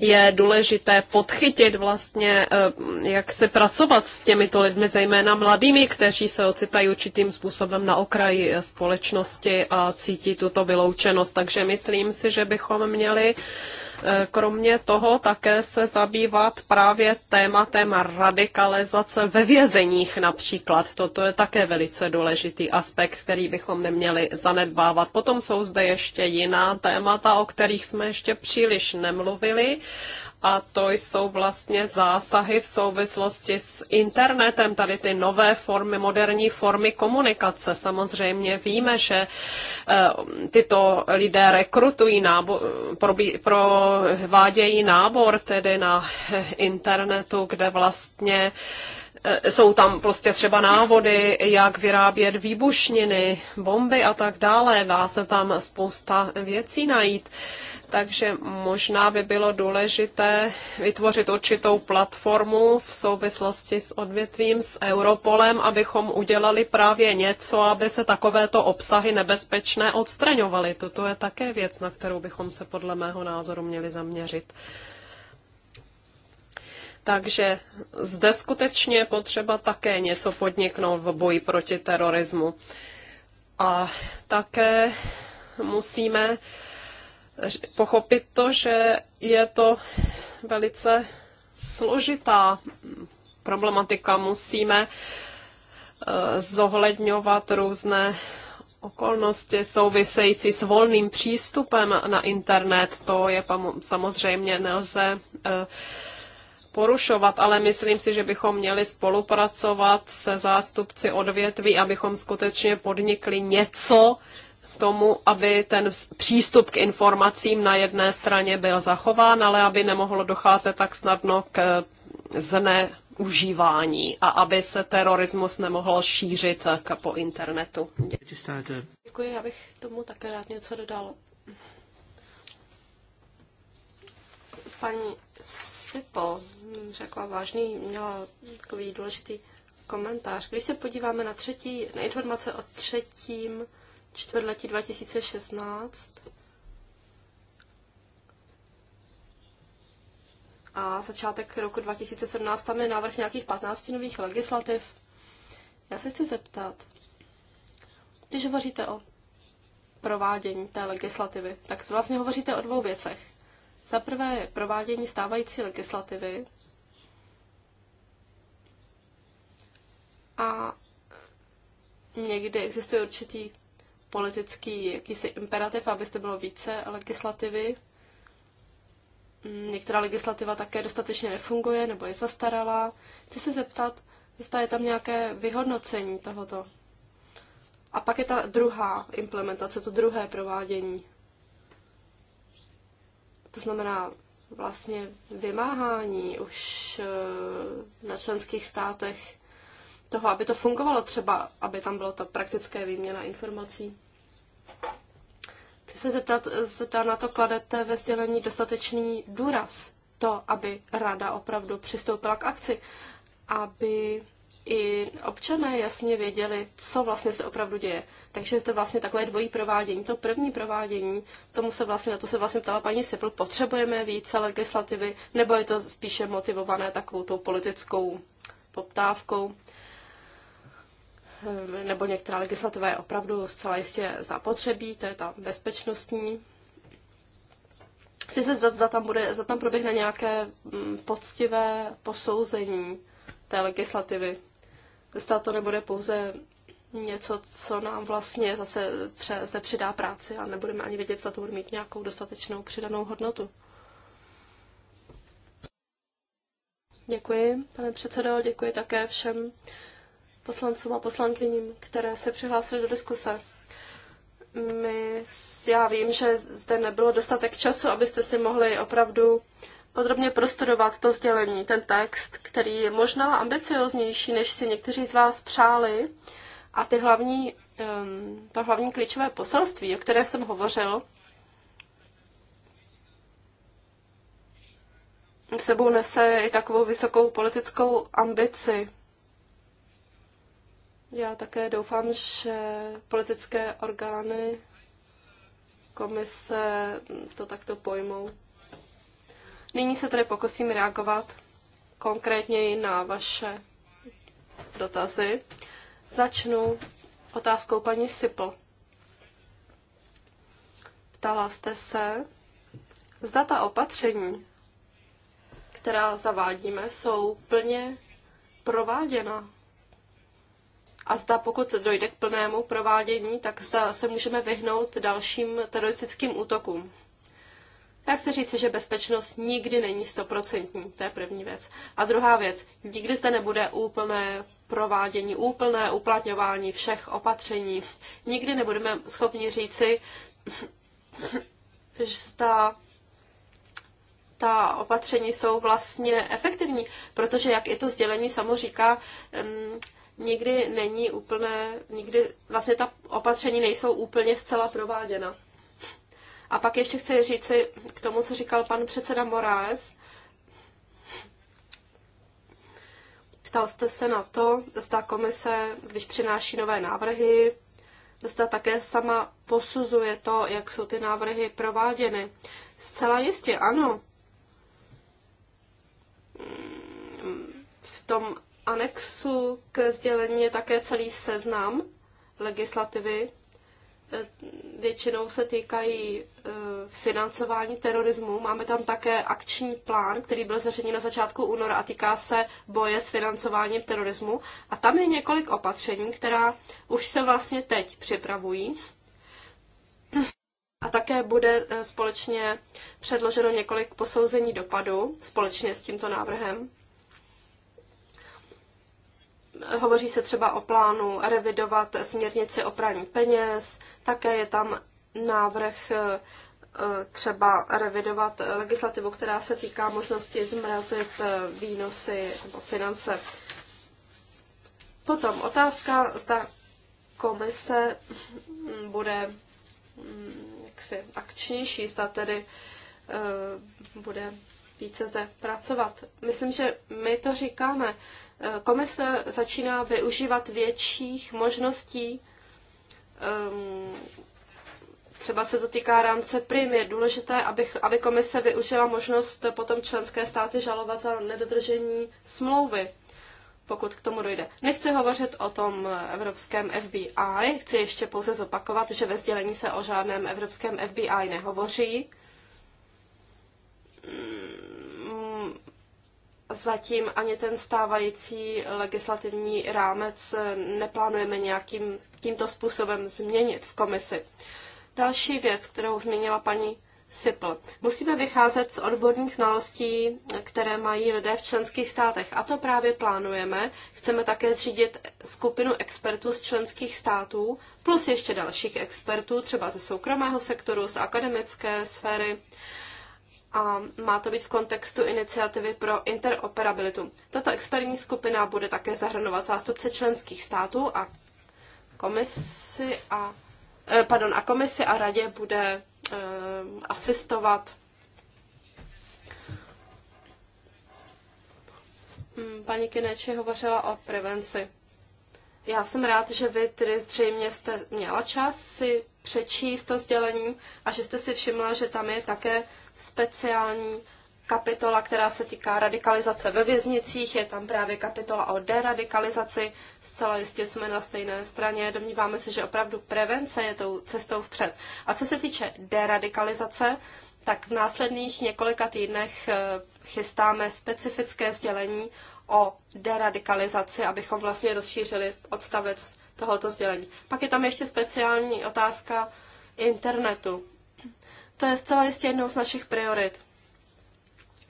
je důležité podchytit vlastně, eh, jak se pracovat s těmito lidmi, zejména mladými, kteří se ocitají určitým způsobem na okraji eh, společnosti a cítí tuto vyloučenost. Takže myslím si, že bychom měli uh, Eh, kromě toho také se zabývat právě tématem radikalizace ve vězeních například. Toto je také velice důležitý aspekt, který bychom neměli zanedbávat. Potom jsou zde ještě jiná témata, o kterých jsme ještě příliš nemluvili a to jsou vlastně zásahy v souvislosti s internetem, tady ty nové formy, moderní formy komunikace. Samozřejmě víme, že eh, tyto lidé rekrutují, nábor, provádějí nábor tedy na *laughs* internetu, kde vlastně eh, jsou tam prostě třeba návody, jak vyrábět výbušniny, bomby a tak dále. Dá se tam spousta věcí najít. Uh, takže možná by bylo důležité vytvořit určitou platformu v souvislosti s odvětvím, s Europolem, abychom udělali právě něco, aby se takovéto obsahy nebezpečné odstraňovaly. Toto je také věc, na kterou bychom se podle mého názoru měli zaměřit. Takže zde skutečně je potřeba také něco podniknout v boji proti terorismu. A také musíme pochopit to, že je to velice složitá problematika. Musíme e, zohledňovat různé okolnosti související s volným přístupem na internet. To je samozřejmě nelze e, porušovat, ale myslím si, že bychom měli spolupracovat se zástupci odvětví, abychom skutečně podnikli něco, tomu, aby ten přístup k informacím na jedné straně byl zachován, ale aby nemohlo docházet tak snadno k zneužívání a aby se terorismus nemohl šířit po internetu. Děkuji, já bych tomu také rád něco dodal. Paní Sipol řekla vážný, měla takový důležitý komentář. Když se podíváme na třetí, na informace o třetím čtvrtletí 2016 a začátek roku 2017 tam je návrh nějakých 15 nových legislativ. Já se chci zeptat, když hovoříte o provádění té legislativy, tak vlastně hovoříte o dvou věcech. Za prvé je provádění stávající legislativy a někdy existuje určitý politický jakýsi imperativ, abyste bylo více legislativy. Mm, některá legislativa také dostatečně nefunguje nebo je zastaralá. Chci se zeptat, zda je tam nějaké vyhodnocení tohoto. A pak je ta druhá implementace, to druhé provádění. To znamená vlastně vymáhání už eh, na členských státech toho, aby to fungovalo třeba, aby tam bylo to praktické výměna informací. Chci se zeptat, zda na to kladete ve sdělení dostatečný důraz, to, aby rada opravdu přistoupila k akci, aby i občané jasně věděli, co vlastně se opravdu děje. Takže to vlastně takové dvojí provádění. To první provádění, tomu se vlastně, na to se vlastně ptala paní Sepl, potřebujeme více legislativy, nebo je to spíše motivované takovou tou politickou poptávkou nebo některá legislativa je opravdu zcela jistě zapotřebí, to je ta bezpečnostní. Chci se zvat, zda tam, bude, zda tam proběhne nějaké mm, poctivé posouzení té legislativy. Zda to nebude pouze něco, co nám vlastně zase pře, zde přidá práci a nebudeme ani vědět, zda to bude mít nějakou dostatečnou přidanou hodnotu. Děkuji, pane předsedo, děkuji také všem poslancům a poslankyním, které se přihlásily do diskuse. My, já vím, že zde nebylo dostatek času, abyste si mohli opravdu podrobně prostudovat to sdělení, ten text, který je možná ambicioznější, než si někteří z vás přáli. A ty hlavní, to hlavní klíčové poselství, o které jsem hovořil, sebou nese i takovou vysokou politickou ambici. Já také doufám, že politické orgány komise to takto pojmou. Nyní se tedy pokusím reagovat konkrétněji na vaše dotazy. Začnu otázkou paní Sipl. Ptala jste se, zda ta opatření, která zavádíme, jsou plně prováděna a zda pokud dojde k plnému provádění, tak zda se můžeme vyhnout dalším teroristickým útokům. Já chci říct, že bezpečnost nikdy není stoprocentní, to je první věc. A druhá věc, nikdy zde nebude úplné provádění, úplné uplatňování všech opatření. Nikdy nebudeme schopni říci, že ta, ta opatření jsou vlastně efektivní, protože jak i to sdělení samo říká, nikdy není úplné, nikdy vlastně ta opatření nejsou úplně zcela prováděna. A pak ještě chci říci k tomu, co říkal pan předseda Moraes. Ptal jste se na to, zda komise, když přináší nové návrhy, zda také sama posuzuje to, jak jsou ty návrhy prováděny. Zcela jistě, ano. V tom anexu k sdělení je také celý seznam legislativy. E, většinou se týkají e, financování terorismu. Máme tam také akční plán, který byl zveřejněn na začátku února a týká se boje s financováním terorismu. A tam je několik opatření, která už se vlastně teď připravují. A také bude e, společně předloženo několik posouzení dopadu společně s tímto návrhem. Hovoří se třeba o plánu revidovat směrnici o praní peněz, také je tam návrh eh, eh, třeba revidovat legislativu, která se týká možnosti zmrazit eh, výnosy nebo finance. Potom otázka, zda komise mm, bude mm, jaksi akčnější, zda tedy bude více zde pracovat. Myslím, že my to říkáme. Eh, komise začíná využívat větších možností. Ehm, třeba se to týká rámce prim. Je důležité, aby, aby komise využila možnost potom členské státy žalovat za nedodržení smlouvy pokud k tomu dojde. Nechci hovořit o tom evropském FBI, chci ještě pouze zopakovat, že ve sdělení se o žádném evropském FBI nehovoří. zatím ani ten stávající legislativní rámec eh, neplánujeme nějakým tímto způsobem změnit v komisi. Další věc, kterou zmínila paní SIPL. Musíme vycházet z odborných znalostí, které mají lidé v členských státech. A to právě plánujeme. Chceme také zřídit skupinu expertů z členských států, plus ještě dalších expertů, třeba ze soukromého sektoru, z akademické sféry a má to být v kontextu iniciativy pro interoperabilitu. Tato expertní skupina bude také zahrnovat zástupce členských států a komisi a, eh, pardon, a komisi a radě bude uh, asistovat hm, Paní Kineči hovořila o prevenci. Já jsem rád, že vy tedy zřejmě jste měla čas si přečíst to sdělení a že jste si všimla, že tam je také speciální kapitola, která se týká radikalizace ve věznicích, je tam právě kapitola o deradikalizaci. Zcela jistě jsme na stejné straně, domníváme se, že opravdu prevence je tou cestou vpřed. A co se týče deradikalizace, tak v následných několika týdnech eh, chystáme specifické sdělení o deradikalizaci, abychom vlastně rozšířili odstavec tohoto sdělení. Pak je tam ještě speciální otázka internetu. To je zcela jistě jednou z našich priorit.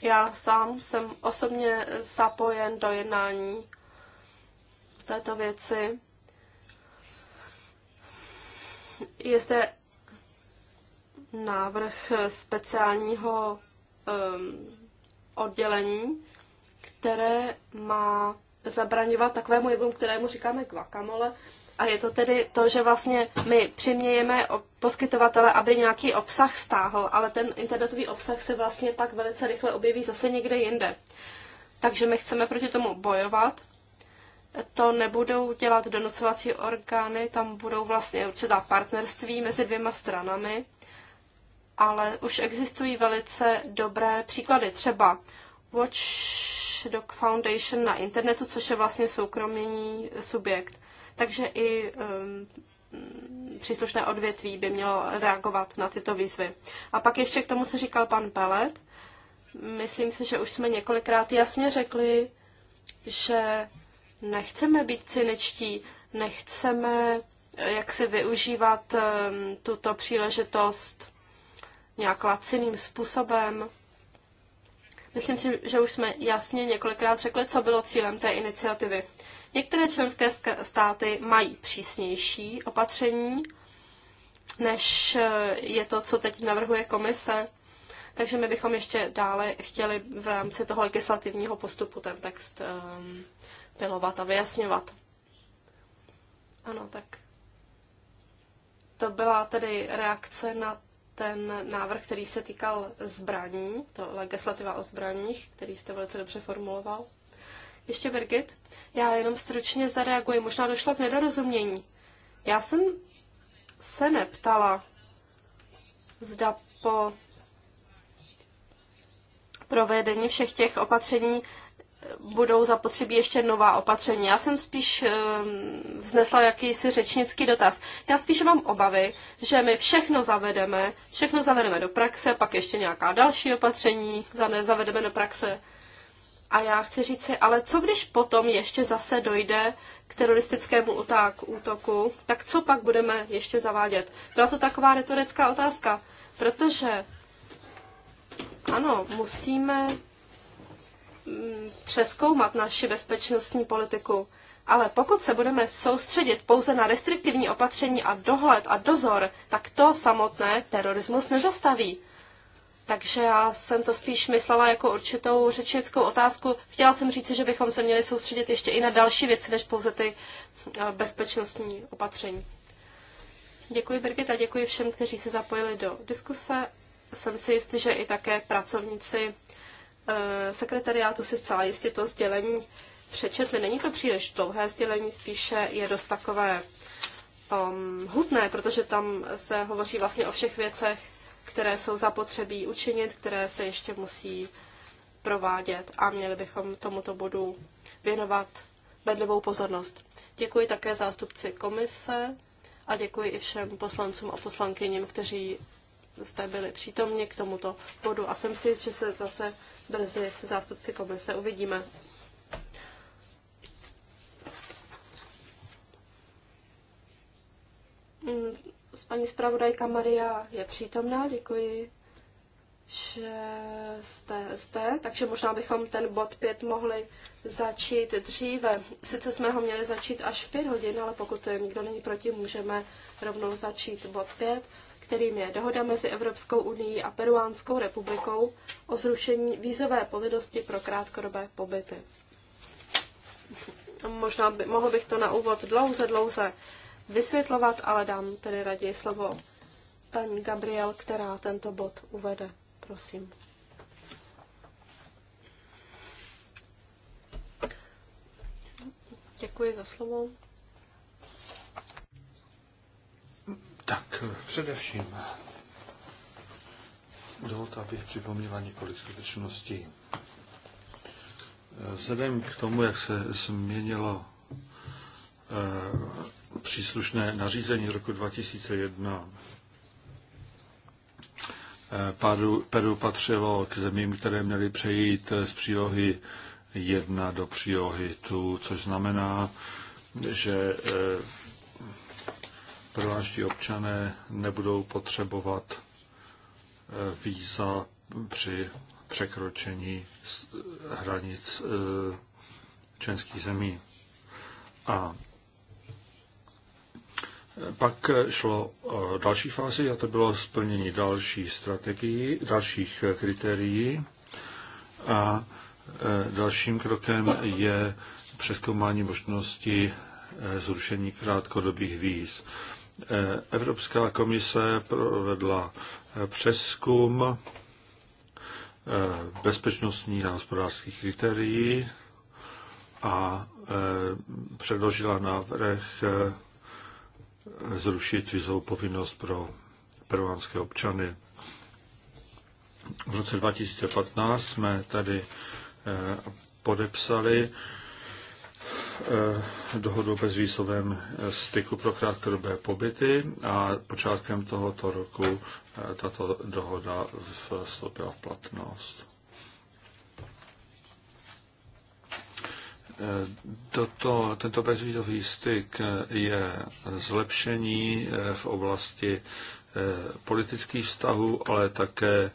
Já sám jsem osobně zapojen do jednání této věci. Je zde návrh speciálního um, oddělení, které má zabraňovat takovému jevu, kterému říkáme um, a je to tedy to, že vlastně my přimějeme poskytovatele, aby nějaký obsah stáhl, ale ten internetový obsah se vlastně pak velice rychle objeví zase někde jinde. Takže my chceme proti tomu bojovat. To nebudou dělat donucovací orgány, tam budou vlastně určitá partnerství mezi dvěma stranami, ale už existují velice dobré příklady. Třeba Watch Dog Foundation na internetu, což je vlastně soukromý subjekt. Takže i mm, příslušné odvětví by mělo reagovat na tyto výzvy. A pak ještě k tomu, co říkal pan Pelet. Myslím si, že už jsme několikrát jasně řekli, že nechceme být cyničtí, nechceme eh, jak si využívat tuto příležitost nějak laciným způsobem. Myslím si, že už jsme jasně několikrát řekli, co bylo cílem té iniciativy. Některé členské státy mají přísnější opatření, než eh, je to, co teď navrhuje komise. Takže my bychom ještě dále chtěli v rámci toho legislativního postupu ten text um, pilovat a vyjasňovat. Ano, tak to byla tedy reakce na ten návrh, který se týkal zbraní, to legislativa o zbraních, který jste velice dobře formuloval. Ještě Birgit? Já jenom stručně zareaguji, možná došlo k nedorozumění. Já jsem se neptala, zda po provedení všech těch opatření budou zapotřebí ještě nová opatření. Já jsem spíš ehm, vznesla jakýsi řečnický dotaz. Já spíš mám obavy, že my všechno zavedeme, všechno zavedeme do praxe, pak ještě nějaká další opatření zavedeme do praxe. A já chci říct si, ale co když potom ještě zase dojde k teroristickému útoku, tak co pak budeme ještě zavádět? Byla to taková retorická otázka, protože ano, musíme mm, přeskoumat naši bezpečnostní politiku, ale pokud se budeme soustředit pouze na restriktivní opatření a dohled a dozor, tak to samotné terorismus nezastaví. Takže já jsem to spíš myslela jako určitou řečnickou otázku. Chtěla jsem říct, že bychom se měli soustředit ještě i na další věci, než pouze ty eh, bezpečnostní opatření. Děkuji Birgit a děkuji všem, kteří se zapojili do diskuse. Jsem si jistý, že i také pracovníci eh, sekretariátu si zcela jistě to sdělení přečetli. Není to příliš dlouhé sdělení, spíše je dost takové um, hutné, protože tam se hovoří vlastně o všech věcech, které jsou zapotřebí učinit, které se ještě musí provádět a měli bychom tomuto bodu věnovat bedlivou pozornost. Děkuji také zástupci komise a děkuji i všem poslancům a poslankyním, kteří jste byli přítomni k tomuto bodu a jsem si, že se zase brzy se zástupci komise uvidíme paní zpravodajka Maria je přítomná, děkuji, že jste zde, takže možná bychom ten bod 5 mohli začít dříve. Sice jsme ho měli začít až v 5 hodin, ale pokud nikdo není proti, můžeme rovnou začít bod 5, kterým je dohoda mezi Evropskou unii a Peruánskou republikou o zrušení vízové povinnosti pro krátkodobé pobyty. Možná by, mohl bych to na úvod dlouze, dlouze vysvětlovat, ale dám tedy raději slovo paní Gabriel, která tento bod uvede. Prosím. Děkuji za slovo. Tak především dovolte, abych připomněla několik skutečností. Vzhledem k tomu, jak se změnilo eh, příslušné nařízení roku 2001. Eh, Peru, patřilo k zemím, které měly přejít eh, z přílohy 1 do přílohy 2, což znamená, že eh, peruánští občané nebudou potřebovat víza při překročení hranic členských zemí. A pak šlo o další fázi a to bylo splnění další strategií, dalších kritérií a e, dalším krokem je přeskoumání možnosti e, zrušení krátkodobých víz. E, Evropská komise provedla přeskum bezpečnostních a hospodářských kritérií a předložila návrh zrušit vizovou povinnost pro peruánské občany. V roce 2015 jsme tady eh, podepsali eh, dohodu o bezvýzovém eh, styku pro krátkodobé pobyty a počátkem tohoto roku tato dohoda vstoupila v platnost. toto, tento bezvízový styk je zlepšení eh, v oblasti eh, politických vztahů, ale také eh,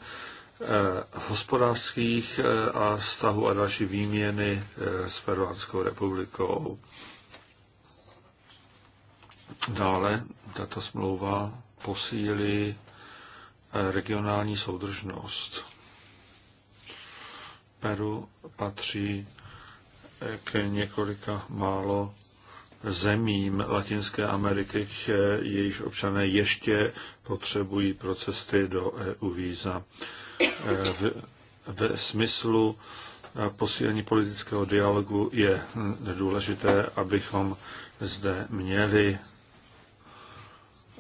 hospodářských a vztahů a další výměny s Peruánskou republikou. Dále tato smlouva posílí regionální soudržnost. Peru patří k několika málo zemím Latinské Ameriky, jejíž občané ještě potřebují pro cesty do EU víza. Ve smyslu posílení politického dialogu je důležité, abychom zde měli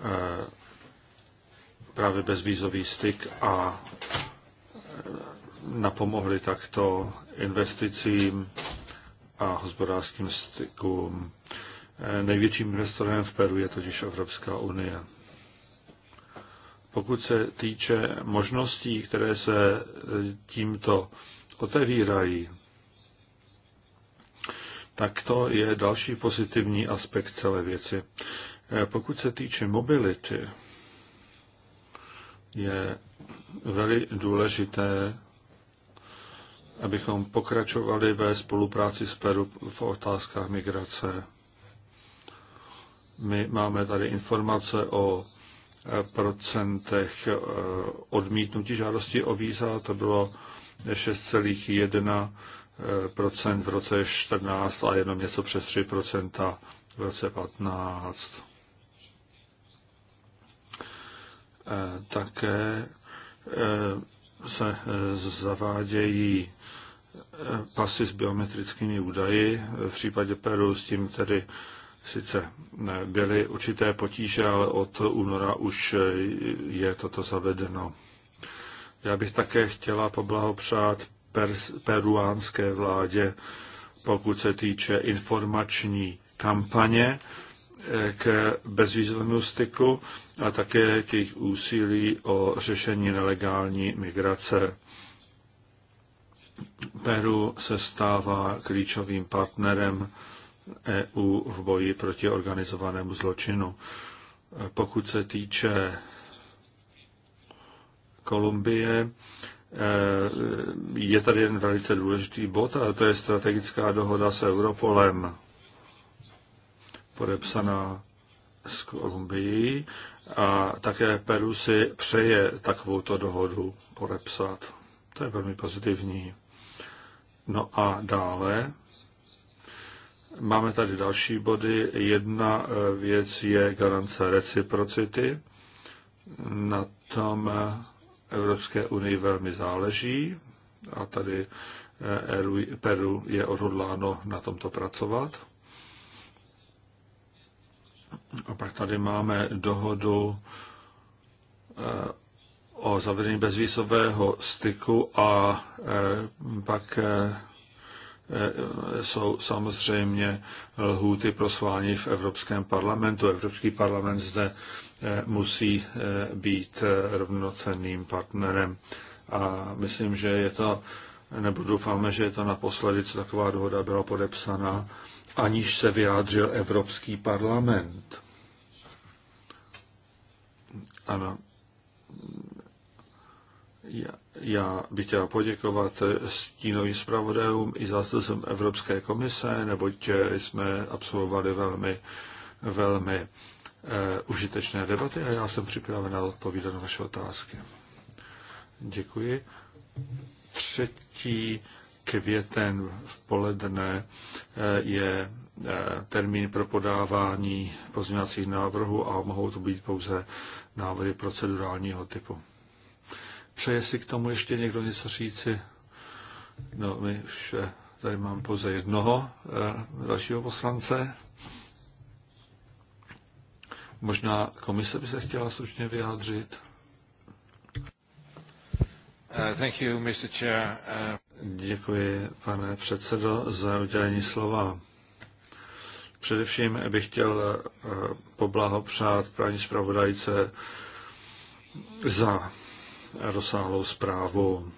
eh, právě bezvízový styk a eh, napomohli takto investicím a hospodářským stykům. Největším investorem v Peru je totiž Evropská unie. Pokud se týče možností, které se tímto otevírají, tak to je další pozitivní aspekt celé věci. Pokud se týče mobility, je velmi důležité abychom pokračovali ve spolupráci s Peru v otázkách migrace. My máme tady informace o e, procentech e, odmítnutí žádosti o víza, to bylo 6,1 e, v roce 14 a jenom něco přes 3 v roce 15. Také se zavádějí pasy s biometrickými údaji. V případě Peru s tím tedy sice byly určité potíže, ale od února už je toto zavedeno. Já bych také chtěla poblahopřát peruánské vládě, pokud se týče informační kampaně eh, k bezvýzovnému styku a také k jejich úsilí o řešení nelegální migrace. Peru se stává klíčovým partnerem EU v boji proti organizovanému zločinu. Pokud se týče Kolumbie, eh, je tady jeden velice důležitý bod, a to je strategická dohoda s Europolem, podepsaná s Kolumbií a také Peru si přeje takovouto dohodu podepsat. To je velmi pozitivní. No a dále máme tady další body. Jedna eh, věc je garance reciprocity. Na tom eh, Evropské unii velmi záleží a tady eh, Peru je odhodláno na tomto pracovat. A pak tady máme dohodu o zavedení bezvízového styku a e, pak e, e, jsou samozřejmě lhůty pro svání v Evropském parlamentu. Evropský parlament zde musí být rovnocenným partnerem. A myslím, že je to, nebo doufáme, že je to naposledy, co taková dohoda byla podepsaná, aniž se vyjádřil Evropský parlament. Ano, já bych chtěl poděkovat stínovým zpravodajům i zástupcům Evropské komise, neboť jsme absolvovali velmi, velmi e, užitečné debaty a já jsem připraven odpovídat na vaše otázky. Děkuji. Třetí květen v poledne eh, je eh, termín pro podávání pozměňovacích návrhů a mohou to být pouze návrhy procedurálního typu. Přeje si k tomu ještě někdo něco říci? No, my už eh, tady mám pouze jednoho eh, dalšího poslance. Možná komise by se chtěla slušně vyjádřit. Uh, thank you, Mr. Chair. Uh... Děkuji, pane předsedo, za udělení slova. Především bych chtěl poblahopřát právní zpravodajce za rozsáhlou zprávu.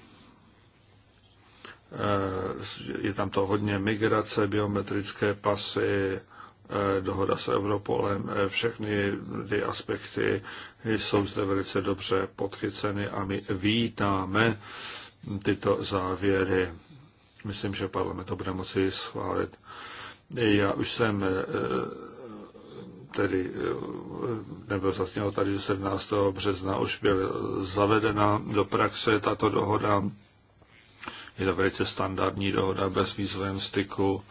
Eh, je tam to hodně migrace, biometrické pasy, eh, dohoda s Europolem, eh, všechny ty aspekty jsou zde velice dobře podchyceny a my vítáme tyto závěry. Myslím, že parlament to bude moci schválit. Já už jsem tedy, eh, nebo zaznělo tady, že 17. března už byla zavedena do praxe tato dohoda. Je to velice standardní dohoda bez výzvem styku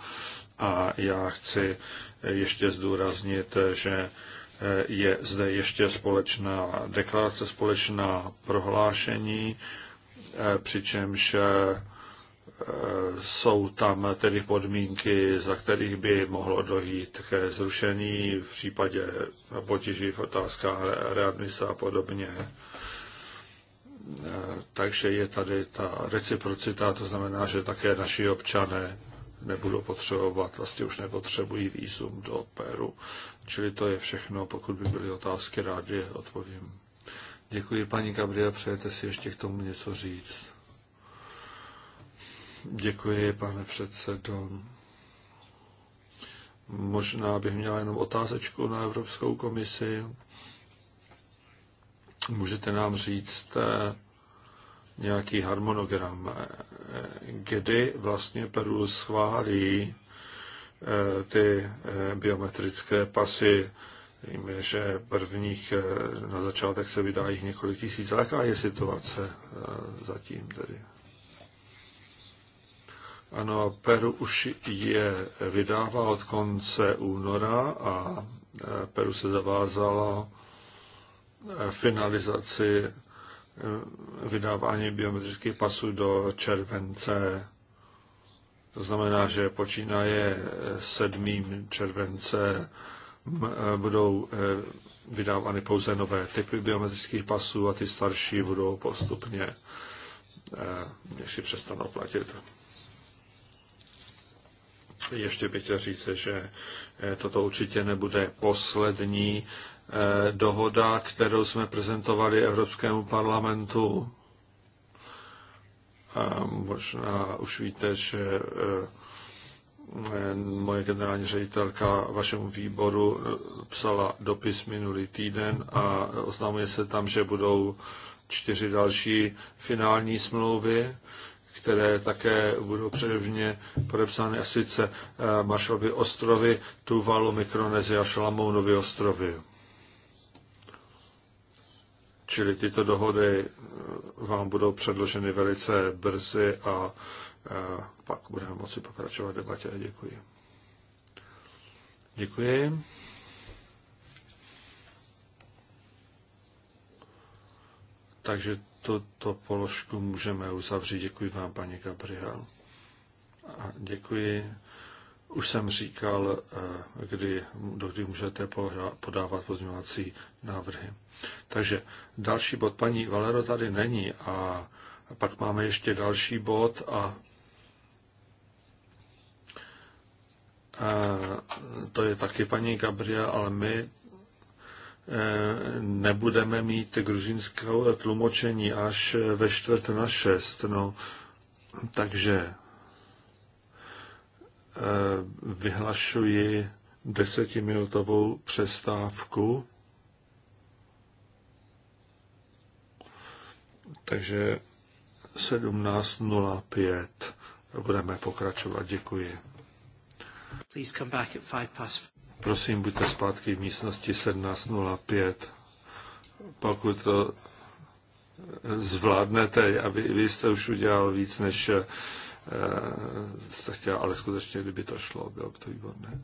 a já chci ještě zdůraznit, že eh, je zde ještě společná deklarace, společná prohlášení, eh, přičemž jsou tam tedy podmínky, za kterých by mohlo dojít ke zrušení v případě potíží v otázkách readmise a podobně. Takže je tady ta reciprocita, to znamená, že také naši občané nebudou potřebovat, vlastně už nepotřebují výzum do Peru. Čili to je všechno, pokud by byly otázky, rádi odpovím. Děkuji, paní Gabriel, přejete si ještě k tomu něco říct? Děkuji, pane předsedo. Možná bych měla jenom otázečku na Evropskou komisi. Můžete nám říct eh, nějaký harmonogram, eh, kdy vlastně Peru schválí eh, ty biometrické pasy. Víme, že prvních na začátek se vydá jich několik tisíc. Jaká je situace zatím tedy? Ano, Peru už je vydává od konce února a e, Peru se zavázalo e, finalizaci e, vydávání biometrických pasů do července. To znamená, že počínaje 7. července budou vydávány pouze nové typy biometrických pasů a ty starší budou postupně, než si přestanou platit. Ještě bych chtěl říct, že eh, toto určitě nebude poslední eh, dohoda, kterou jsme prezentovali Evropskému parlamentu. A možná už víte, že eh, moje generální ředitelka vašemu výboru psala dopis minulý týden a oznámuje se tam, že budou čtyři další finální smlouvy které také budou předevně podepsány a sice eh, Maršalovy ostrovy, Tuvalu, Mikronezi a Šalamounovy ostrovy. Čili tyto dohody eh, vám budou předloženy velice brzy a eh, pak budeme moci pokračovat v debatě. Děkuji. Děkuji. Takže tuto položku můžeme uzavřít. Děkuji vám, paní Gabriel. A děkuji. Už jsem říkal, eh, kdy, do kdy můžete podávat pozměňovací návrhy. Takže další bod. Paní Valero tady není a pak máme ještě další bod a eh, to je taky paní Gabriel, ale my Eh, nebudeme mít gruzínské tlumočení až eh, ve čtvrt na šest. No, takže eh, vyhlašuji desetiminutovou přestávku. Takže 17.05 budeme pokračovat. Děkuji. Please come back at five past Prosím, buďte zpátky v místnosti 17.05. Pokud to zvládnete, a vy, vy jste už udělal víc, než eh, jste chtěl, ale skutečně, kdyby to šlo, bylo by to výborné.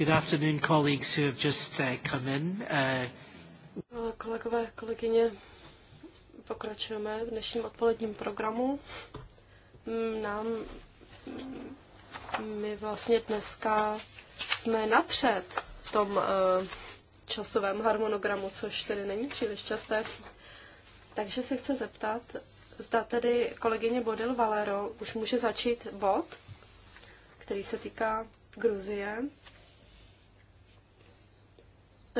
Good afternoon, colleagues who have just uh, come in. Uh... No, kolegové, kolegyně, pokračujeme v dnešním odpoledním programu. Mm, nám, mm, my vlastně dneska jsme napřed v tom uh, časovém harmonogramu, což tedy není příliš časté. Takže se chce zeptat, zda tedy kolegyně Bodil Valero už může začít bod, který se týká Gruzie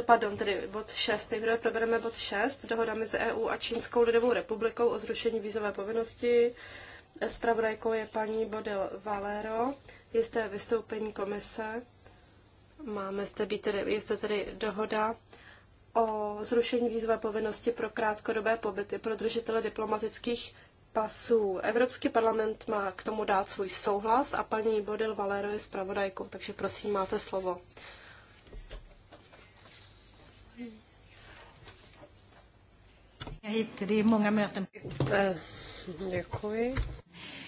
pardon, tedy bod 6. Nejprve probereme bod 6, dohoda mezi EU a Čínskou lidovou republikou o zrušení vízové povinnosti. Spravodajkou je paní Bodil Valero. Je zde vystoupení komise. Máme zde být tedy, je zde tedy dohoda o zrušení vízové povinnosti pro krátkodobé pobyty pro držitele diplomatických pasů. Evropský parlament má k tomu dát svůj souhlas a paní Bodil Valero je zpravodajkou, takže prosím, máte slovo. Eh, Děkuji.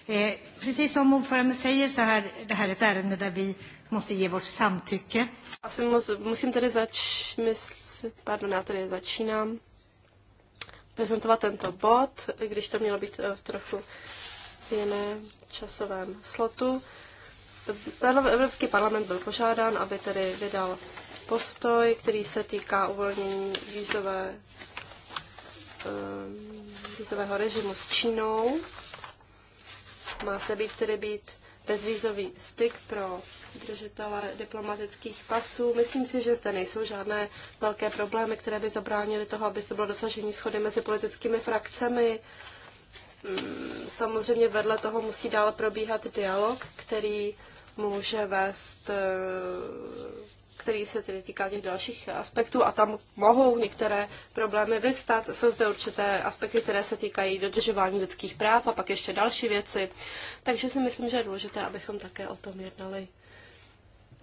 Eh, precis som ordförande säger så här, det här är ett ärende där vi måste ge vårt samtycke. Asi musím tady zač, mysl, pardon, já tady začínám prezentovat tento bod, když to mělo být eh, v trochu jiné časovém slotu. Evropský parlament byl požádán, aby tedy vydal postoj, který se týká uvolnění vízové Eh, vízového režimu s Čínou. Má se být tedy být bezvízový styk pro držitele diplomatických pasů. Myslím si, že zde nejsou žádné velké problémy, které by zabránily toho, aby se bylo dosažení schody mezi politickými frakcemi. Mm, samozřejmě vedle toho musí dál probíhat dialog, který může vést eh, který se tedy týká těch dalších aspektů a tam mohou některé problémy vyvstat. Jsou zde určité aspekty, které se týkají dodržování lidských práv a pak ještě další věci. Takže si myslím, že je důležité, abychom také o tom jednali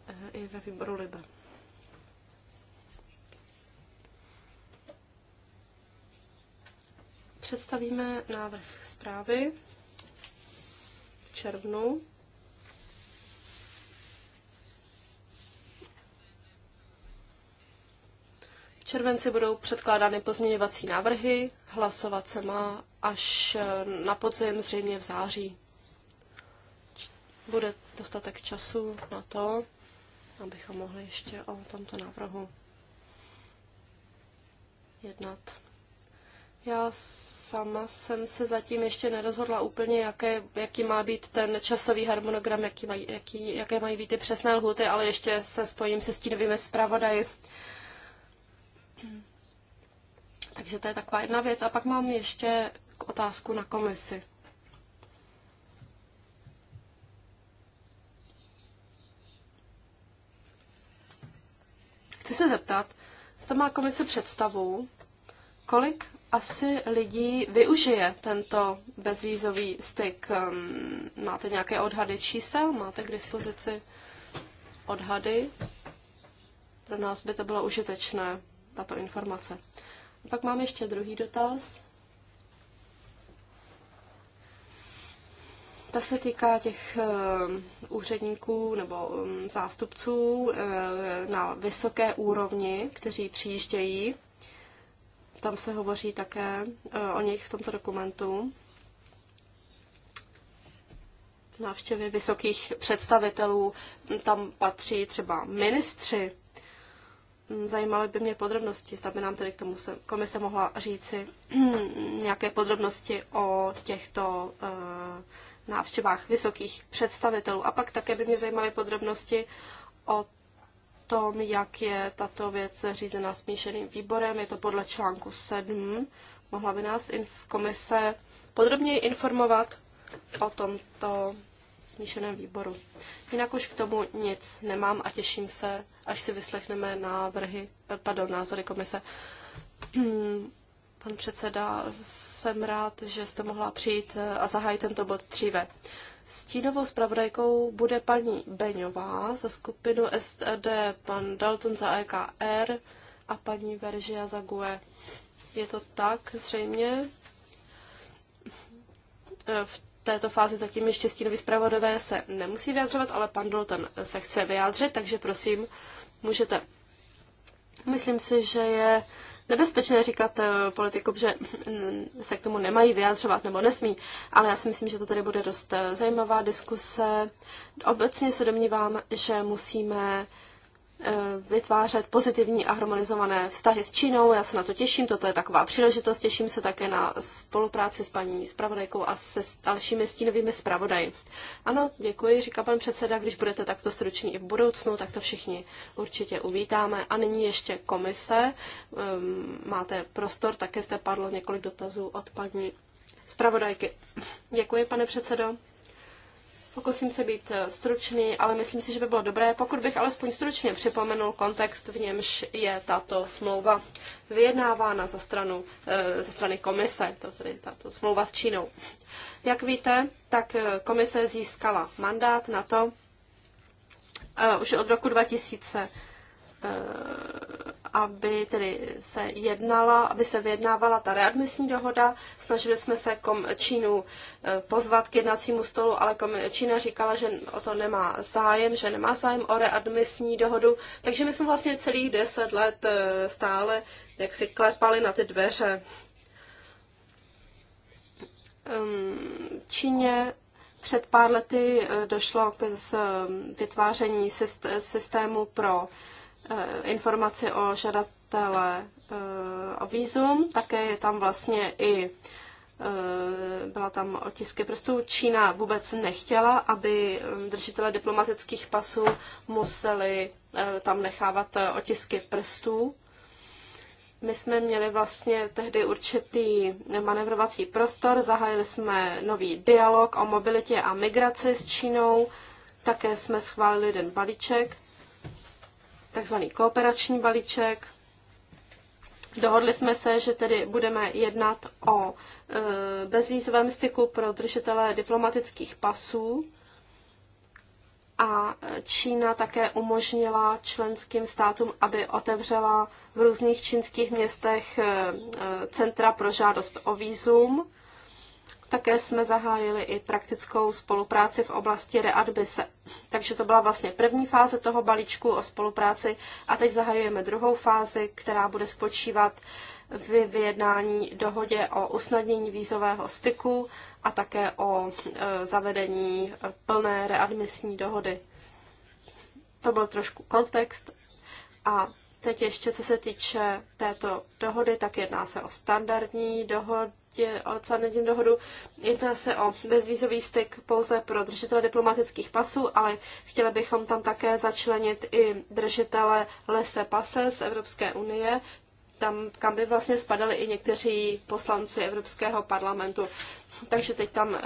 eh, i ve výboru Libe. Představíme návrh zprávy v červnu červenci budou předkládány pozměňovací návrhy, hlasovat se má až eh, na podzim, zřejmě v září. Bude dostatek času na to, abychom mohli ještě o tomto návrhu jednat. Já sama jsem se zatím ještě nerozhodla úplně, jaké, jaký má být ten časový harmonogram, jaký maj, jaký, jaké mají být ty přesné lhuty, ale ještě se spojím se stínovými zpravodaji. Takže to je taková jedna věc. A pak mám ještě otázku na komisi. Chci se zeptat, zda má komise představu, kolik asi lidí využije tento bezvízový styk. Ehm, máte nějaké odhady čísel? Máte k dispozici odhady? Pro nás by to bylo užitečné tato informace. A pak mám ještě druhý dotaz. Ta se týká těch eh, úředníků nebo mm, zástupců eh, na vysoké úrovni, kteří přijíždějí. Tam se hovoří také eh, o nich v tomto dokumentu. Návštěvy vysokých představitelů, tam patří třeba ministři Mm, zajímaly by mě podrobnosti, zda by nám tedy k tomu se, komise mohla říci *clears throat* nějaké podrobnosti o těchto uh, návštěvách vysokých představitelů. A pak také by mě zajímaly podrobnosti o tom, jak je tato věc řízena smíšeným výborem. Je to podle článku 7. Mohla by nás komise podrobněji informovat o tomto smíšeném výboru. Jinak už k tomu nic nemám a těším se, až si vyslechneme návrhy, eh, pardon, názory komise. Pan předseda, jsem rád, že jste mohla přijít eh, a zahájit tento bod dříve. Stínovou zpravodajkou bude paní Beňová za skupinu STD, pan Dalton za EKR a paní Veržia za GUE. Je to tak zřejmě? Eh, v této fázi zatím ještě stínoví zpravodové se nemusí vyjadřovat, ale pan Dalton se chce vyjádřit, takže prosím, můžete. Myslím si, že je nebezpečné říkat eh, politikům, že mm, se k tomu nemají vyjadřovat nebo nesmí, ale já si myslím, že to tady bude dost eh, zajímavá diskuse. Obecně se domnívám, že musíme Eh, vytvářet pozitivní a harmonizované vztahy s Čínou. Já se na to těším, toto je taková příležitost. Těším se také na spolupráci s paní zpravodajkou a se dalšími stínovými zpravodaji. Ano, děkuji, říká pan předseda, když budete takto struční i v budoucnu, tak to všichni určitě uvítáme. A nyní ještě komise. Ehm, máte prostor, také zde padlo několik dotazů od paní zpravodajky. Děkuji, pane předsedo. Pokusím se být eh, stručný, ale myslím si, že by bylo dobré, pokud bych alespoň stručně připomenul kontext, v němž je tato smlouva vyjednávána ze, stranu, eh, ze strany komise, to tedy tato smlouva s Čínou. Jak víte, tak eh, komise získala mandát na to, už od roku 2000 Eh, aby tedy se jednala, aby se vyjednávala ta readmisní dohoda. Snažili jsme se kom, Čínu eh, pozvat k jednacímu stolu, ale kom, Čína říkala, že o to nemá zájem, že nemá zájem o readmisní dohodu. Takže my jsme vlastně celých deset let eh, stále jak si klepali na ty dveře. Ehm, Číně před pár lety došlo k vytváření systému pro Eh, informaci o žadatele eh, o výzum, také je tam vlastně i eh, byla tam otisky prstů. Čína vůbec nechtěla, aby držitele diplomatických pasů museli tam nechávat otisky prstů. My jsme měli vlastně tehdy určitý manevrovací prostor, zahájili jsme nový dialog o mobilitě a migraci s Čínou, také jsme schválili jeden balíček takzvaný kooperační balíček. Dohodli jsme se, že tedy budeme jednat o e, bezvízovém styku pro držitele diplomatických pasů a Čína také umožnila členským státům, aby otevřela v různých čínských městech e, e, centra pro žádost o vízum. Také jsme zahájili i praktickou spolupráci v oblasti readmise. Takže to byla vlastně první fáze toho balíčku o spolupráci a teď zahajujeme druhou fázi, která bude spočívat v vyjednání dohodě o usnadnění vízového styku a také o e, zavedení plné readmisní dohody. To byl trošku kontext a Teď ještě, co se týče této dohody, tak jedná se o standardní dohod, tě, oceánitní dohodu. Jedná se o bezvízový styk pouze pro držitele diplomatických pasů, ale chtěli bychom tam také začlenit i držitele lese pase z Evropské unie, tam, kam by vlastně spadali i někteří poslanci Evropského parlamentu. Takže teď tam e,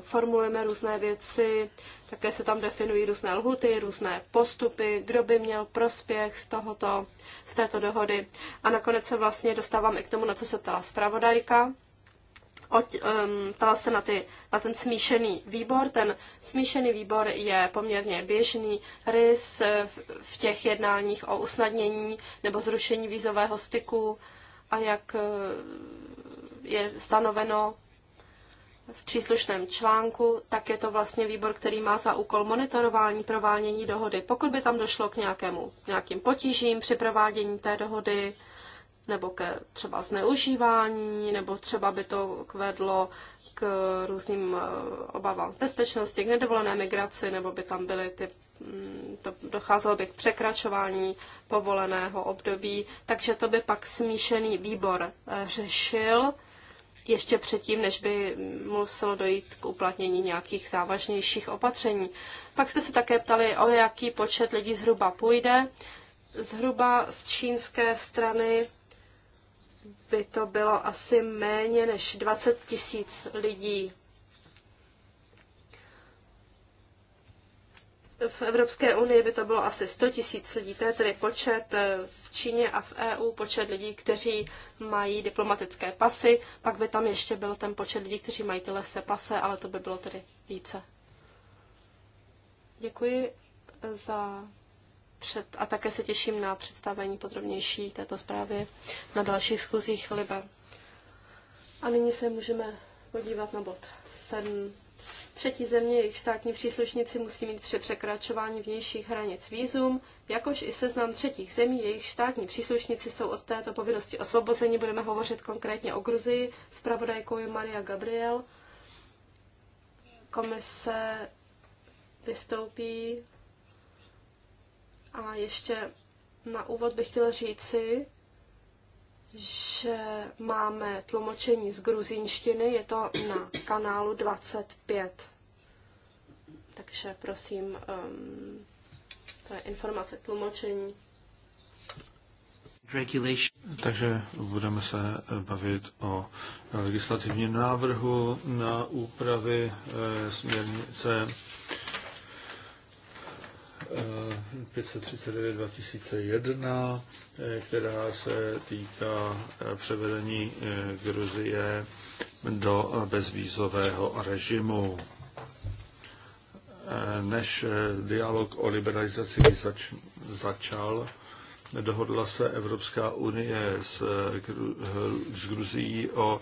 formulujeme různé věci, také se tam definují různé lhuty, různé postupy, kdo by měl prospěch z, tohoto, z této dohody. A nakonec se vlastně dostávám i k tomu, na co se ptala zpravodajka oť, um, ptala se na, ty, na ten smíšený výbor. Ten smíšený výbor je poměrně běžný rys v těch jednáních o usnadnění nebo zrušení vízového styku a jak uh, je stanoveno v příslušném článku, tak je to vlastně výbor, který má za úkol monitorování provádění dohody. Pokud by tam došlo k nějakému, nějakým potížím při provádění té dohody, nebo ke třeba zneužívání, nebo třeba by to vedlo k různým eh, obavám bezpečnosti, k nedovolené migraci, nebo by tam byly ty, mm, to docházelo by k překračování povoleného období, takže to by pak smíšený výbor eh, řešil ještě předtím, než by muselo dojít k uplatnění nějakých závažnějších opatření. Pak jste se také ptali, o jaký počet lidí zhruba půjde. Zhruba z čínské strany by to bylo asi méně než 20 tisíc lidí. V Evropské unii by to bylo asi 100 tisíc lidí, to je tedy počet eh, v Číně a v EU, počet lidí, kteří mají diplomatické pasy, pak by tam ještě byl ten počet lidí, kteří mají tyhle se pase, ale to by bylo tedy více. Děkuji za před, a také se těším na představení podrobnější této zprávy na dalších schůzích Libe. A nyní se můžeme podívat na bod 7. Třetí země, jejich státní příslušníci musí mít při překračování vnějších hranic výzum, jakož i seznam třetích zemí, jejich státní příslušníci jsou od této povinnosti osvobozeni. Budeme hovořit konkrétně o Gruzii, Spravodajkou je Maria Gabriel. Komise vystoupí a ještě na úvod bych chtěla říci, že máme tlumočení z gruzínštiny, je to na kanálu 25. Takže prosím, um, to je informace tlumočení. Regulation. Takže budeme se bavit o legislativním návrhu na úpravy e, směrnice eh, 539 2001, eh, která se týká eh, převedení eh, Gruzie do bezvízového režimu. Než dialog o liberalizaci zač- začal, dohodla se Evropská unie s, Gru- s Gruzií o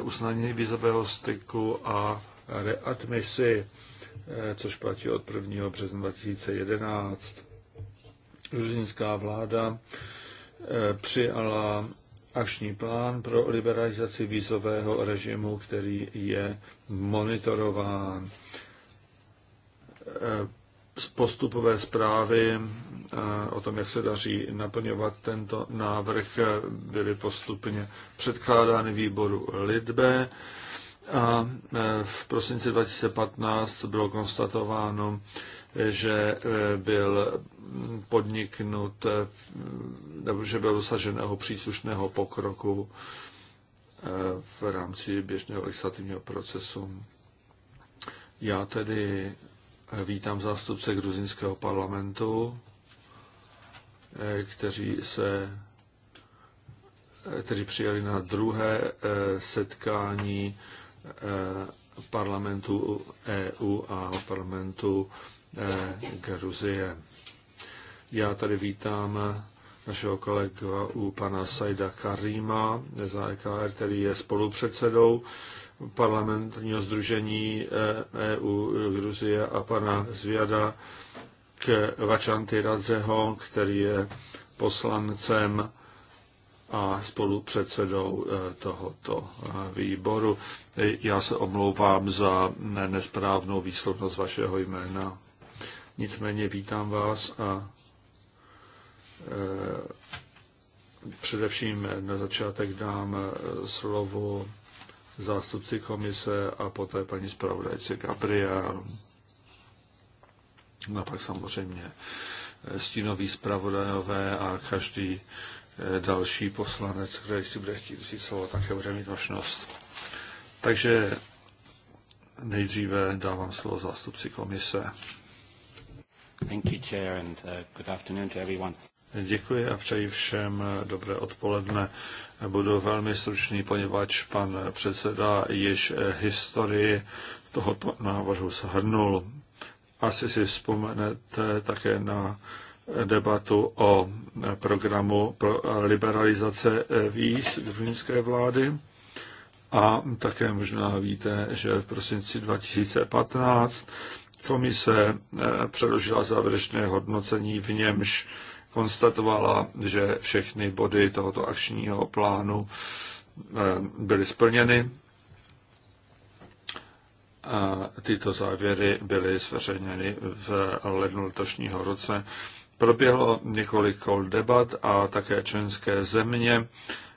uznání vízového styku a readmisi Eh, což platí od 1. března 2011. Gruzínská vláda eh, přijala akční plán pro liberalizaci vízového režimu, který je monitorován. Eh, postupové zprávy o tom, jak se daří naplňovat tento návrh, byly postupně předkládány výboru Lidbe a e, v prosinci 2015 bylo konstatováno, že e, byl podniknut, e, nebo že byl dosaženého příslušného pokroku v rámci běžného legislativního procesu. Já tedy vítám zástupce gruzinského parlamentu, kteří se kteří přijeli na druhé setkání Eh, parlamentu EU a parlamentu eh, Gruzie. Já tady vítám našeho kolega u pana Saida Karima z AKR, e který je spolupředsedou parlamentního združení EU eh, e Gruzie a pana Zviada k Vačanty Radzeho, který je poslancem a spolupředsedou eh, tohoto eh, výboru. Já se omlouvám za nesprávnou výslovnost vašeho jména. Nicméně vítám vás a eh, především na začátek dám slovo zástupci komise a poté paní zpravodajce Gabriel. A no, pak samozřejmě stínoví zpravodajové a každý Eh, další poslanec, který si bude chtít vzít slovo, také bude mít možnost. Takže nejdříve dávám slovo zástupci komise. Thank you, Chair, and uh, good afternoon to everyone. Děkuji a přeji všem eh, dobré odpoledne. Budu velmi stručný, poněvadž pan předseda již eh, historii tohoto návrhu shrnul. Asi si vzpomenete také na debatu o programu pro liberalizace víz gruzínské vlády. A také možná víte, že v prosinci 2015 komise eh, předložila závěrečné hodnocení, v němž konstatovala, že všechny body tohoto akčního plánu eh, byly splněny. A tyto závěry byly zveřejněny v lednu letošního roce. Proběhlo několik kol debat a také členské země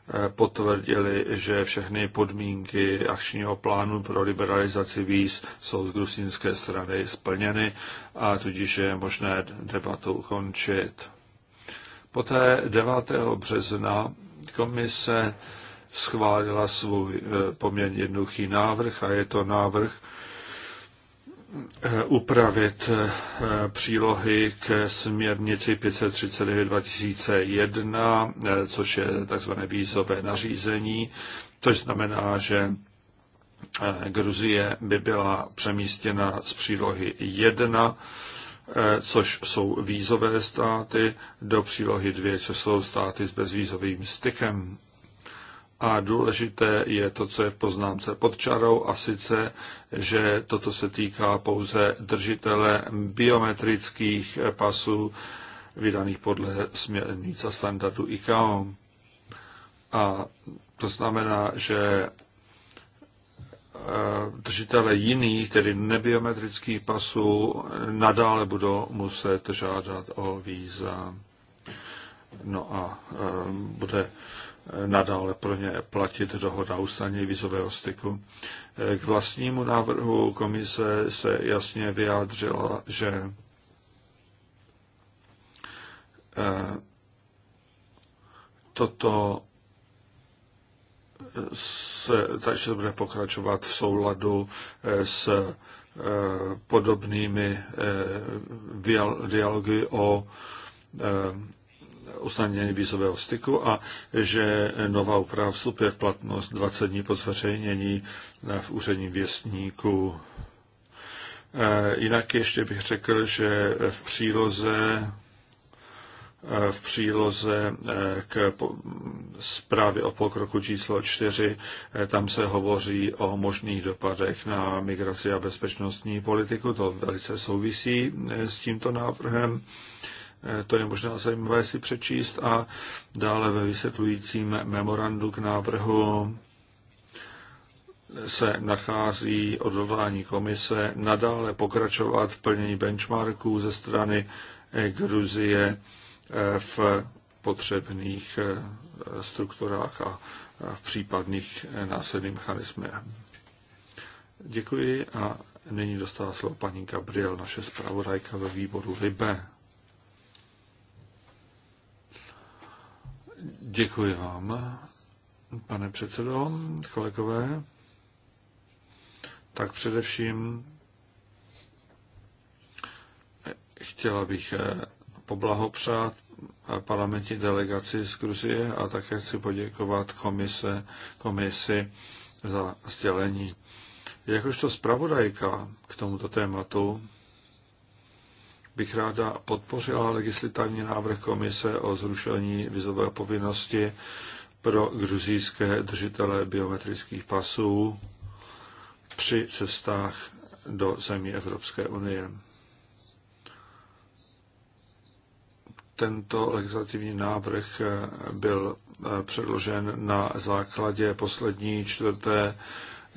eh, potvrdili, že všechny podmínky akčního plánu pro liberalizaci víz jsou z gruzínské strany splněny a tudíž je možné debatu ukončit. Poté 9. března komise schválila svůj eh, poměrně jednoduchý návrh a je to návrh upravit eh, přílohy k směrnici 539-2001, eh, což je tzv. vízové nařízení, což znamená, že eh, Gruzie by byla přemístěna z přílohy 1, což jsou vízové státy, do přílohy 2, což jsou státy s bezvízovým stykem. A důležité je to, co je v poznámce pod čarou, a sice, že toto se týká pouze držitele biometrických pasů vydaných podle směrnic a standardu ICAO. A to znamená, že eh, držitele jiných, tedy nebiometrických pasů, nadále budou muset žádat o víza. No a eh, bude nadále pro ně platit dohoda o ustanění vizového styku. K vlastnímu návrhu komise se jasně vyjádřila, že eh, toto se, takže se bude pokračovat v souladu eh, s eh, podobnými dialogy o usnadnění vízového styku a že nová úprava vstupuje v platnost 20 dní po zveřejnění v úředním věstníku. Eh, jinak ještě bych řekl, že v příloze eh, v příloze eh, k zprávě o pokroku číslo 4. Tam se hovoří o možných dopadech na migraci a bezpečnostní politiku. To velice souvisí s tímto návrhem. Eh, to je možná zajímavé si přečíst a dále ve vysvětlujícím memorandu k návrhu se nachází odhodlání komise nadále pokračovat v plnění benchmarků ze strany eh, Gruzie eh, v potřebných strukturách a v případných následných mechanismech. Děkuji a nyní dostává slovo paní Gabriel, naše zpravodajka ve výboru Libe. Děkuji vám, pane předsedo, kolegové. Tak především chtěla bych poblahopřát parlamentní delegaci z Gruzie a také chci poděkovat komise, komisi za sdělení. Jakožto zpravodajka k tomuto tématu bych ráda podpořila legislativní návrh komise o zrušení vizové povinnosti pro gruzijské držitele biometrických pasů při cestách do zemí Evropské unie. Tento legislativní návrh byl eh, předložen na základě poslední čtvrté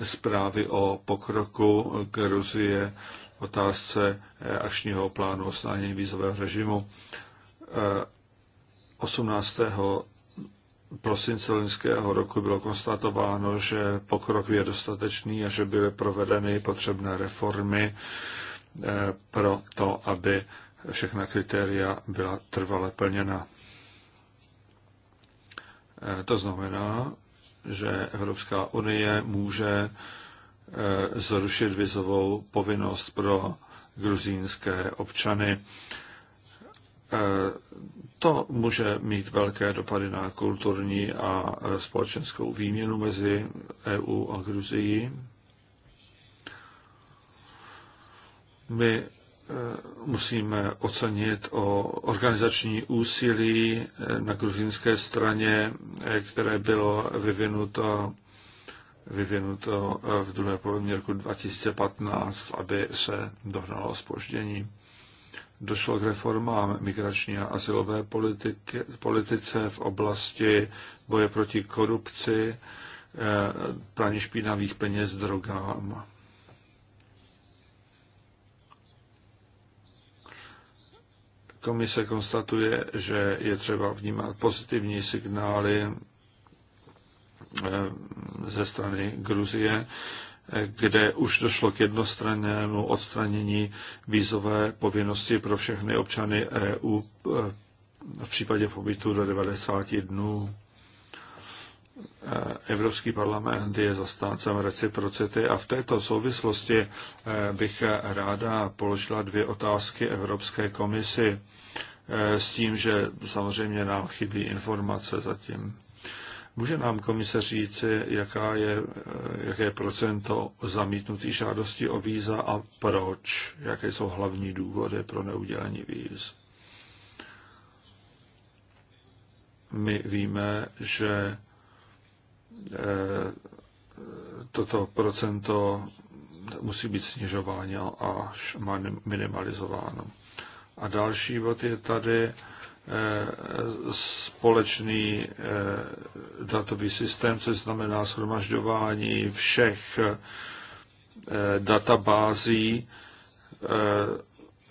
zprávy o pokroku Gruzie otázce eh, akčního plánu oslánění vízového režimu. 18. Eh, prosince loňského roku bylo konstatováno, že pokrok je dostatečný a že byly provedeny potřebné reformy eh, pro to, aby všechna kritéria byla trvale plněna. To znamená, že Evropská unie může Eh, zrušit vizovou povinnost pro gruzínské občany. Eh, to může mít velké dopady na kulturní a eh, společenskou výměnu mezi EU a Gruzií. My musíme ocenit o organizační úsilí na gruzínské straně, které bylo vyvinuto vyvinuto eh, v druhé polovině roku 2015, aby se dohnalo spoždění. Došlo k reformám migrační a asilové politiky, politice v oblasti boje proti korupci, eh, praní špinavých peněz drogám. Komise konstatuje, že je třeba vnímat pozitivní signály ze strany Gruzie, kde už došlo k jednostrannému odstranění vízové povinnosti pro všechny občany EU e, v případě pobytu do 90 dnů. E, Evropský parlament je zastáncem reciprocity a v této souvislosti e, bych ráda položila dvě otázky Evropské komisi s tím, že samozřejmě nám chybí informace zatím. Může nám komise říci, jaká je, eh, jaké procento zamítnutých žádostí o víza a proč? Jaké jsou hlavní důvody pro neudělení víz? My víme, že eh, toto procento musí být snižováno až minimalizováno. A další bod je tady Eh, společný eh, datový systém, což znamená shromažďování všech eh, databází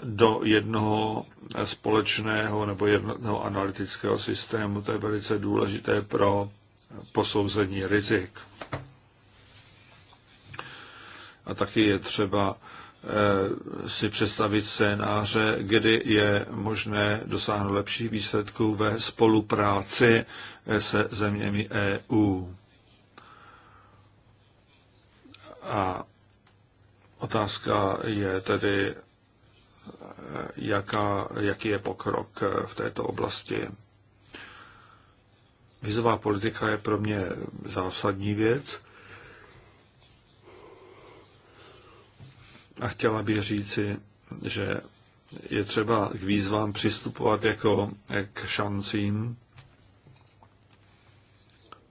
do jednoho společného nebo jednoho analytického systému. To je velice důležité pro posouzení rizik. A taky je třeba Eh, si představit scénáře, kdy je možné dosáhnout lepších výsledků ve spolupráci eh, se zeměmi EU. A otázka je tedy, eh, jaká, jaký je pokrok v této oblasti. Vizová politika je pro mě zásadní věc A chtěla bych říci, že je třeba k výzvám přistupovat jako k šancím,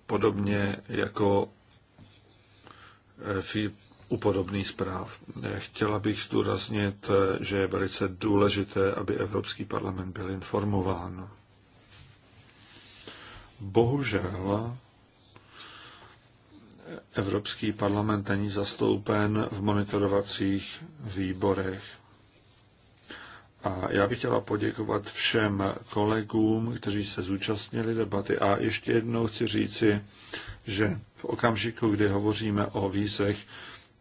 podobně jako eh, u podobných zpráv. Eh, chtěla bych zdůraznit, eh, že je velice důležité, aby Evropský parlament byl informován. Bohužel Evropský parlament není zastoupen v monitorovacích výborech. A já bych chtěla poděkovat všem kolegům, kteří se zúčastnili debaty. A ještě jednou chci říci, že v okamžiku, kdy hovoříme o vízech,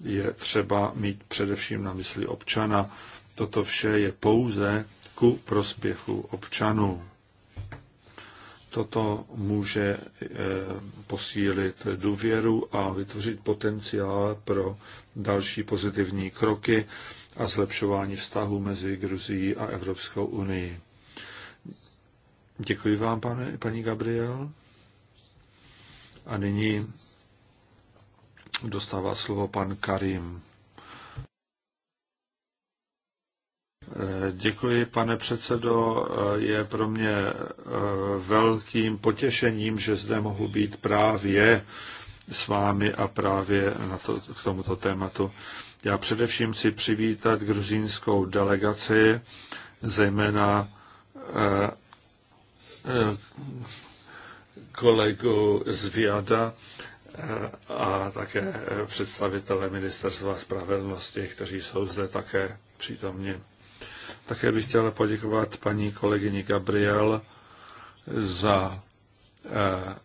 je třeba mít především na mysli občana. Toto vše je pouze ku prospěchu občanů. Toto může eh, posílit důvěru a vytvořit potenciál pro další pozitivní kroky a zlepšování vztahu mezi Gruzií a Evropskou unii. Děkuji vám, pane, paní Gabriel. A nyní dostává slovo pan Karim. Děkuji, pane předsedo. Je pro mě eh, velkým potěšením, že zde mohu být právě s vámi a právě na to, k tomuto tématu. Já především chci přivítat gruzínskou delegaci, zejména eh, eh, kolegu z Viada a také představitele Ministerstva spravedlnosti, kteří jsou zde také přítomni. Také bych chtěl poděkovat paní kolegyni Gabriel za eh,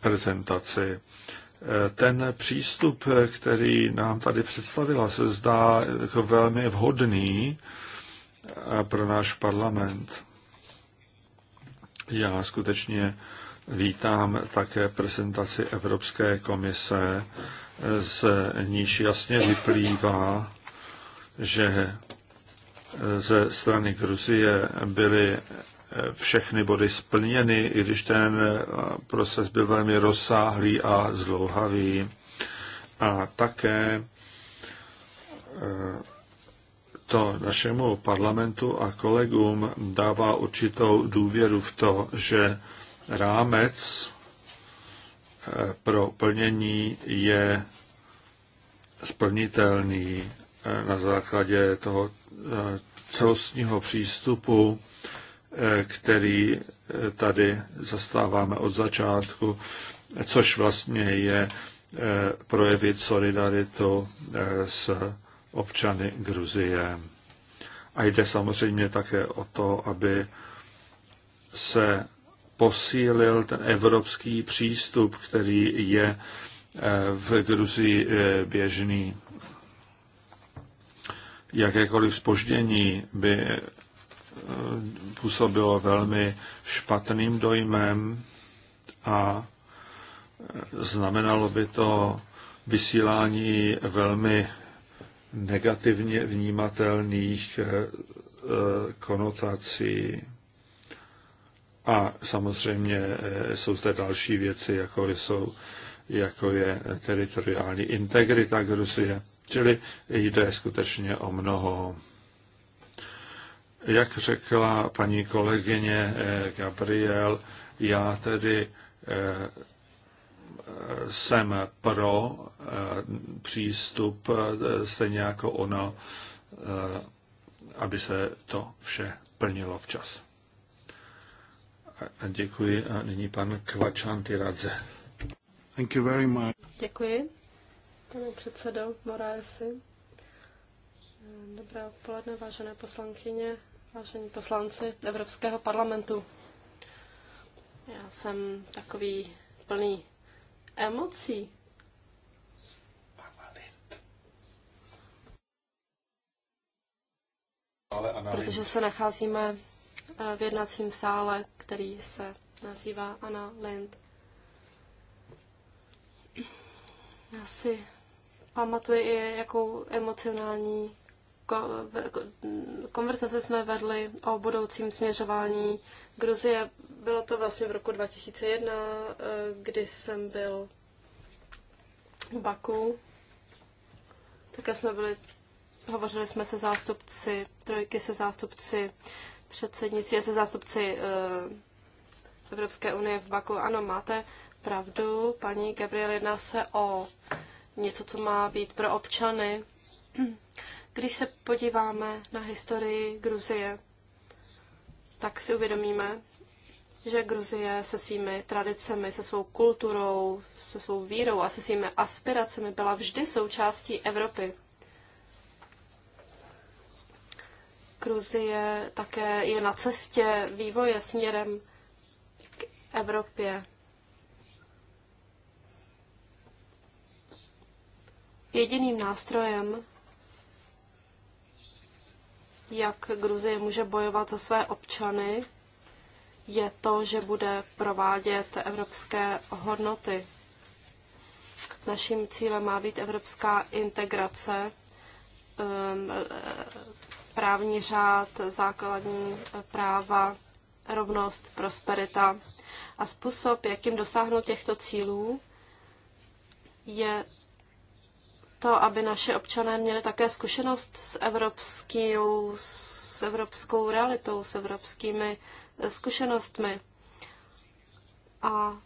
prezentaci. Eh, ten přístup, který nám tady představila, se zdá jako velmi vhodný eh, pro náš parlament. Já skutečně vítám také prezentaci Evropské komise, z níž jasně vyplývá, že ze strany Gruzie byly eh, všechny body splněny, i když ten eh, proces byl velmi rozsáhlý a zlouhavý. A také eh, to našemu parlamentu a kolegům dává určitou důvěru v to, že rámec pro plnění je splnitelný na základě toho, celostního přístupu, eh, který eh, tady zastáváme od začátku, což vlastně je eh, projevit solidaritu s občany Gruzie. A jde samozřejmě také o to, aby se posílil ten evropský přístup, který je v Gruzii běžný jakékoliv spoždění by eh, působilo velmi špatným dojmem a eh, znamenalo by to vysílání velmi negativně vnímatelných eh, konotací. A samozřejmě jsou zde další věci, jako jsou jako je teritoriální integrita Gruzie. Čili jde skutečně o mnoho. Jak řekla paní kolegyně eh, Gabriel, já tedy eh, jsem pro eh, přístup, stejně jako ono, aby se to vše plnilo včas. děkuji a nyní pan Kvačanty Radze. Thank you very much. Děkuji pane předsedo Moraesi. Dobré odpoledne, vážené poslankyně, vážení poslanci Evropského parlamentu. Já jsem takový plný emocí. Protože se nacházíme eh, v jednacím sále, který se nazývá Anna Lind. Já si pamatuji i, jakou emocionální konverzace jsme vedli o budoucím směřování Gruzie. Bylo to vlastně v roku 2001, eh, kdy jsem byl v Baku. Také jsme byli, hovořili jsme se zástupci trojky, se zástupci předsednictví a se zástupci eh, Evropské unie v Baku. Ano, máte pravdu, paní Gabriel, jedná se o něco, co má být pro občany. Když se podíváme na historii Gruzie, tak si uvědomíme, že Gruzie se svými tradicemi, se svou kulturou, se svou vírou a se svými aspiracemi byla vždy součástí Evropy. Gruzie také je na cestě vývoje směrem k Evropě. jediným nástrojem, jak Gruzie může bojovat za své občany, je to, že bude provádět evropské hodnoty. Naším cílem má být evropská integrace, um, právní řád, základní práva, rovnost, prosperita. A způsob, jakým dosáhnout těchto cílů, je to, aby naše občané měli také zkušenost s evropskou, s evropskou realitou, s evropskými eh, zkušenostmi. A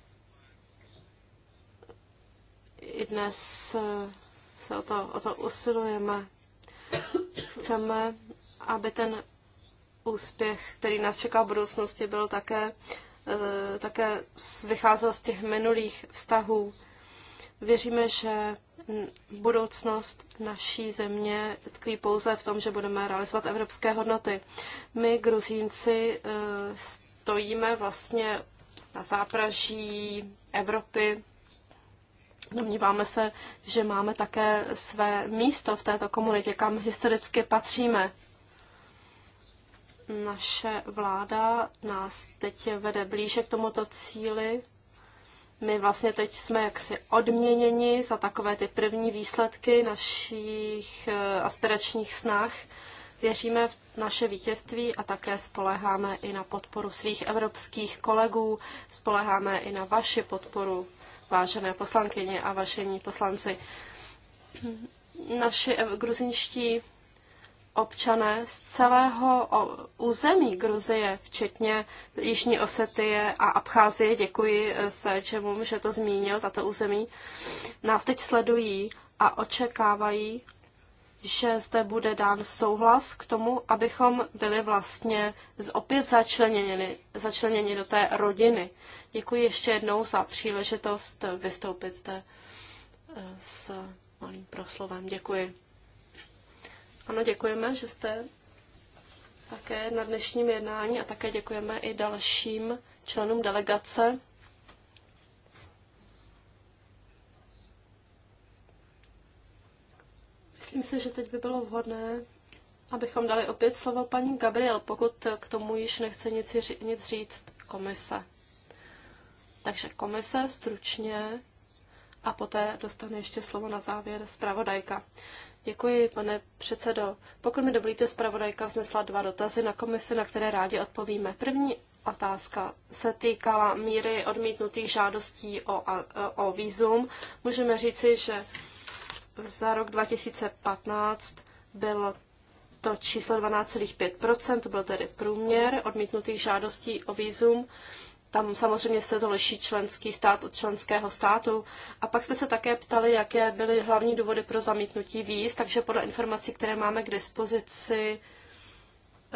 i dnes eh, se o to, o to usilujeme. Chceme, aby ten úspěch, který nás čeká v budoucnosti, byl také, eh, také vycházel z těch minulých vztahů. Věříme, že budoucnost naší země tkví pouze v tom, že budeme realizovat evropské hodnoty. My, Gruzínci, eh, stojíme vlastně na zápraží Evropy. Domníváme se, že máme také své místo v této komunitě, kam historicky patříme. Naše vláda nás teď vede blíže k tomuto cíli my vlastně teď jsme jaksi odměněni za takové ty první výsledky našich eh, aspiračních snah. Věříme v naše vítězství a také spoleháme i na podporu svých evropských kolegů, spoleháme i na vaši podporu, vážené poslankyně a vašení poslanci. Naši gruzinští občané z celého území Gruzie, včetně Jižní Osetie a Abcházie, děkuji eh, čemu, že to zmínil, tato území, nás teď sledují a očekávají, že zde bude dán souhlas k tomu, abychom byli vlastně opět začleněni, začleněni do té rodiny. Děkuji ještě jednou za příležitost vystoupit zde eh, s malým proslovem. Děkuji. Ano, děkujeme, že jste také na dnešním jednání a také děkujeme i dalším členům delegace. Myslím si, že teď by bylo vhodné, abychom dali opět slovo paní Gabriel, pokud k tomu již nechce nic, nic říct komise. Takže komise stručně a poté dostane ještě slovo na závěr zpravodajka. Děkuji, pane předsedo. Pokud mi dovolíte, zpravodajka vznesla dva dotazy na komisi, na které rádi odpovíme. První otázka se týkala míry odmítnutých žádostí o, o výzum. Můžeme říci, že za rok 2015 bylo to číslo 12,5%, to byl tedy průměr odmítnutých žádostí o výzum. Tam samozřejmě se to liší členský stát od členského státu. A pak jste se také ptali, jaké byly hlavní důvody pro zamítnutí víz, takže podle informací, které máme k dispozici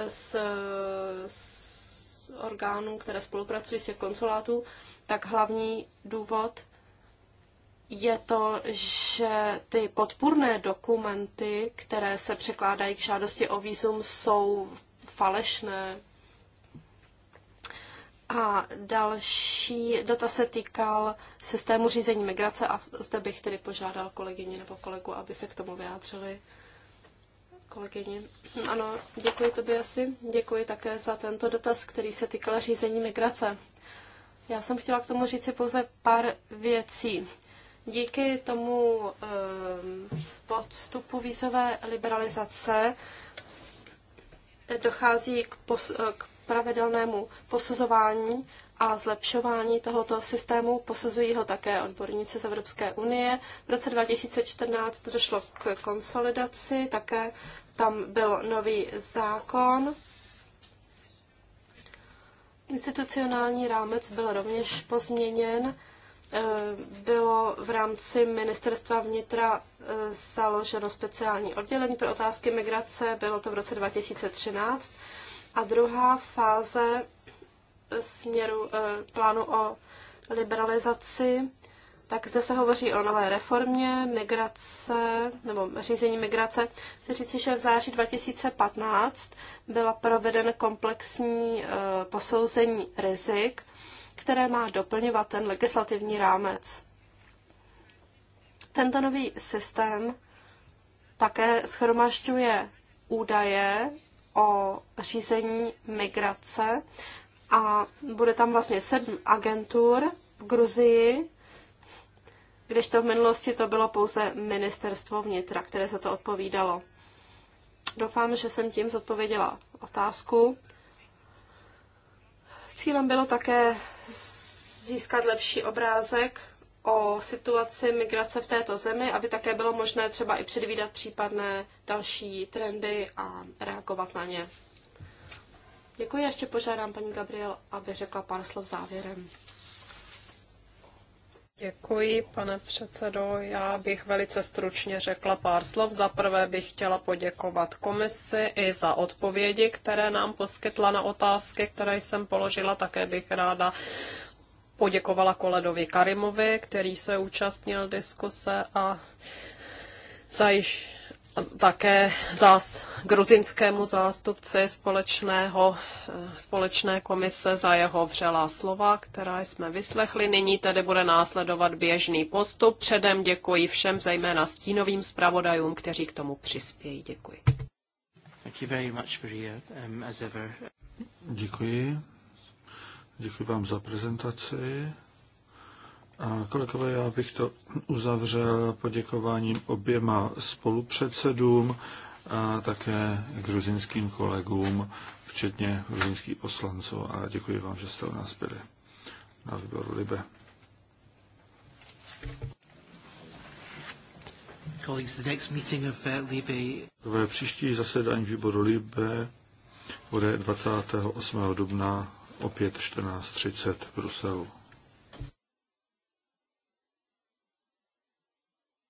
z, z orgánů, které spolupracují s konsulátů, tak hlavní důvod je to, že ty podpůrné dokumenty, které se překládají k žádosti o výzum, jsou falešné, a další dotaz se týkal systému řízení migrace a zde bych tedy požádal kolegyni nebo kolegu, aby se k tomu vyjádřili. Kolegyni. Ano, děkuji tobě asi. Děkuji také za tento dotaz, který se týkal řízení migrace. Já jsem chtěla k tomu říci pouze pár věcí. Díky tomu eh, podstupu vízové liberalizace dochází k, pos, k pravidelnému posuzování a zlepšování tohoto systému. Posuzují ho také odborníci z Evropské unie. V roce 2014 došlo k konsolidaci, také tam byl nový zákon. Institucionální rámec byl rovněž pozměněn. E, bylo v rámci ministerstva vnitra e, založeno speciální oddělení pro otázky migrace, bylo to v roce 2013. A druhá fáze směru eh, plánu o liberalizaci, tak zde se hovoří o nové reformě migrace nebo řízení migrace. Chci říci, že v září 2015 byla proveden komplexní eh, posouzení rizik, které má doplňovat ten legislativní rámec. Tento nový systém také schromažďuje údaje o řízení migrace a bude tam vlastně sedm agentur v Gruzii, když to v minulosti to bylo pouze ministerstvo vnitra, které za to odpovídalo. Doufám, že jsem tím zodpověděla otázku. Cílem bylo také získat lepší obrázek o situaci migrace v této zemi, aby také bylo možné třeba i předvídat případné další trendy a reagovat na ně. Děkuji, ještě požádám paní Gabriel, aby řekla pár slov závěrem. Děkuji, pane předsedo. Já bych velice stručně řekla pár slov. Za prvé bych chtěla poděkovat komisi i za odpovědi, které nám poskytla na otázky, které jsem položila. Také bych ráda poděkovala koledovi Karimovi, který se účastnil diskuse a zajiš, také zás gruzinskému zástupci společného, eh, společné komise za jeho vřelá slova, která jsme vyslechli. Nyní tedy bude následovat běžný postup. Předem děkuji všem, zejména stínovým zpravodajům, kteří k tomu přispějí. Děkuji. Um, děkuji. Děkuji vám za prezentaci. A kolegové, já bych to uzavřel poděkováním oběma spolupředsedům a také gruzinským kolegům, včetně gruzinských poslanců. A děkuji vám, že jste u nás byli na výboru Libe. Uh, příští zasedání výboru Libe bude 28. dubna opět 14.30 v Bruselu.